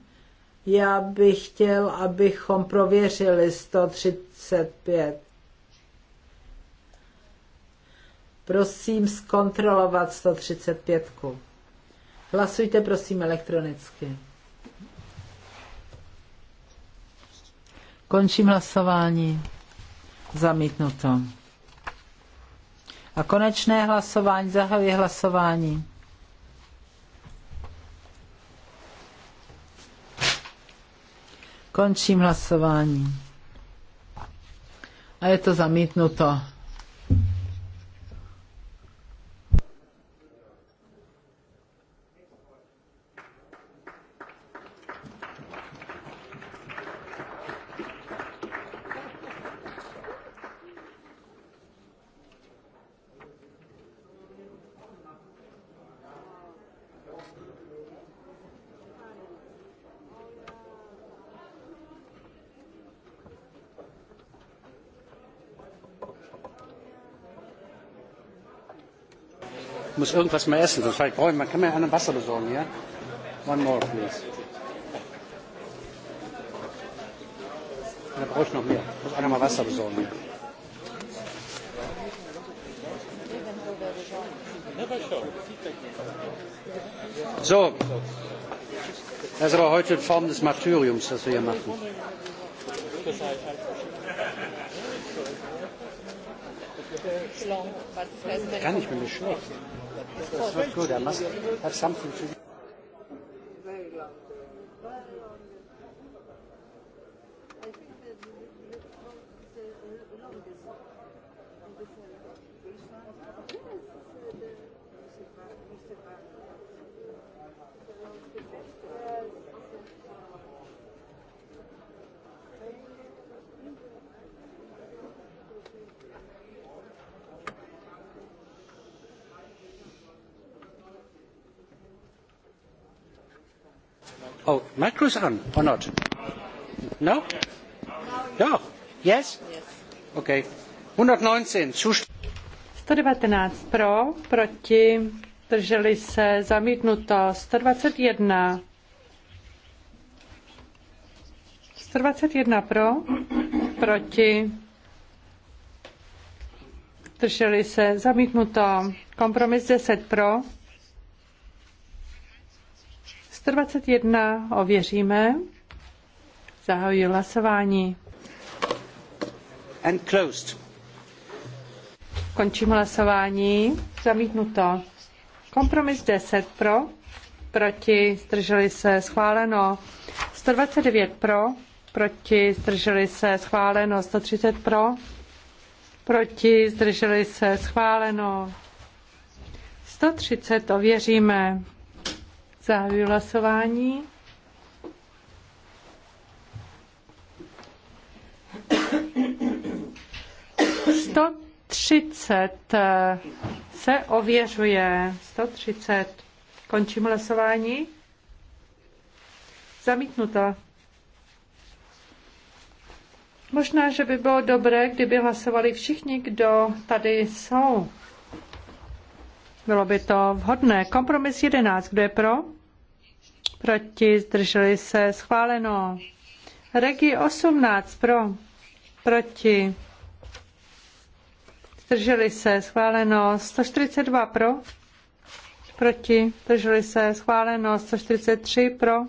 Já bych chtěl, abychom prověřili 135. Prosím zkontrolovat 135. Hlasujte prosím elektronicky. Končím hlasování. Zamítnuto. A konečné hlasování, zahajuje hlasování. Končím hlasování. A je to zamítnuto. muss irgendwas mal essen. Sonst brauche ich, man kann mir einen Wasser besorgen, ja? One more, please. Da brauche ich noch mehr. Ich muss einer mal Wasser besorgen. Ja. So, das ist aber heute in Form des Martyriums, das wir hier machen. long, but it Kann ich mir nicht schlecht. That's not good. I must something to on or not? No? Jo? Yes? Okay. 119. 119 pro, proti, drželi se, zamítnuto. 121. 121 pro, proti, drželi se, zamítnuto. Kompromis 10 pro, 121 ověříme. Zahajuji hlasování. And closed. Končím hlasování. Zamítnuto. Kompromis 10 pro, proti, zdrželi se, schváleno. 129 pro, proti, zdrželi se, schváleno. 130 pro, proti, zdrželi se, schváleno. 130 ověříme. Zahajuji hlasování. Sto třicet eh, se ověřuje. 130. Končím hlasování. Zamítnuto. Možná, že by bylo dobré, kdyby hlasovali všichni, kdo tady jsou. Bylo by to vhodné. Kompromis 11. Kdo je pro? proti, zdrželi se, schváleno. Regi 18 pro, proti, zdrželi se, schváleno. 142 pro, proti, zdrželi se, schváleno. 143 pro,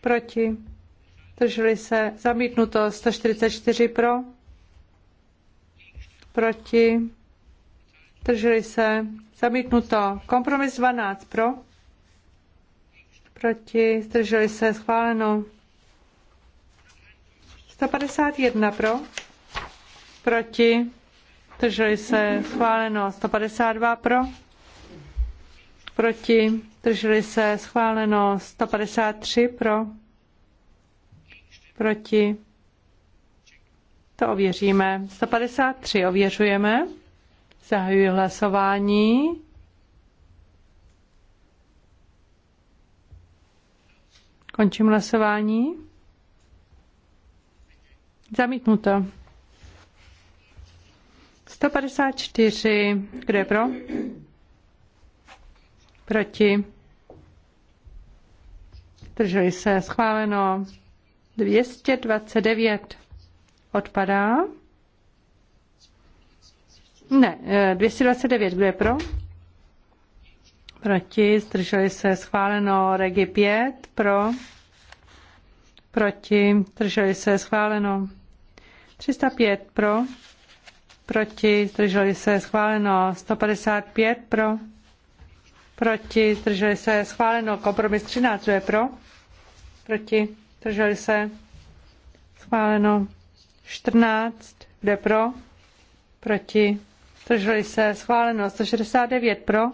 proti, zdrželi se, zamítnuto. 144 pro, proti, zdrželi se, zamítnuto. Kompromis 12 pro, proti, zdrželi se, schváleno. 151 pro, proti, zdrželi se, schváleno. 152 pro, proti, zdrželi se, schváleno. 153 pro, proti, to ověříme. 153 ověřujeme. Zahajuji hlasování. Končím hlasování. Zamítnuto. 154. Kdo je pro? Proti? Drželi se. Schváleno. 229. Odpadá. Ne, 229. Eh, Kdo je pro? Proti, zdrželi se schváleno Regi 5, pro. Proti, zdrželi se schváleno 305, pro. Proti, zdrželi se schváleno 155, pro. Proti, zdrželi se schváleno kompromis 13, kdo je pro. Proti, zdrželi se schváleno 14, kde pro. Proti, zdrželi se schváleno 169, pro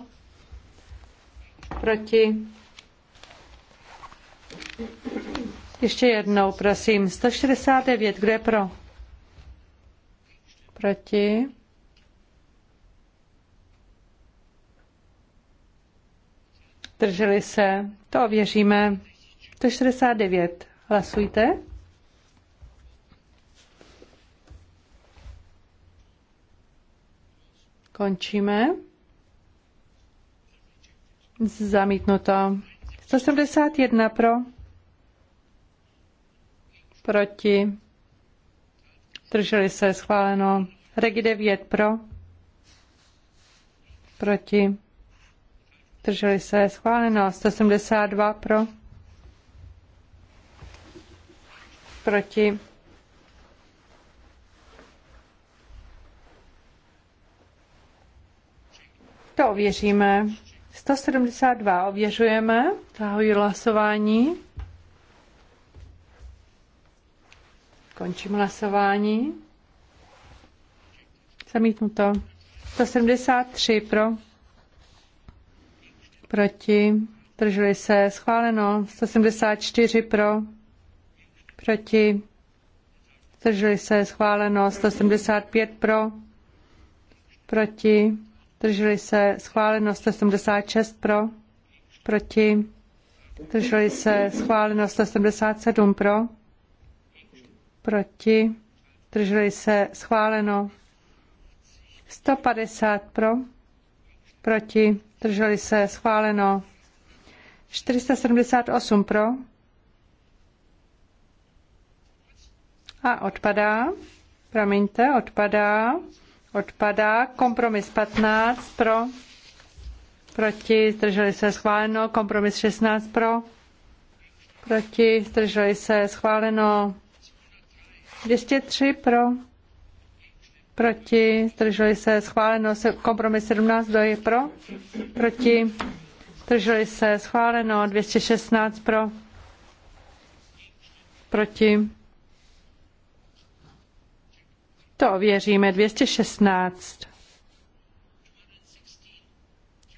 Proti? Ještě jednou, prosím. 169, kdo je pro? Proti? Drželi se. To ověříme. 169. Hlasujte. Končíme. Zamítnuto. 171 pro. Proti. Drželi se schváleno. Regi 9 pro. Proti. Drželi se schváleno. 172 pro. Proti. To ověříme. 172 ověřujeme, zahajuji hlasování. Končím hlasování. Zamítnuto. 173 pro. Proti. Drželi se. Schváleno. 174 pro. Proti. Drželi se. Schváleno. 175 pro. Proti. Drželi se schváleno 176 pro, proti. Drželi se schváleno 177 pro, proti. Drželi se schváleno 150 pro, proti. Drželi se schváleno 478 pro a odpadá. Promiňte, odpadá. Odpadá. Kompromis 15 pro. Proti. Zdrželi se schváleno. Kompromis 16 pro. Proti. Zdrželi se schváleno. 203 pro. Proti. Zdrželi se schváleno. Kompromis 17. Kdo je pro? Proti. Zdrželi se schváleno. 216 pro. Proti to ověříme. 216.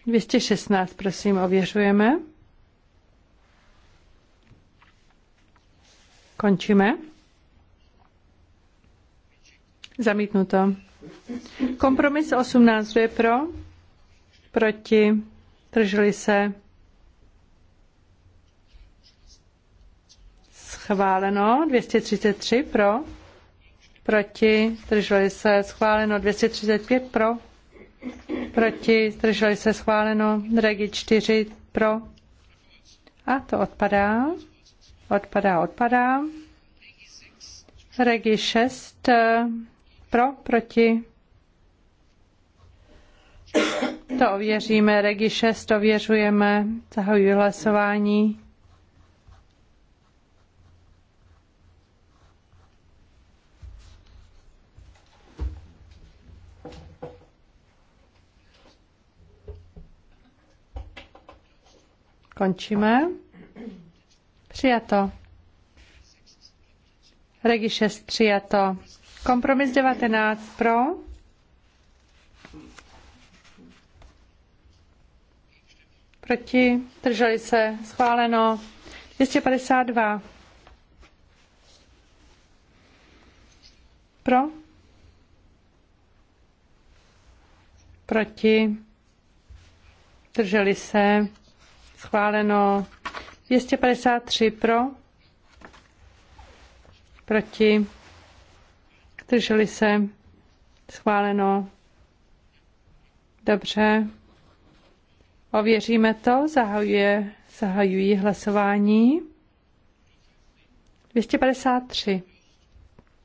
216, prosím, ověřujeme. Končíme. Zamítnuto. Kompromis 18 je pro, proti, drželi se. Schváleno 233 pro proti, zdrželi se, schváleno 235 pro, proti, zdrželi se, schváleno regi 4 pro. A to odpadá, odpadá, odpadá. Regi 6 eh, pro, proti. To ověříme, Regi 6 ověřujeme, zahajuji hlasování. Končíme. Přijato. Regi 6 přijato. Kompromis 19 pro. Proti. Drželi se. Schváleno. 252. Pro. Proti. Drželi se. Schváleno 253 pro, proti, drželi se, schváleno. Dobře. Ověříme to, zahajuje, zahajují hlasování. 253.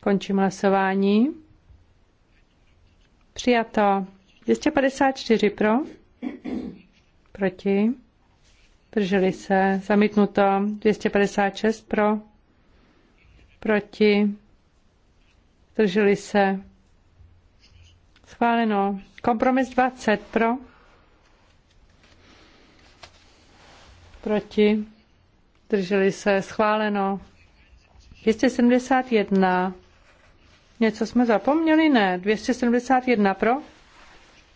Končím hlasování. Přijato. 254 pro. Proti. Drželi se. Zamítnuto 256 pro. Proti. Drželi se. Schváleno. Kompromis 20 pro. Proti. Drželi se. Schváleno. 271. Něco jsme zapomněli, ne? 271 pro.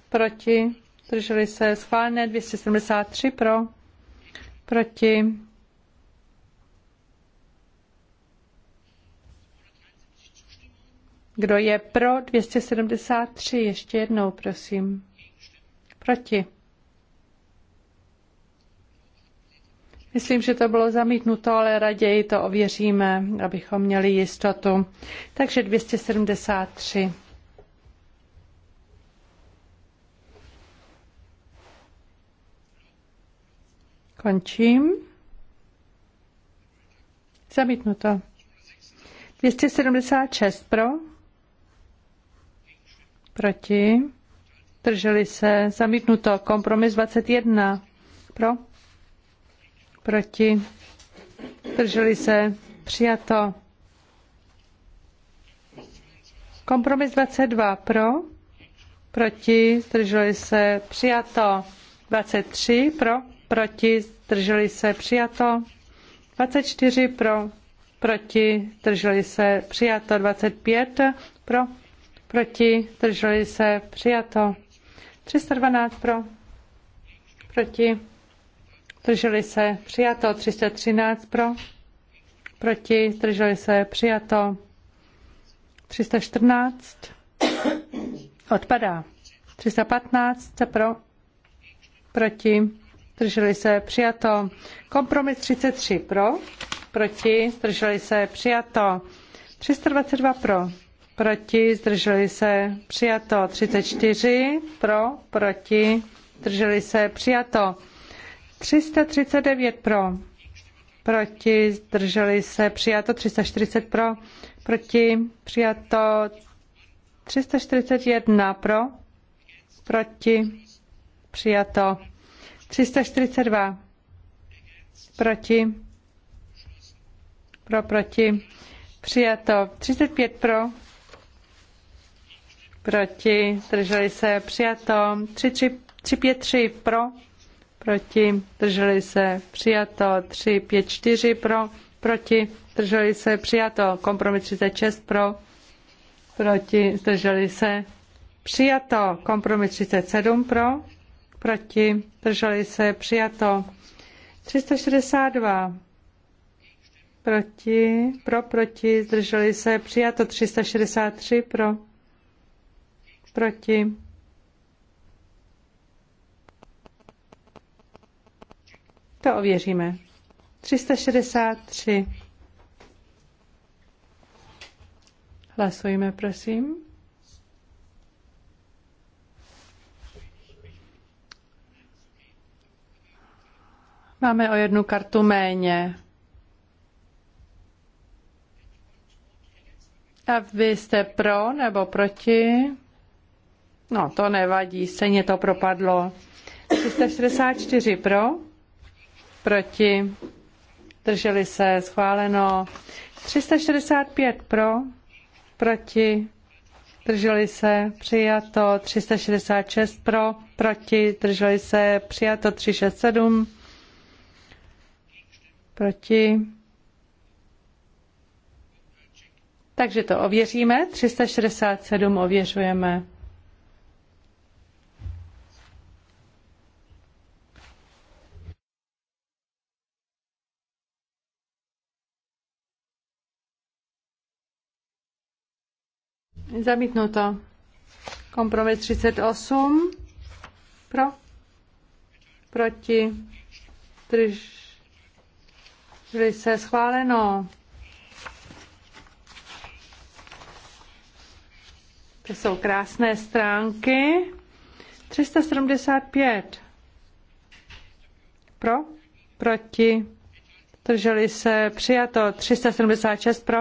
Proti. Drželi se. Schválené 273 pro Proti? Kdo je pro 273? Ještě jednou, prosím. Proti? Myslím, že to bylo zamítnuto, ale raději to ověříme, abychom měli jistotu. Takže 273. Končím. Zamítnuto. 276 pro. Proti. Drželi se. Zamítnuto. Kompromis 21. Pro. Proti. Drželi se. Přijato. Kompromis 22 pro. Proti. Drželi se. Přijato. 23 pro proti, drželi se, přijato. 24 pro, proti, drželi se, přijato. 25 pro, proti, drželi se, přijato. 312 pro, proti, drželi se, přijato. 313 pro, proti, drželi se, přijato. 314 odpadá. 315 pro, proti, zdrželi se, přijato. Kompromis 33 pro, proti, zdrželi se, přijato. 322 pro, proti, zdrželi se, přijato. 34 pro, proti, zdrželi se, přijato. 339 pro, proti, zdrželi se, přijato. 340 pro, proti, přijato. 341 pro, proti, přijato. 342. Proti. Pro, proti. Přijato. 35 pro. Proti. Drželi se. Přijato. 353 pro. Proti. Drželi se. Přijato. 354 pro. Proti. Drželi se. Přijato. Kompromis 36 pro. Proti. Drželi se. Přijato. Kompromis 37 pro proti, drželi se, přijato. 362 proti, pro, proti, zdrželi se, přijato 363 pro, proti. To ověříme. 363. Hlasujeme, prosím. Máme o jednu kartu méně. A vy jste pro nebo proti? No, to nevadí, stejně to propadlo. 364 pro, proti, drželi se, schváleno. 365 pro, proti, drželi se, přijato. 366 pro, proti, drželi se, přijato. 367 Proti? Takže to ověříme. 367 ověřujeme. Zamítnuto. Kompromis 38. Pro. Proti. Drž. Vlice, schváleno. To jsou krásné stránky. 375. Pro? Proti? Drželi se přijato. 376 pro?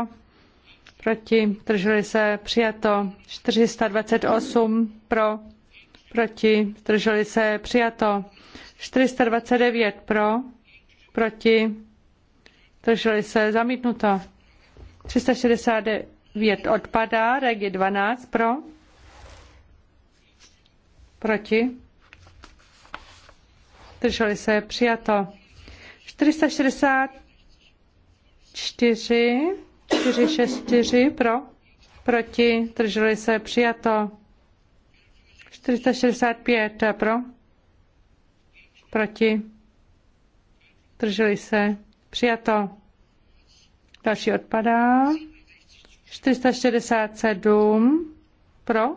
Proti? Drželi se přijato. 428 pro? Proti? Drželi se přijato. 429 pro? Proti? Drželi se zamítnuto. 369 odpadá, regi 12 pro. Proti. Drželi se přijato. 464, 464 pro. Proti. Drželi se přijato. 465 pro. Proti. Drželi se Přijato. Další odpadá. 467 pro.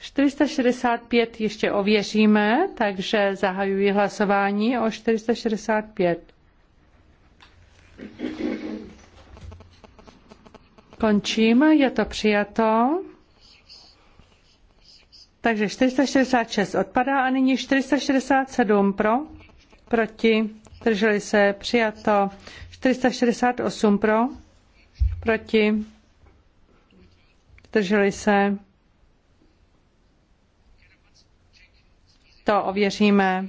465. pět ještě ověříme, takže zahajuji hlasování o 465. Končím, je to přijato. Takže 466 odpadá a nyní 467 pro, proti, drželi se, přijato. 468 pro, proti, drželi se. To ověříme.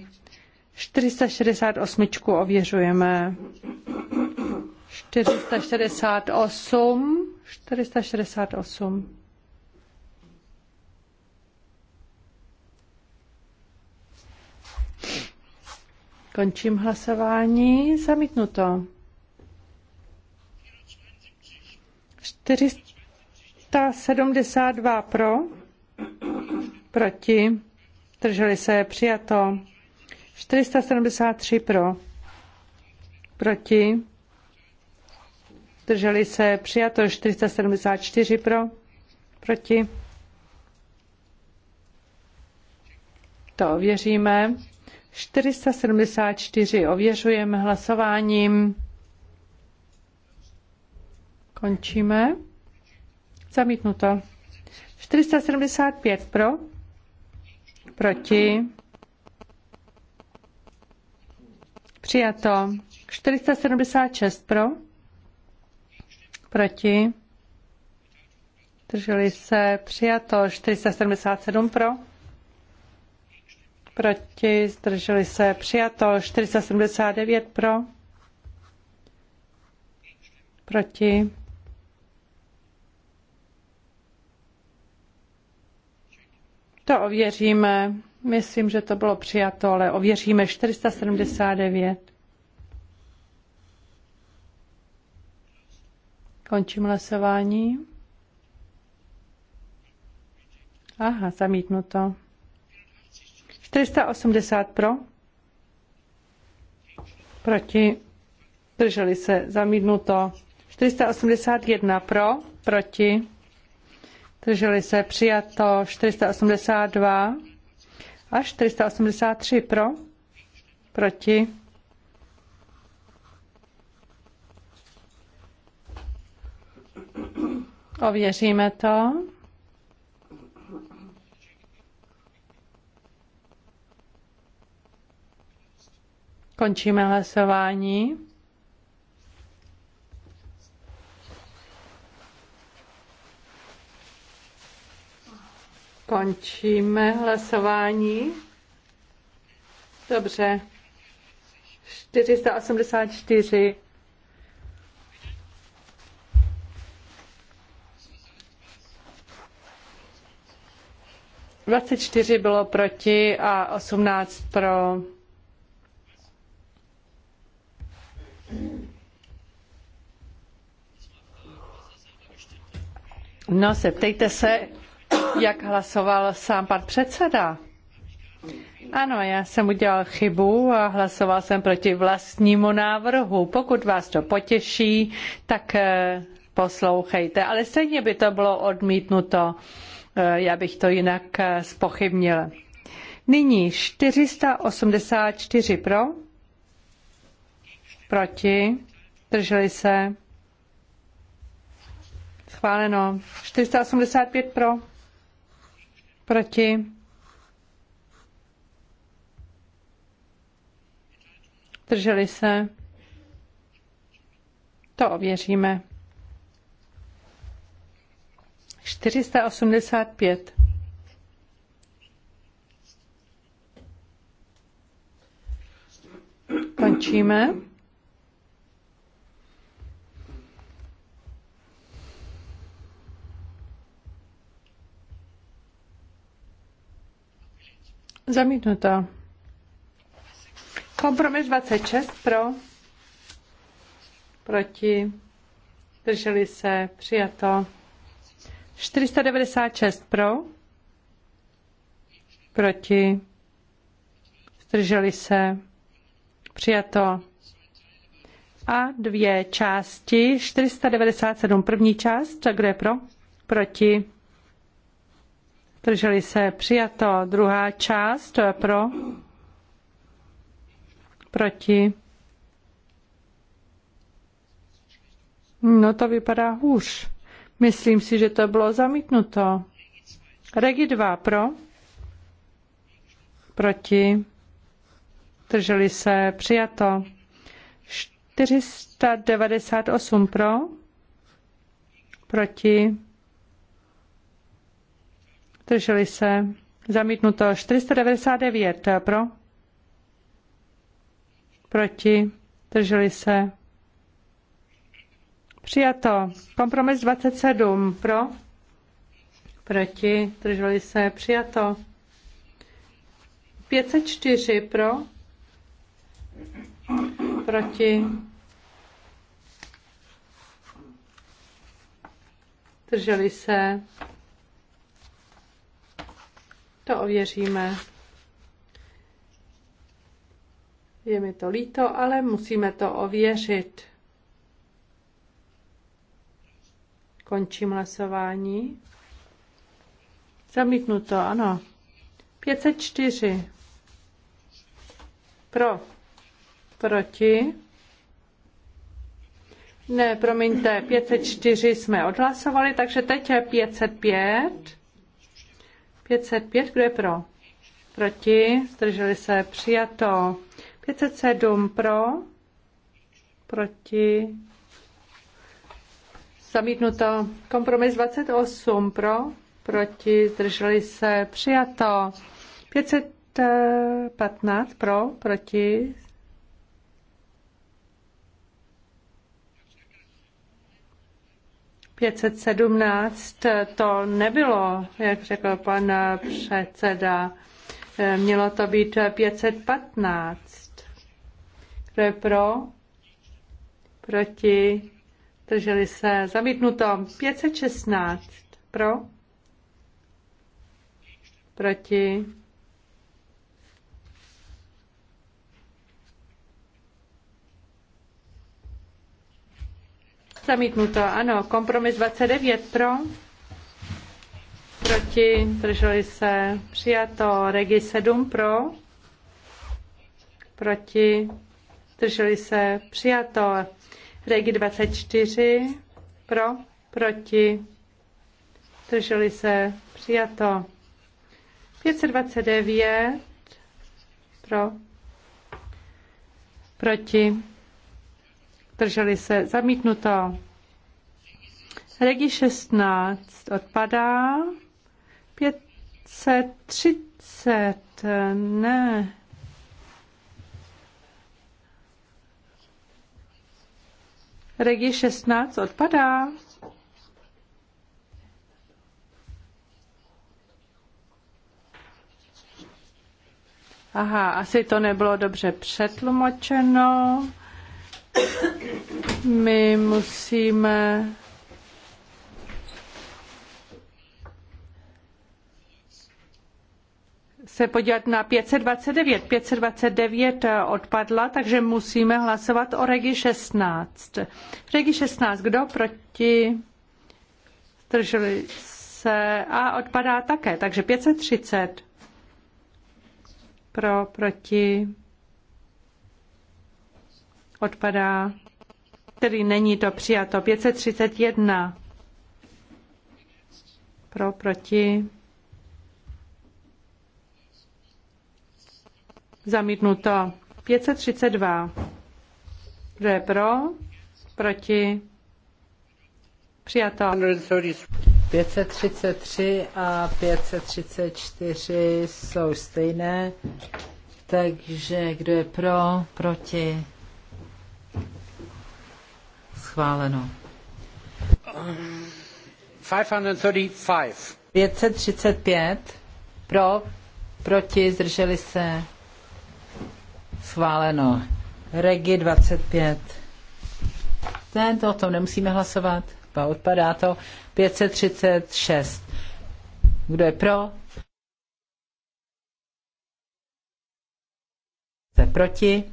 468 ověřujeme. 468, 468. Končím hlasování. Zamítnuto. 472 pro, proti, drželi se, přijato. 473 pro, proti, drželi se, přijato. 474 pro, proti. To ověříme. 474 ověřujeme hlasováním. Končíme. Zamítnuto. 475 pro, proti, přijato. 476 pro, proti, drželi se, přijato. 477 pro proti, zdrželi se, přijato 479 pro, proti. To ověříme. Myslím, že to bylo přijato, ale ověříme 479. Končím hlasování. Aha, zamítnuto. 480 pro, proti, drželi se, zamítnuto. 481 pro, proti, drželi se, přijato. 482 až 483 pro, proti. Ověříme to. Končíme hlasování. Končíme hlasování. Dobře. 484. Dvacet čtyři bylo proti a osmnáct pro. No, zeptejte se, jak hlasoval sám pan předseda. Ano, já jsem udělal chybu a hlasoval jsem proti vlastnímu návrhu. Pokud vás to potěší, tak eh, poslouchejte. Ale stejně by to bylo odmítnuto. Eh, já bych to jinak eh, spochybnil. Nyní 484 pro, proti, drželi se, Schváleno. 485 pro. Proti. Drželi se. To ověříme. 485. Končíme. Zamítnuto. Kompromis 26 pro. Proti. Drželi se. Přijato. 496 pro. Proti. Zdrželi se. Přijato. A dvě části. 497 první část. Kdo je pro? Proti. Drželi se přijato. Druhá část, to je pro. Proti. No to vypadá hůř. Myslím si, že to bylo zamítnuto. Regi 2 pro. Proti. Drželi se přijato. 498 pro. Proti Zdrželi se. Zamítnuto 499 pro. Proti. Zdrželi se. Přijato. Kompromis 27 pro. Proti. Zdrželi se. Přijato. 504 pro. Proti. Zdrželi se to ověříme. Je mi to líto, ale musíme to ověřit. Končím hlasování. to, ano. 504. Pro. Proti. Ne, promiňte, 504 jsme odhlasovali, takže teď je 505. 505, kdo je pro? Proti, zdrželi se, přijato. 507 pro, proti, zamítnuto. Kompromis 28 pro, proti, zdrželi se, přijato. 515 eh, pro, proti, 517 to nebylo, jak řekl pan předseda. Mělo to být 515. Kdo je pro? Proti? Drželi se. Zamítnuto. 516. Pro? Proti? Zamítnuto, ano. Kompromis 29 pro. Proti, drželi se. Přijato. Regi 7 pro. Proti, drželi se. Přijato. Regi 24 pro. Proti, drželi se. Přijato. 529 pro. Proti zdrželi se, zamítnuto. Regi 16 odpadá, 530, ne. Regi 16 odpadá. Aha, asi to nebylo dobře přetlumočeno. My musíme se podívat na 529. 529 eh, odpadla, takže musíme hlasovat o Regi 16. Regi 16, kdo proti? Zdrželi se a odpadá také, takže 530 pro, proti, odpadá který není to přijato. 531 pro, proti. Zamítnuto. 532. Kdo je pro? Proti? Přijato. 533 a 534 jsou stejné, takže kdo je pro, proti, Schváleno. 535. 535. Pro, proti, zdrželi se. Schváleno. Regi 25. Ne, to o tom nemusíme hlasovat. Pa odpadá to. 536. Kdo je pro? proti?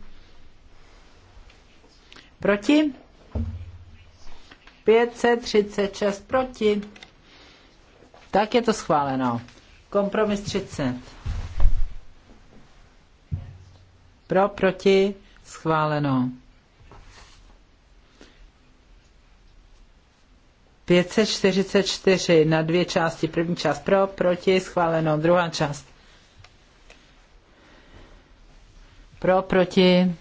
Proti? 536 proti. Tak je to schváleno. Kompromis 30. Pro, proti, schváleno. 544 na dvě části. První část pro, proti, schváleno. Druhá část. Pro, proti,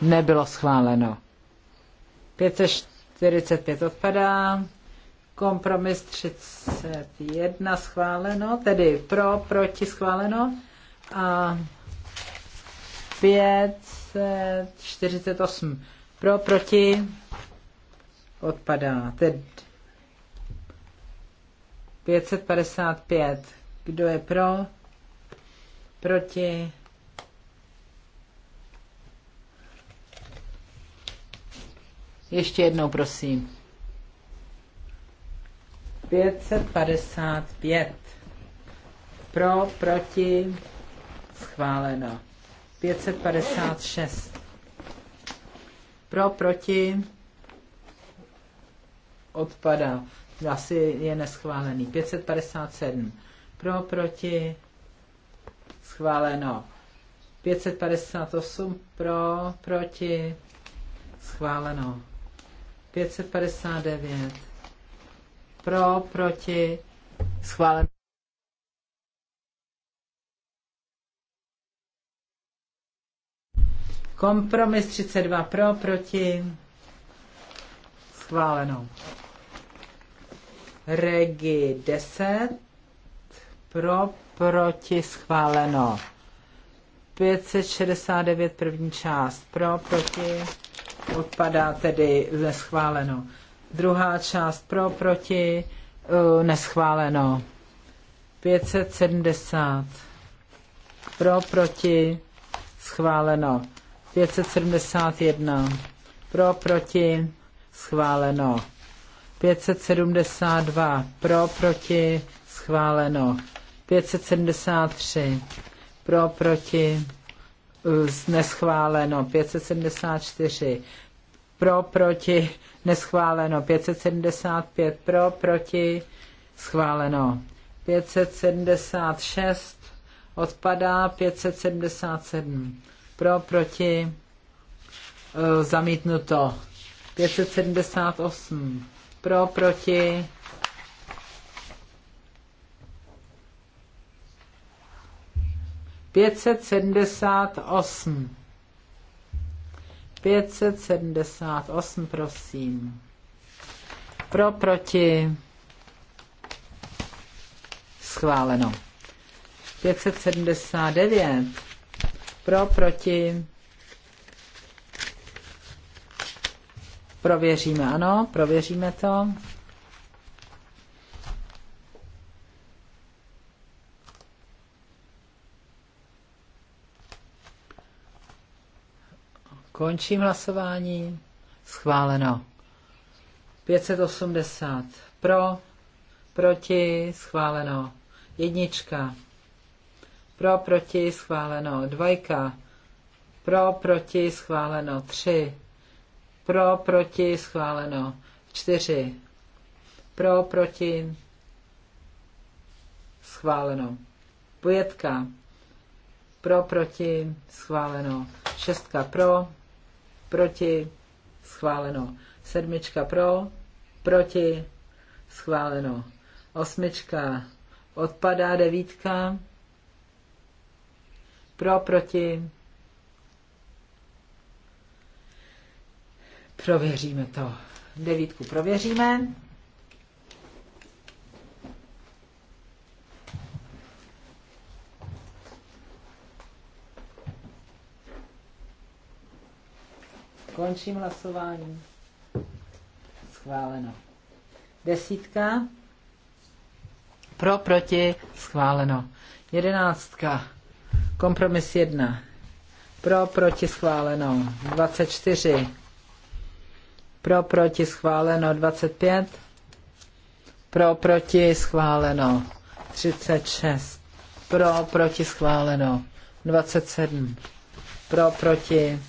nebylo schváleno. 544 45 odpadá. Kompromis 31 schváleno, tedy pro, proti schváleno. A 548 pro, proti odpadá. Tedy 555. Kdo je pro? Proti? Ještě jednou, prosím. 555. Pro, proti, schváleno. 556. Pro, proti, odpada. Asi je neschválený. 557. Pro, proti, schváleno. 558 pro, proti, schváleno. 559. Pro, proti, schválen. Kompromis 32 pro, proti, schváleno. Regi 10, pro, proti, schváleno. 569 první část, pro, proti, odpadá tedy neschváleno. Druhá část pro, proti, eh, neschváleno. 570 pro, proti, schváleno. 571 pro, proti, schváleno. 572 pro, proti, schváleno. 573 pro, proti, Eh, neschváleno 574 pro, proti, neschváleno 575 pro, proti, schváleno 576 odpadá 577 pro, proti, eh, zamítnuto 578 pro, proti, 578. 578, prosím. Pro, proti. Schváleno. 579. Pro, proti. Prověříme, ano, prověříme to. Končím hlasování. Schváleno. 580 pro, proti, schváleno. Jednička. Pro, proti, schváleno. Dvojka. Pro, proti, schváleno. Tři. Pro, proti, schváleno. Čtyři. Pro, proti, schváleno. Pětka. Pro, proti, schváleno. Šestka pro, proti, schváleno. Sedmička pro, proti, schváleno. Osmička odpadá, devítka, pro, proti, prověříme to. Devítku prověříme. Končím hlasování. Schváleno. Desítka. Pro, proti, schváleno. Jedenáctka. Kompromis jedna. Pro, proti, schváleno. 24. Pro, proti, schváleno. 25. Pro, proti, schváleno. 36. Pro, proti, schváleno. 27. Pro, proti,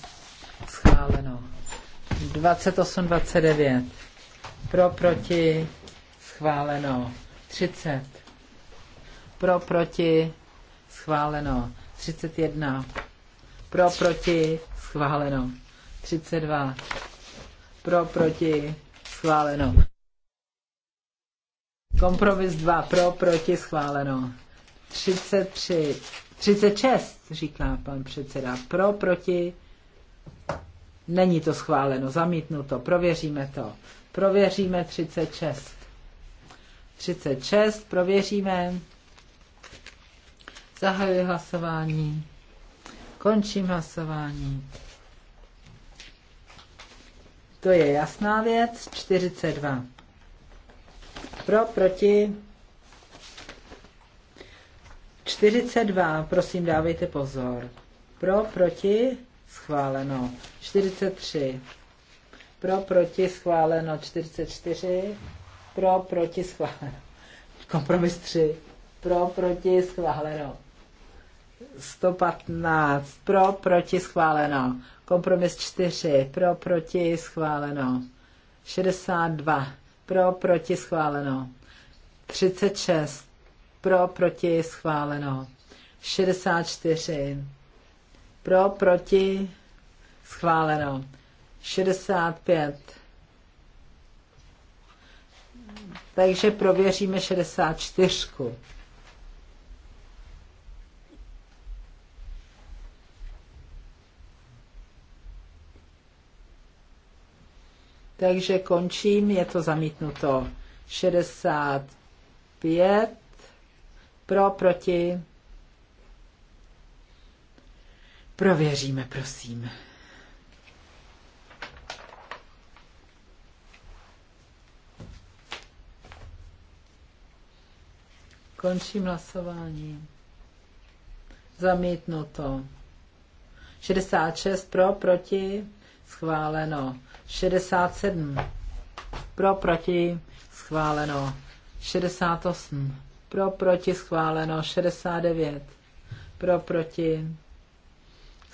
28, 29. Pro, proti, schváleno. 30. Pro, proti, schváleno. 31. Pro, proti, schváleno. 32. Pro, proti, schváleno. Kompromis 2. Pro, proti, schváleno. 33. 36, říká pan předseda. Pro, proti, Není to schváleno, zamítnuto, prověříme to. Prověříme 36. 36, prověříme. Zahajuji hlasování. Končím hlasování. To je jasná věc. 42. Pro, proti. 42. Prosím, dávejte pozor. Pro, proti schváleno 43, pro, proti, schváleno 44, pro, proti, schváleno, kompromis 3, pro, proti, schváleno 115, pro, proti, schváleno, kompromis 4, pro, proti, schváleno 62, pro, proti, schváleno 36, pro, proti, schváleno 64, pro, proti, schváleno. 65. Takže prověříme 64. Takže končím, je to zamítnuto. 65 pro, proti, Prověříme, prosím. Končím hlasování. Zamítnu to. 66 pro, proti, schváleno. 67 pro, proti, schváleno. 68 pro, proti, schváleno. 69 pro, proti,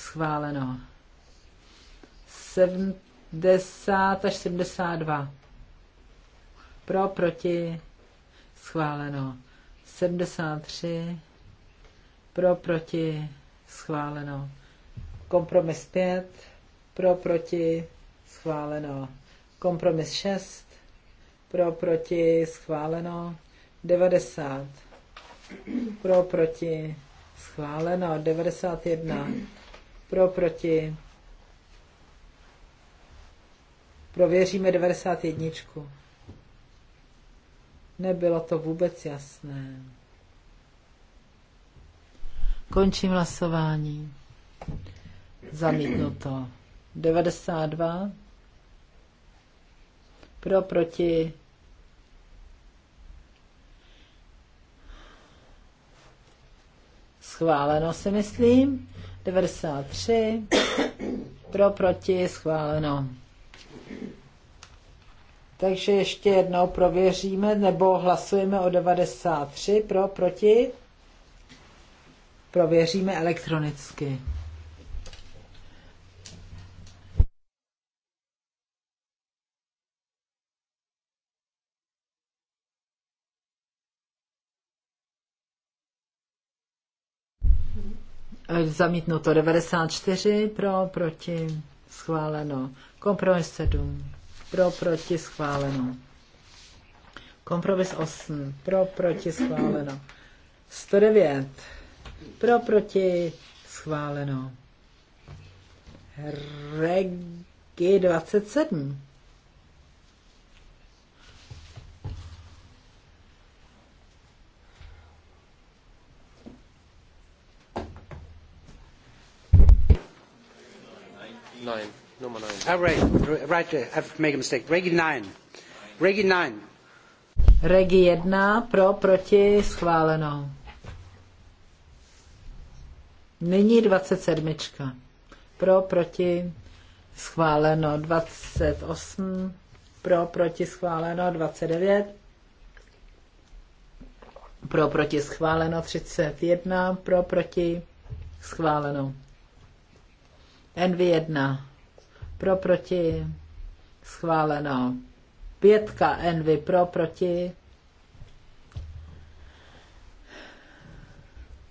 Schváleno. 70 až 72. Pro, proti. Schváleno. 73. Pro, proti. Schváleno. Kompromis 5. Pro, proti. Schváleno. Kompromis 6. Pro, proti. Schváleno. 90. Pro, proti. Schváleno. 91 pro, proti. Prověříme 91. Nebylo to vůbec jasné. Končím hlasování. Zamítnuto. 92. Pro, proti. Schváleno si myslím. 93. Pro, proti, schváleno. Takže ještě jednou prověříme, nebo hlasujeme o 93. Pro, proti. Prověříme elektronicky. zamítnuto 94, pro, proti, schváleno. Kompromis 7, pro, proti, schváleno. Kompromis 8, pro, proti, schváleno. 109, pro, proti, schváleno. Regi 27, Nine. Nummer nine. Ah, right. Right. Uh, I've made a mistake. Regi 9. Regi 9. Regi 1 pro, proti, schváleno. Nyní 27. Pro, proti, schváleno. 28. Pro, proti, schváleno. 29. Pro, proti, schváleno. 31. Pro, proti, schváleno. NV1 pro proti schváleno. Pětka NV pro proti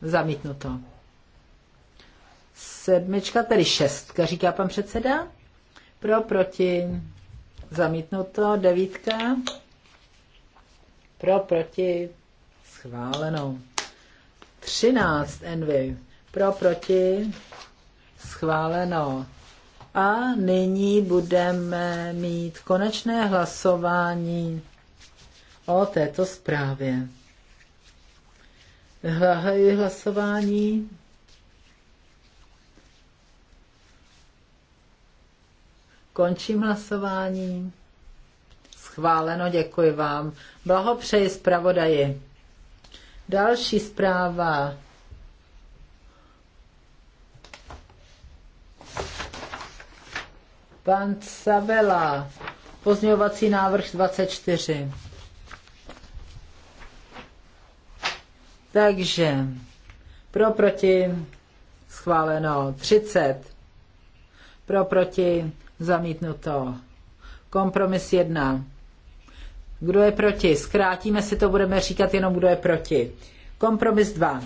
zamítnuto. Sedmička, tedy šestka, říká pan předseda. Pro proti zamítnuto. Devítka pro proti schváleno. Třináct, envy pro proti Schváleno. A nyní budeme mít konečné hlasování o této zprávě. Zahajuji hlasování. Končím hlasování. Schváleno, děkuji vám. Blahopřeji zpravodaji. Další zpráva Pan Savela, pozměňovací návrh 24. Takže pro proti schváleno 30, pro proti zamítnuto. Kompromis 1. Kdo je proti? Zkrátíme si to, budeme říkat jenom, kdo je proti. Kompromis 2.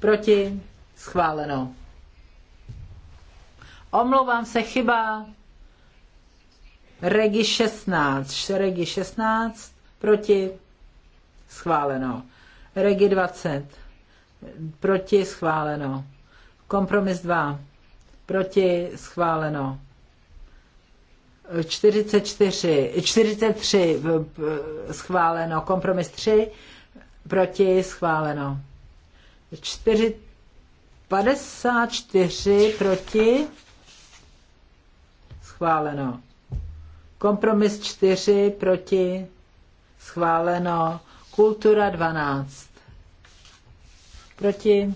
Proti schváleno. Omlouvám se, chyba. Regi 16. Regi 16 proti schváleno. Regi 20 proti schváleno. Kompromis 2 proti schváleno. 44, 43 schváleno, kompromis 3, proti schváleno. 4, 54 proti schváleno. Kompromis 4 proti schváleno. Kultura 12 proti.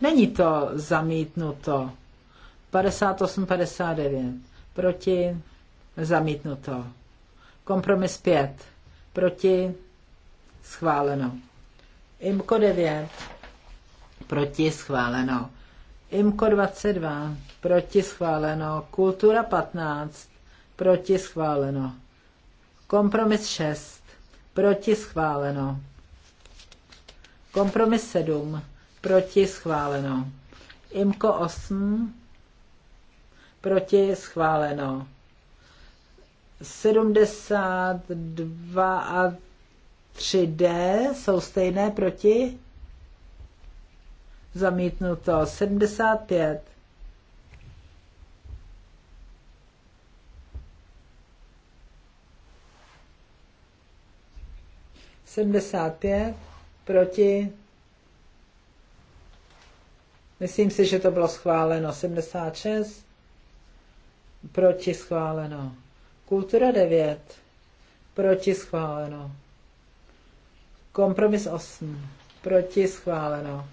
Není to zamítnuto. 58-59 proti. Zamítnuto. Kompromis 5 proti. Schváleno. IMKO 9 proti. Schváleno. IMKO 22, proti schváleno. Kultura 15, proti schváleno. Kompromis 6, proti schváleno. Kompromis 7, proti schváleno. IMKO 8, proti schváleno. 72 a 3D jsou stejné proti zamítnuto 75. Sedmdesát pět proti. Myslím si, že to bylo schváleno. 76 proti schváleno. Kultura 9 proti schváleno. Kompromis 8 proti schváleno.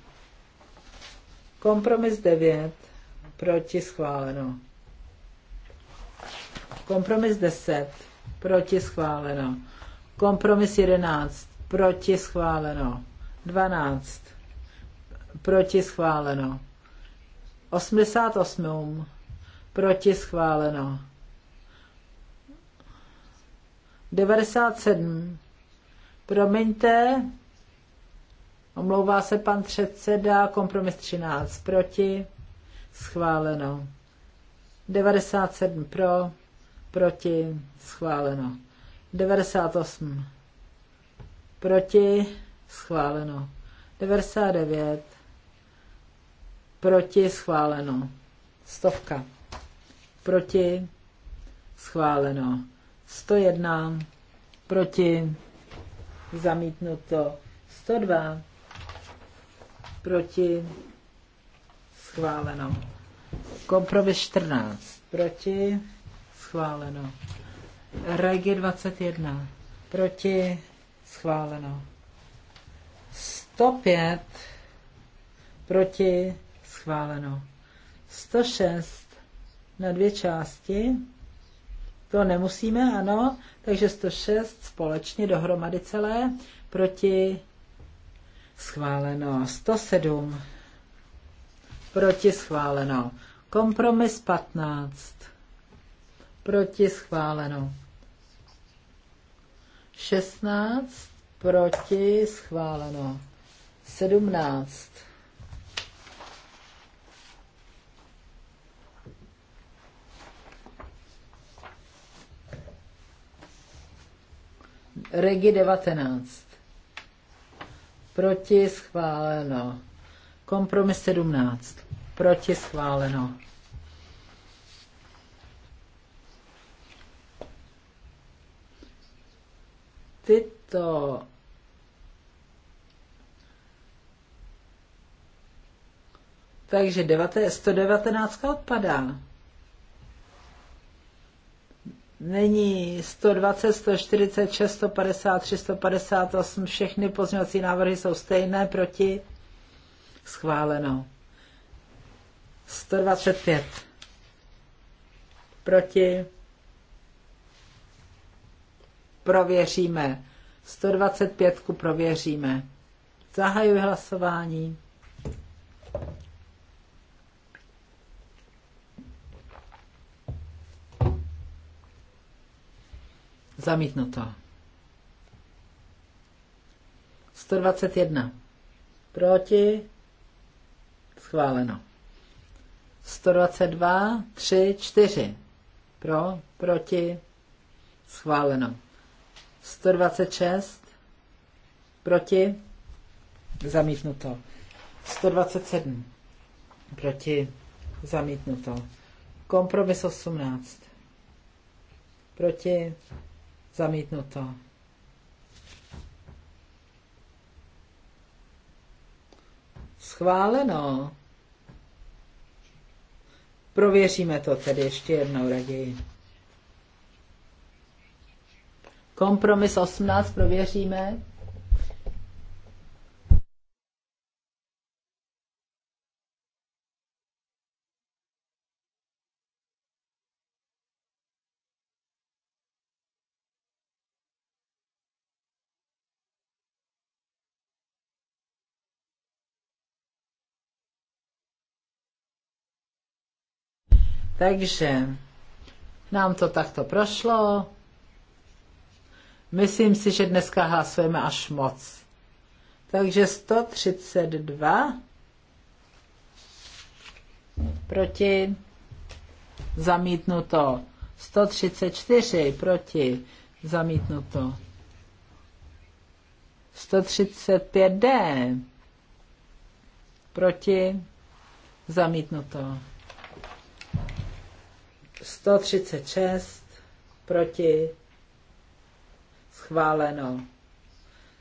Kompromis 9. Proti schváleno. Kompromis 10. Proti schváleno. Kompromis 11. Proti schváleno. 12. Proti schváleno. 88. Proti schváleno. 97. Promiňte, Omlouvá se pan předseda, kompromis 13 proti, schváleno. 97 pro, proti, schváleno. 98 proti, schváleno. 99 proti, schváleno. Stovka proti, schváleno. 101 proti, zamítnuto. 102 proti, schváleno. Kompromis 14, proti, schváleno. Regi 21, proti, schváleno. 105, proti, schváleno. 106 na dvě části, to nemusíme, ano, takže 106 společně dohromady celé, proti schváleno 107, proti schváleno. Kompromis 15, proti schváleno. 16, proti schváleno. 17. Regi 19 proti schváleno. Kompromis 17, proti schváleno. Tyto Takže 119 odpadá. Není 120, 146, 150, 358, všechny pozměňovací návrhy jsou stejné, proti schváleno. 125 proti prověříme. 125 prověříme. Zahajuji hlasování. Zamítnuto. 121. Proti. Schváleno. 122, 3, 4. Pro, proti. Schváleno. 126. Proti. Zamítnuto. 127. Proti. Zamítnuto. Kompromis 18. Proti. Zamítnuto. Schváleno. Prověříme to tedy ještě jednou raději. Kompromis 18 prověříme. Takže nám to takto prošlo. Myslím si, že dneska hlasujeme až moc. Takže 132 proti zamítnuto. 134 proti zamítnuto. 135D proti zamítnuto. 136 proti schváleno.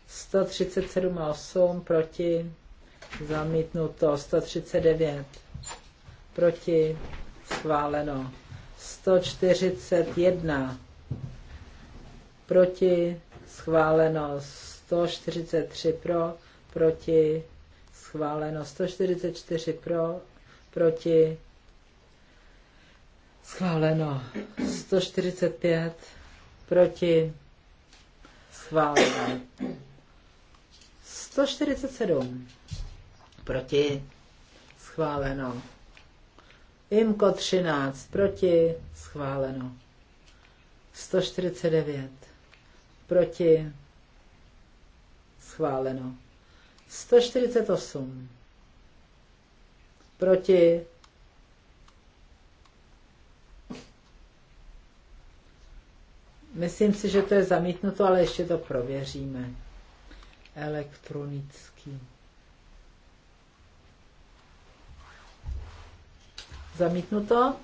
137 a 8 proti zamítnuto. 139 proti schváleno. 141 proti schváleno. 143 pro proti schváleno. 144 pro proti Schváleno. 145 proti. Schváleno. 147 proti. Schváleno. Imko 13 proti. Schváleno. 149 proti. Schváleno. 148 proti Myslím si, že to je zamítnuto, ale ještě to prověříme. Elektronický. Zamítnuto.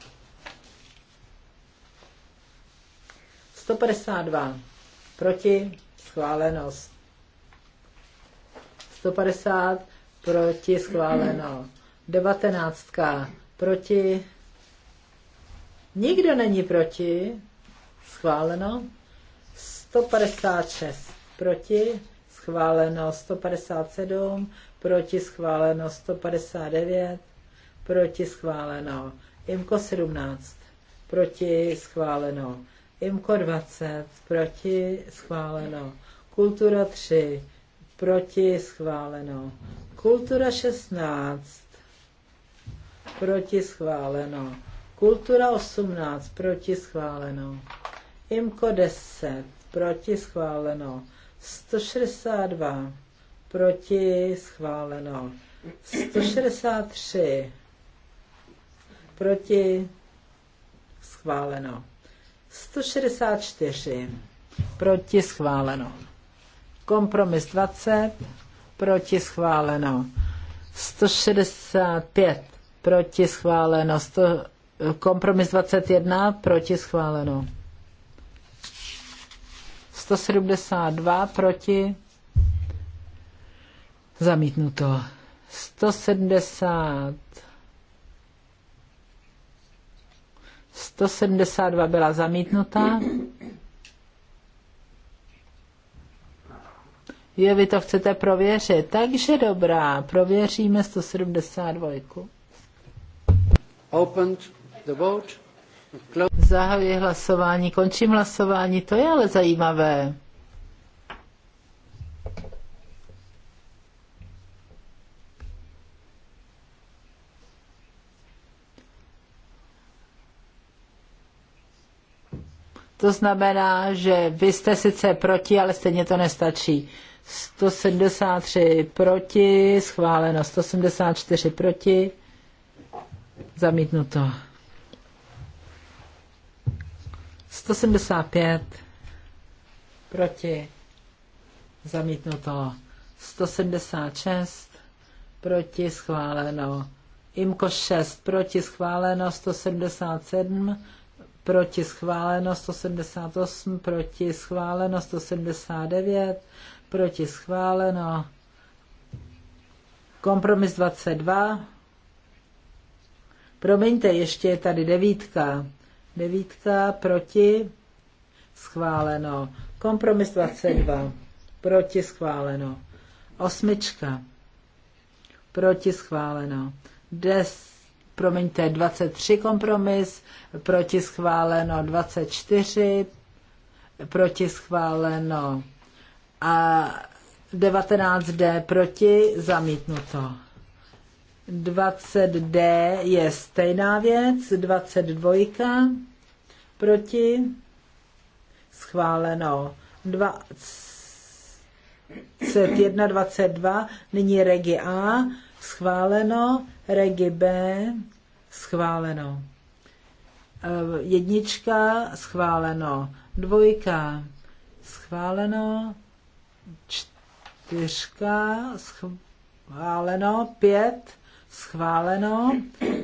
152. Proti schválenost. 150 proti schváleno. 19. Proti. Nikdo není proti schváleno. 156 proti, schváleno 157, proti schváleno 159, proti schváleno. IMKO 17, proti schváleno. IMKO 20, proti schváleno. Kultura 3, proti schváleno. Kultura 16, proti schváleno. Kultura 18, proti schváleno. Imko 10, proti schváleno. 162, proti schváleno. 163, proti schváleno. 164, proti schváleno. Kompromis 20, proti schváleno. 165, proti schváleno. 100, kompromis 21, proti schváleno. 172 proti. Zamítnuto. 170. 172 byla zamítnuta. Je, vy to chcete prověřit. Takže dobrá, prověříme 172. Opened the vote. Zahajuji hlasování, končím hlasování, to je ale zajímavé. To znamená, že vy jste sice proti, ale stejně to nestačí. 173 proti, schváleno 174 proti, zamítnuto. 175 proti zamítnuto 176 proti schváleno IMKO 6 proti schváleno 177 proti schváleno 178 proti schváleno 179 proti schváleno kompromis 22 Promiňte, ještě je tady devítka Devítka proti schváleno. Kompromis 22 proti schváleno. Osmička proti schváleno. Des, promiňte, 23 kompromis proti schváleno. 24 proti schváleno. A 19D proti zamítnuto. 20D je stejná věc, 22 proti, schváleno. 21, 22, nyní regi A, schváleno, regi B, schváleno. Eh, jednička, schváleno. Dvojka, schváleno. Čtyřka, schváleno. Pět, Schváleno.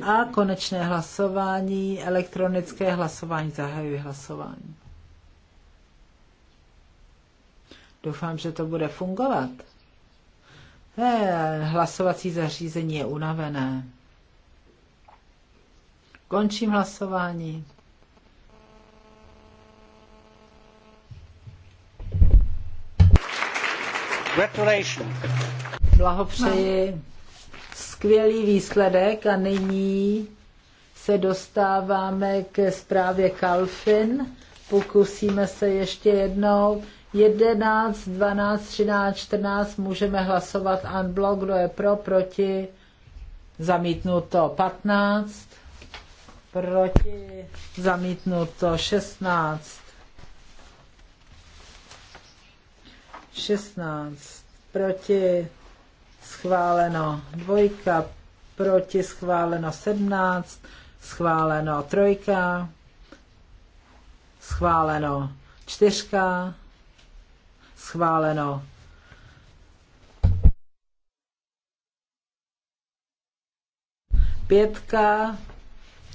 A konečné hlasování, elektronické hlasování, zahajuji hlasování. Doufám, že to bude fungovat. Ne, eh, hlasovací zařízení je unavené. Končím hlasování. Gratulation. Blahopřeji. No skvělý výsledek a nyní se dostáváme k zprávě Kalfin. Pokusíme se ještě jednou. 11, 12, 13, 14 můžeme hlasovat unblock, kdo je pro, proti, zamítnuto 15, proti, zamítnuto 16, 16, proti, schváleno dvojka, proti schváleno 17, schváleno trojka, schváleno čtyřka, schváleno pětka,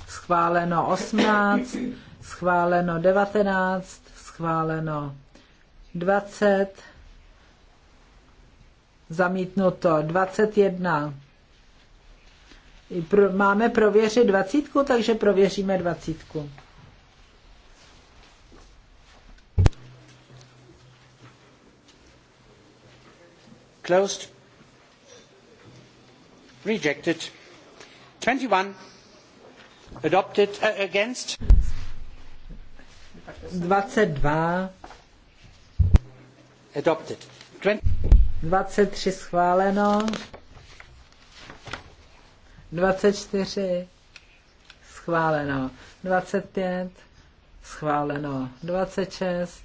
schváleno 18, schváleno 19, schváleno 20, Zamítnuto. 21. Pro, máme prověřit dvacítku, takže prověříme dvacítku. Closed. Rejected. 21. Adopted uh, against. 22. Adopted. 20. 23 schváleno, 24 schváleno, 25 schváleno, 26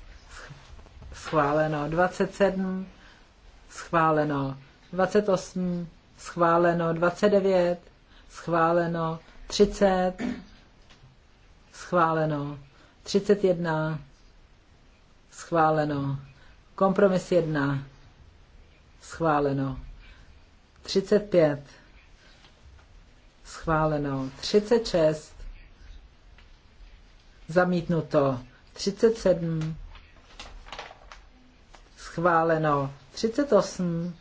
schváleno, 27 schváleno, 28 schváleno, 29 schváleno, 30 schváleno, 31 schváleno, kompromis 1 schváleno. 35, schváleno. 36, zamítnuto. 37, schváleno. 38,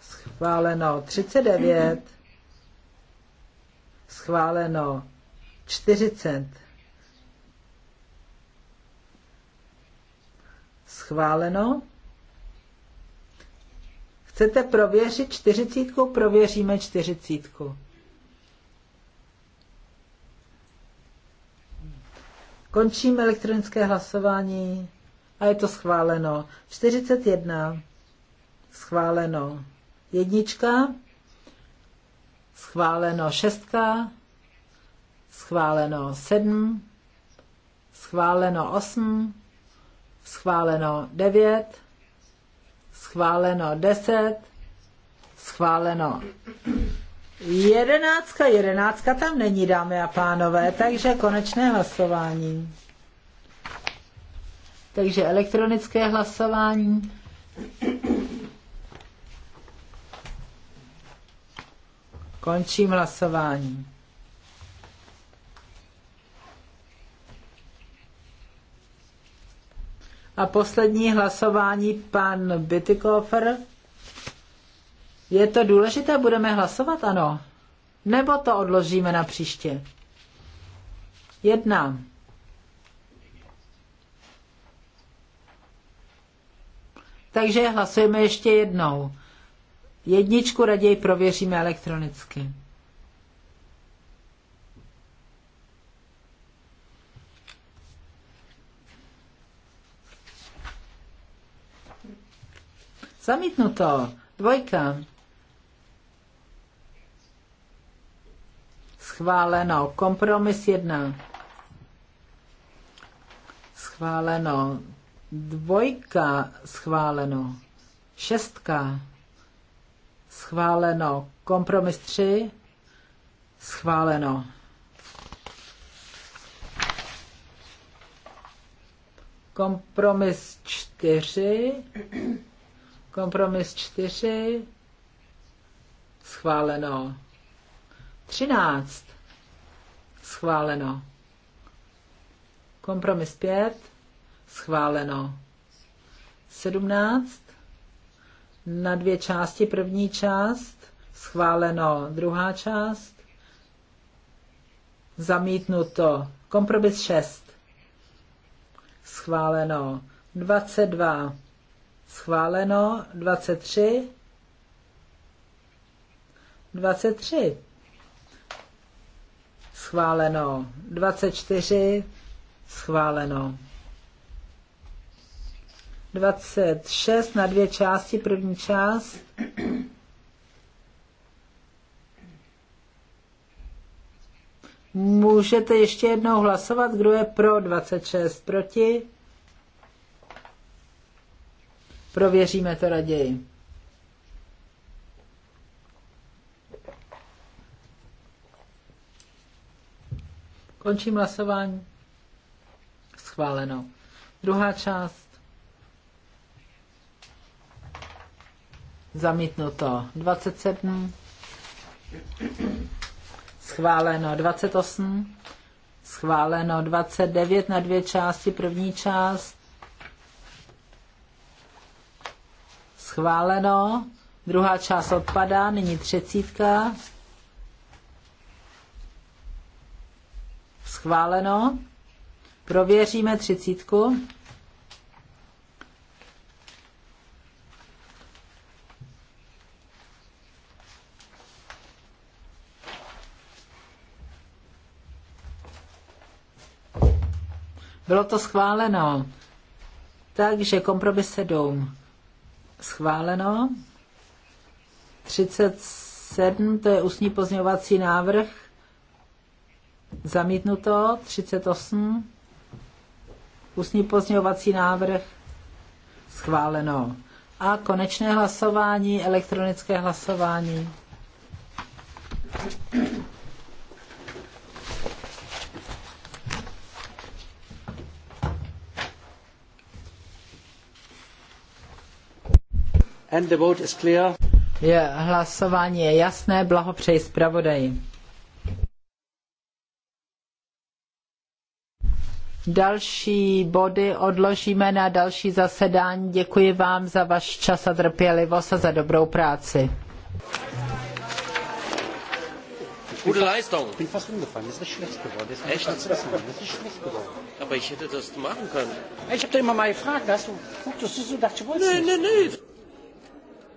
schváleno. 39, schváleno. 40, schváleno. Chcete prověřit čtyřicítku? Prověříme čtyřicítku. Končím elektronické hlasování a je to schváleno. 41 schváleno. Jednička schváleno. Šestka schváleno. Sedm schváleno. Osm schváleno. Devět schváleno 10, schváleno. Jedenáctka, jedenáctka tam není, dámy a pánové, takže konečné hlasování. Takže elektronické hlasování. Končím hlasování. A poslední hlasování, pan Bytykofer. Je to důležité, budeme hlasovat, ano? Nebo to odložíme na příště? Jedna. Takže hlasujeme ještě jednou. Jedničku raději prověříme elektronicky. Zamítnuto. Dvojka. Schváleno. Kompromis jedna. Schváleno. Dvojka. Schváleno. Šestka. Schváleno. Kompromis tři. Schváleno. Kompromis čtyři. Kompromis 4. Schváleno. 13. Schváleno. Kompromis 5. Schváleno. 17. Na dvě části. První část. Schváleno. Druhá část. Zamítnuto. Kompromis 6. Schváleno. 22. Schváleno 23. 23. Schváleno 24. Schváleno 26 na dvě části. První část. Můžete ještě jednou hlasovat, kdo je pro 26, proti? Prověříme to raději. Končím hlasování. Schváleno. Druhá část. Zamítnuto 27. Schváleno 28. Schváleno 29 na dvě části. První část Schváleno. Druhá část odpadá, nyní třicítka. Schváleno. Prověříme třicítku. Bylo to schváleno. Takže kompromis 7. Schváleno. 37, to je ústní pozměňovací návrh. Zamítnuto. 38, ústní pozměňovací návrh. Schváleno. A konečné hlasování, elektronické hlasování. And the vote is clear. Je, hlasování je jasné, blahopřeji zpravodaji. Další body odložíme na další zasedání. Děkuji vám za váš čas a trpělivost a za dobrou práci. Gute Leistung. Ich bin fast umgefallen. Das ist schlecht geworden. Das Echt? Das ist schlecht geworden. Aber ich hätte das machen können. Ich habe da immer mal gefragt. hast du, guck, das ist so, dachte ich, wolltest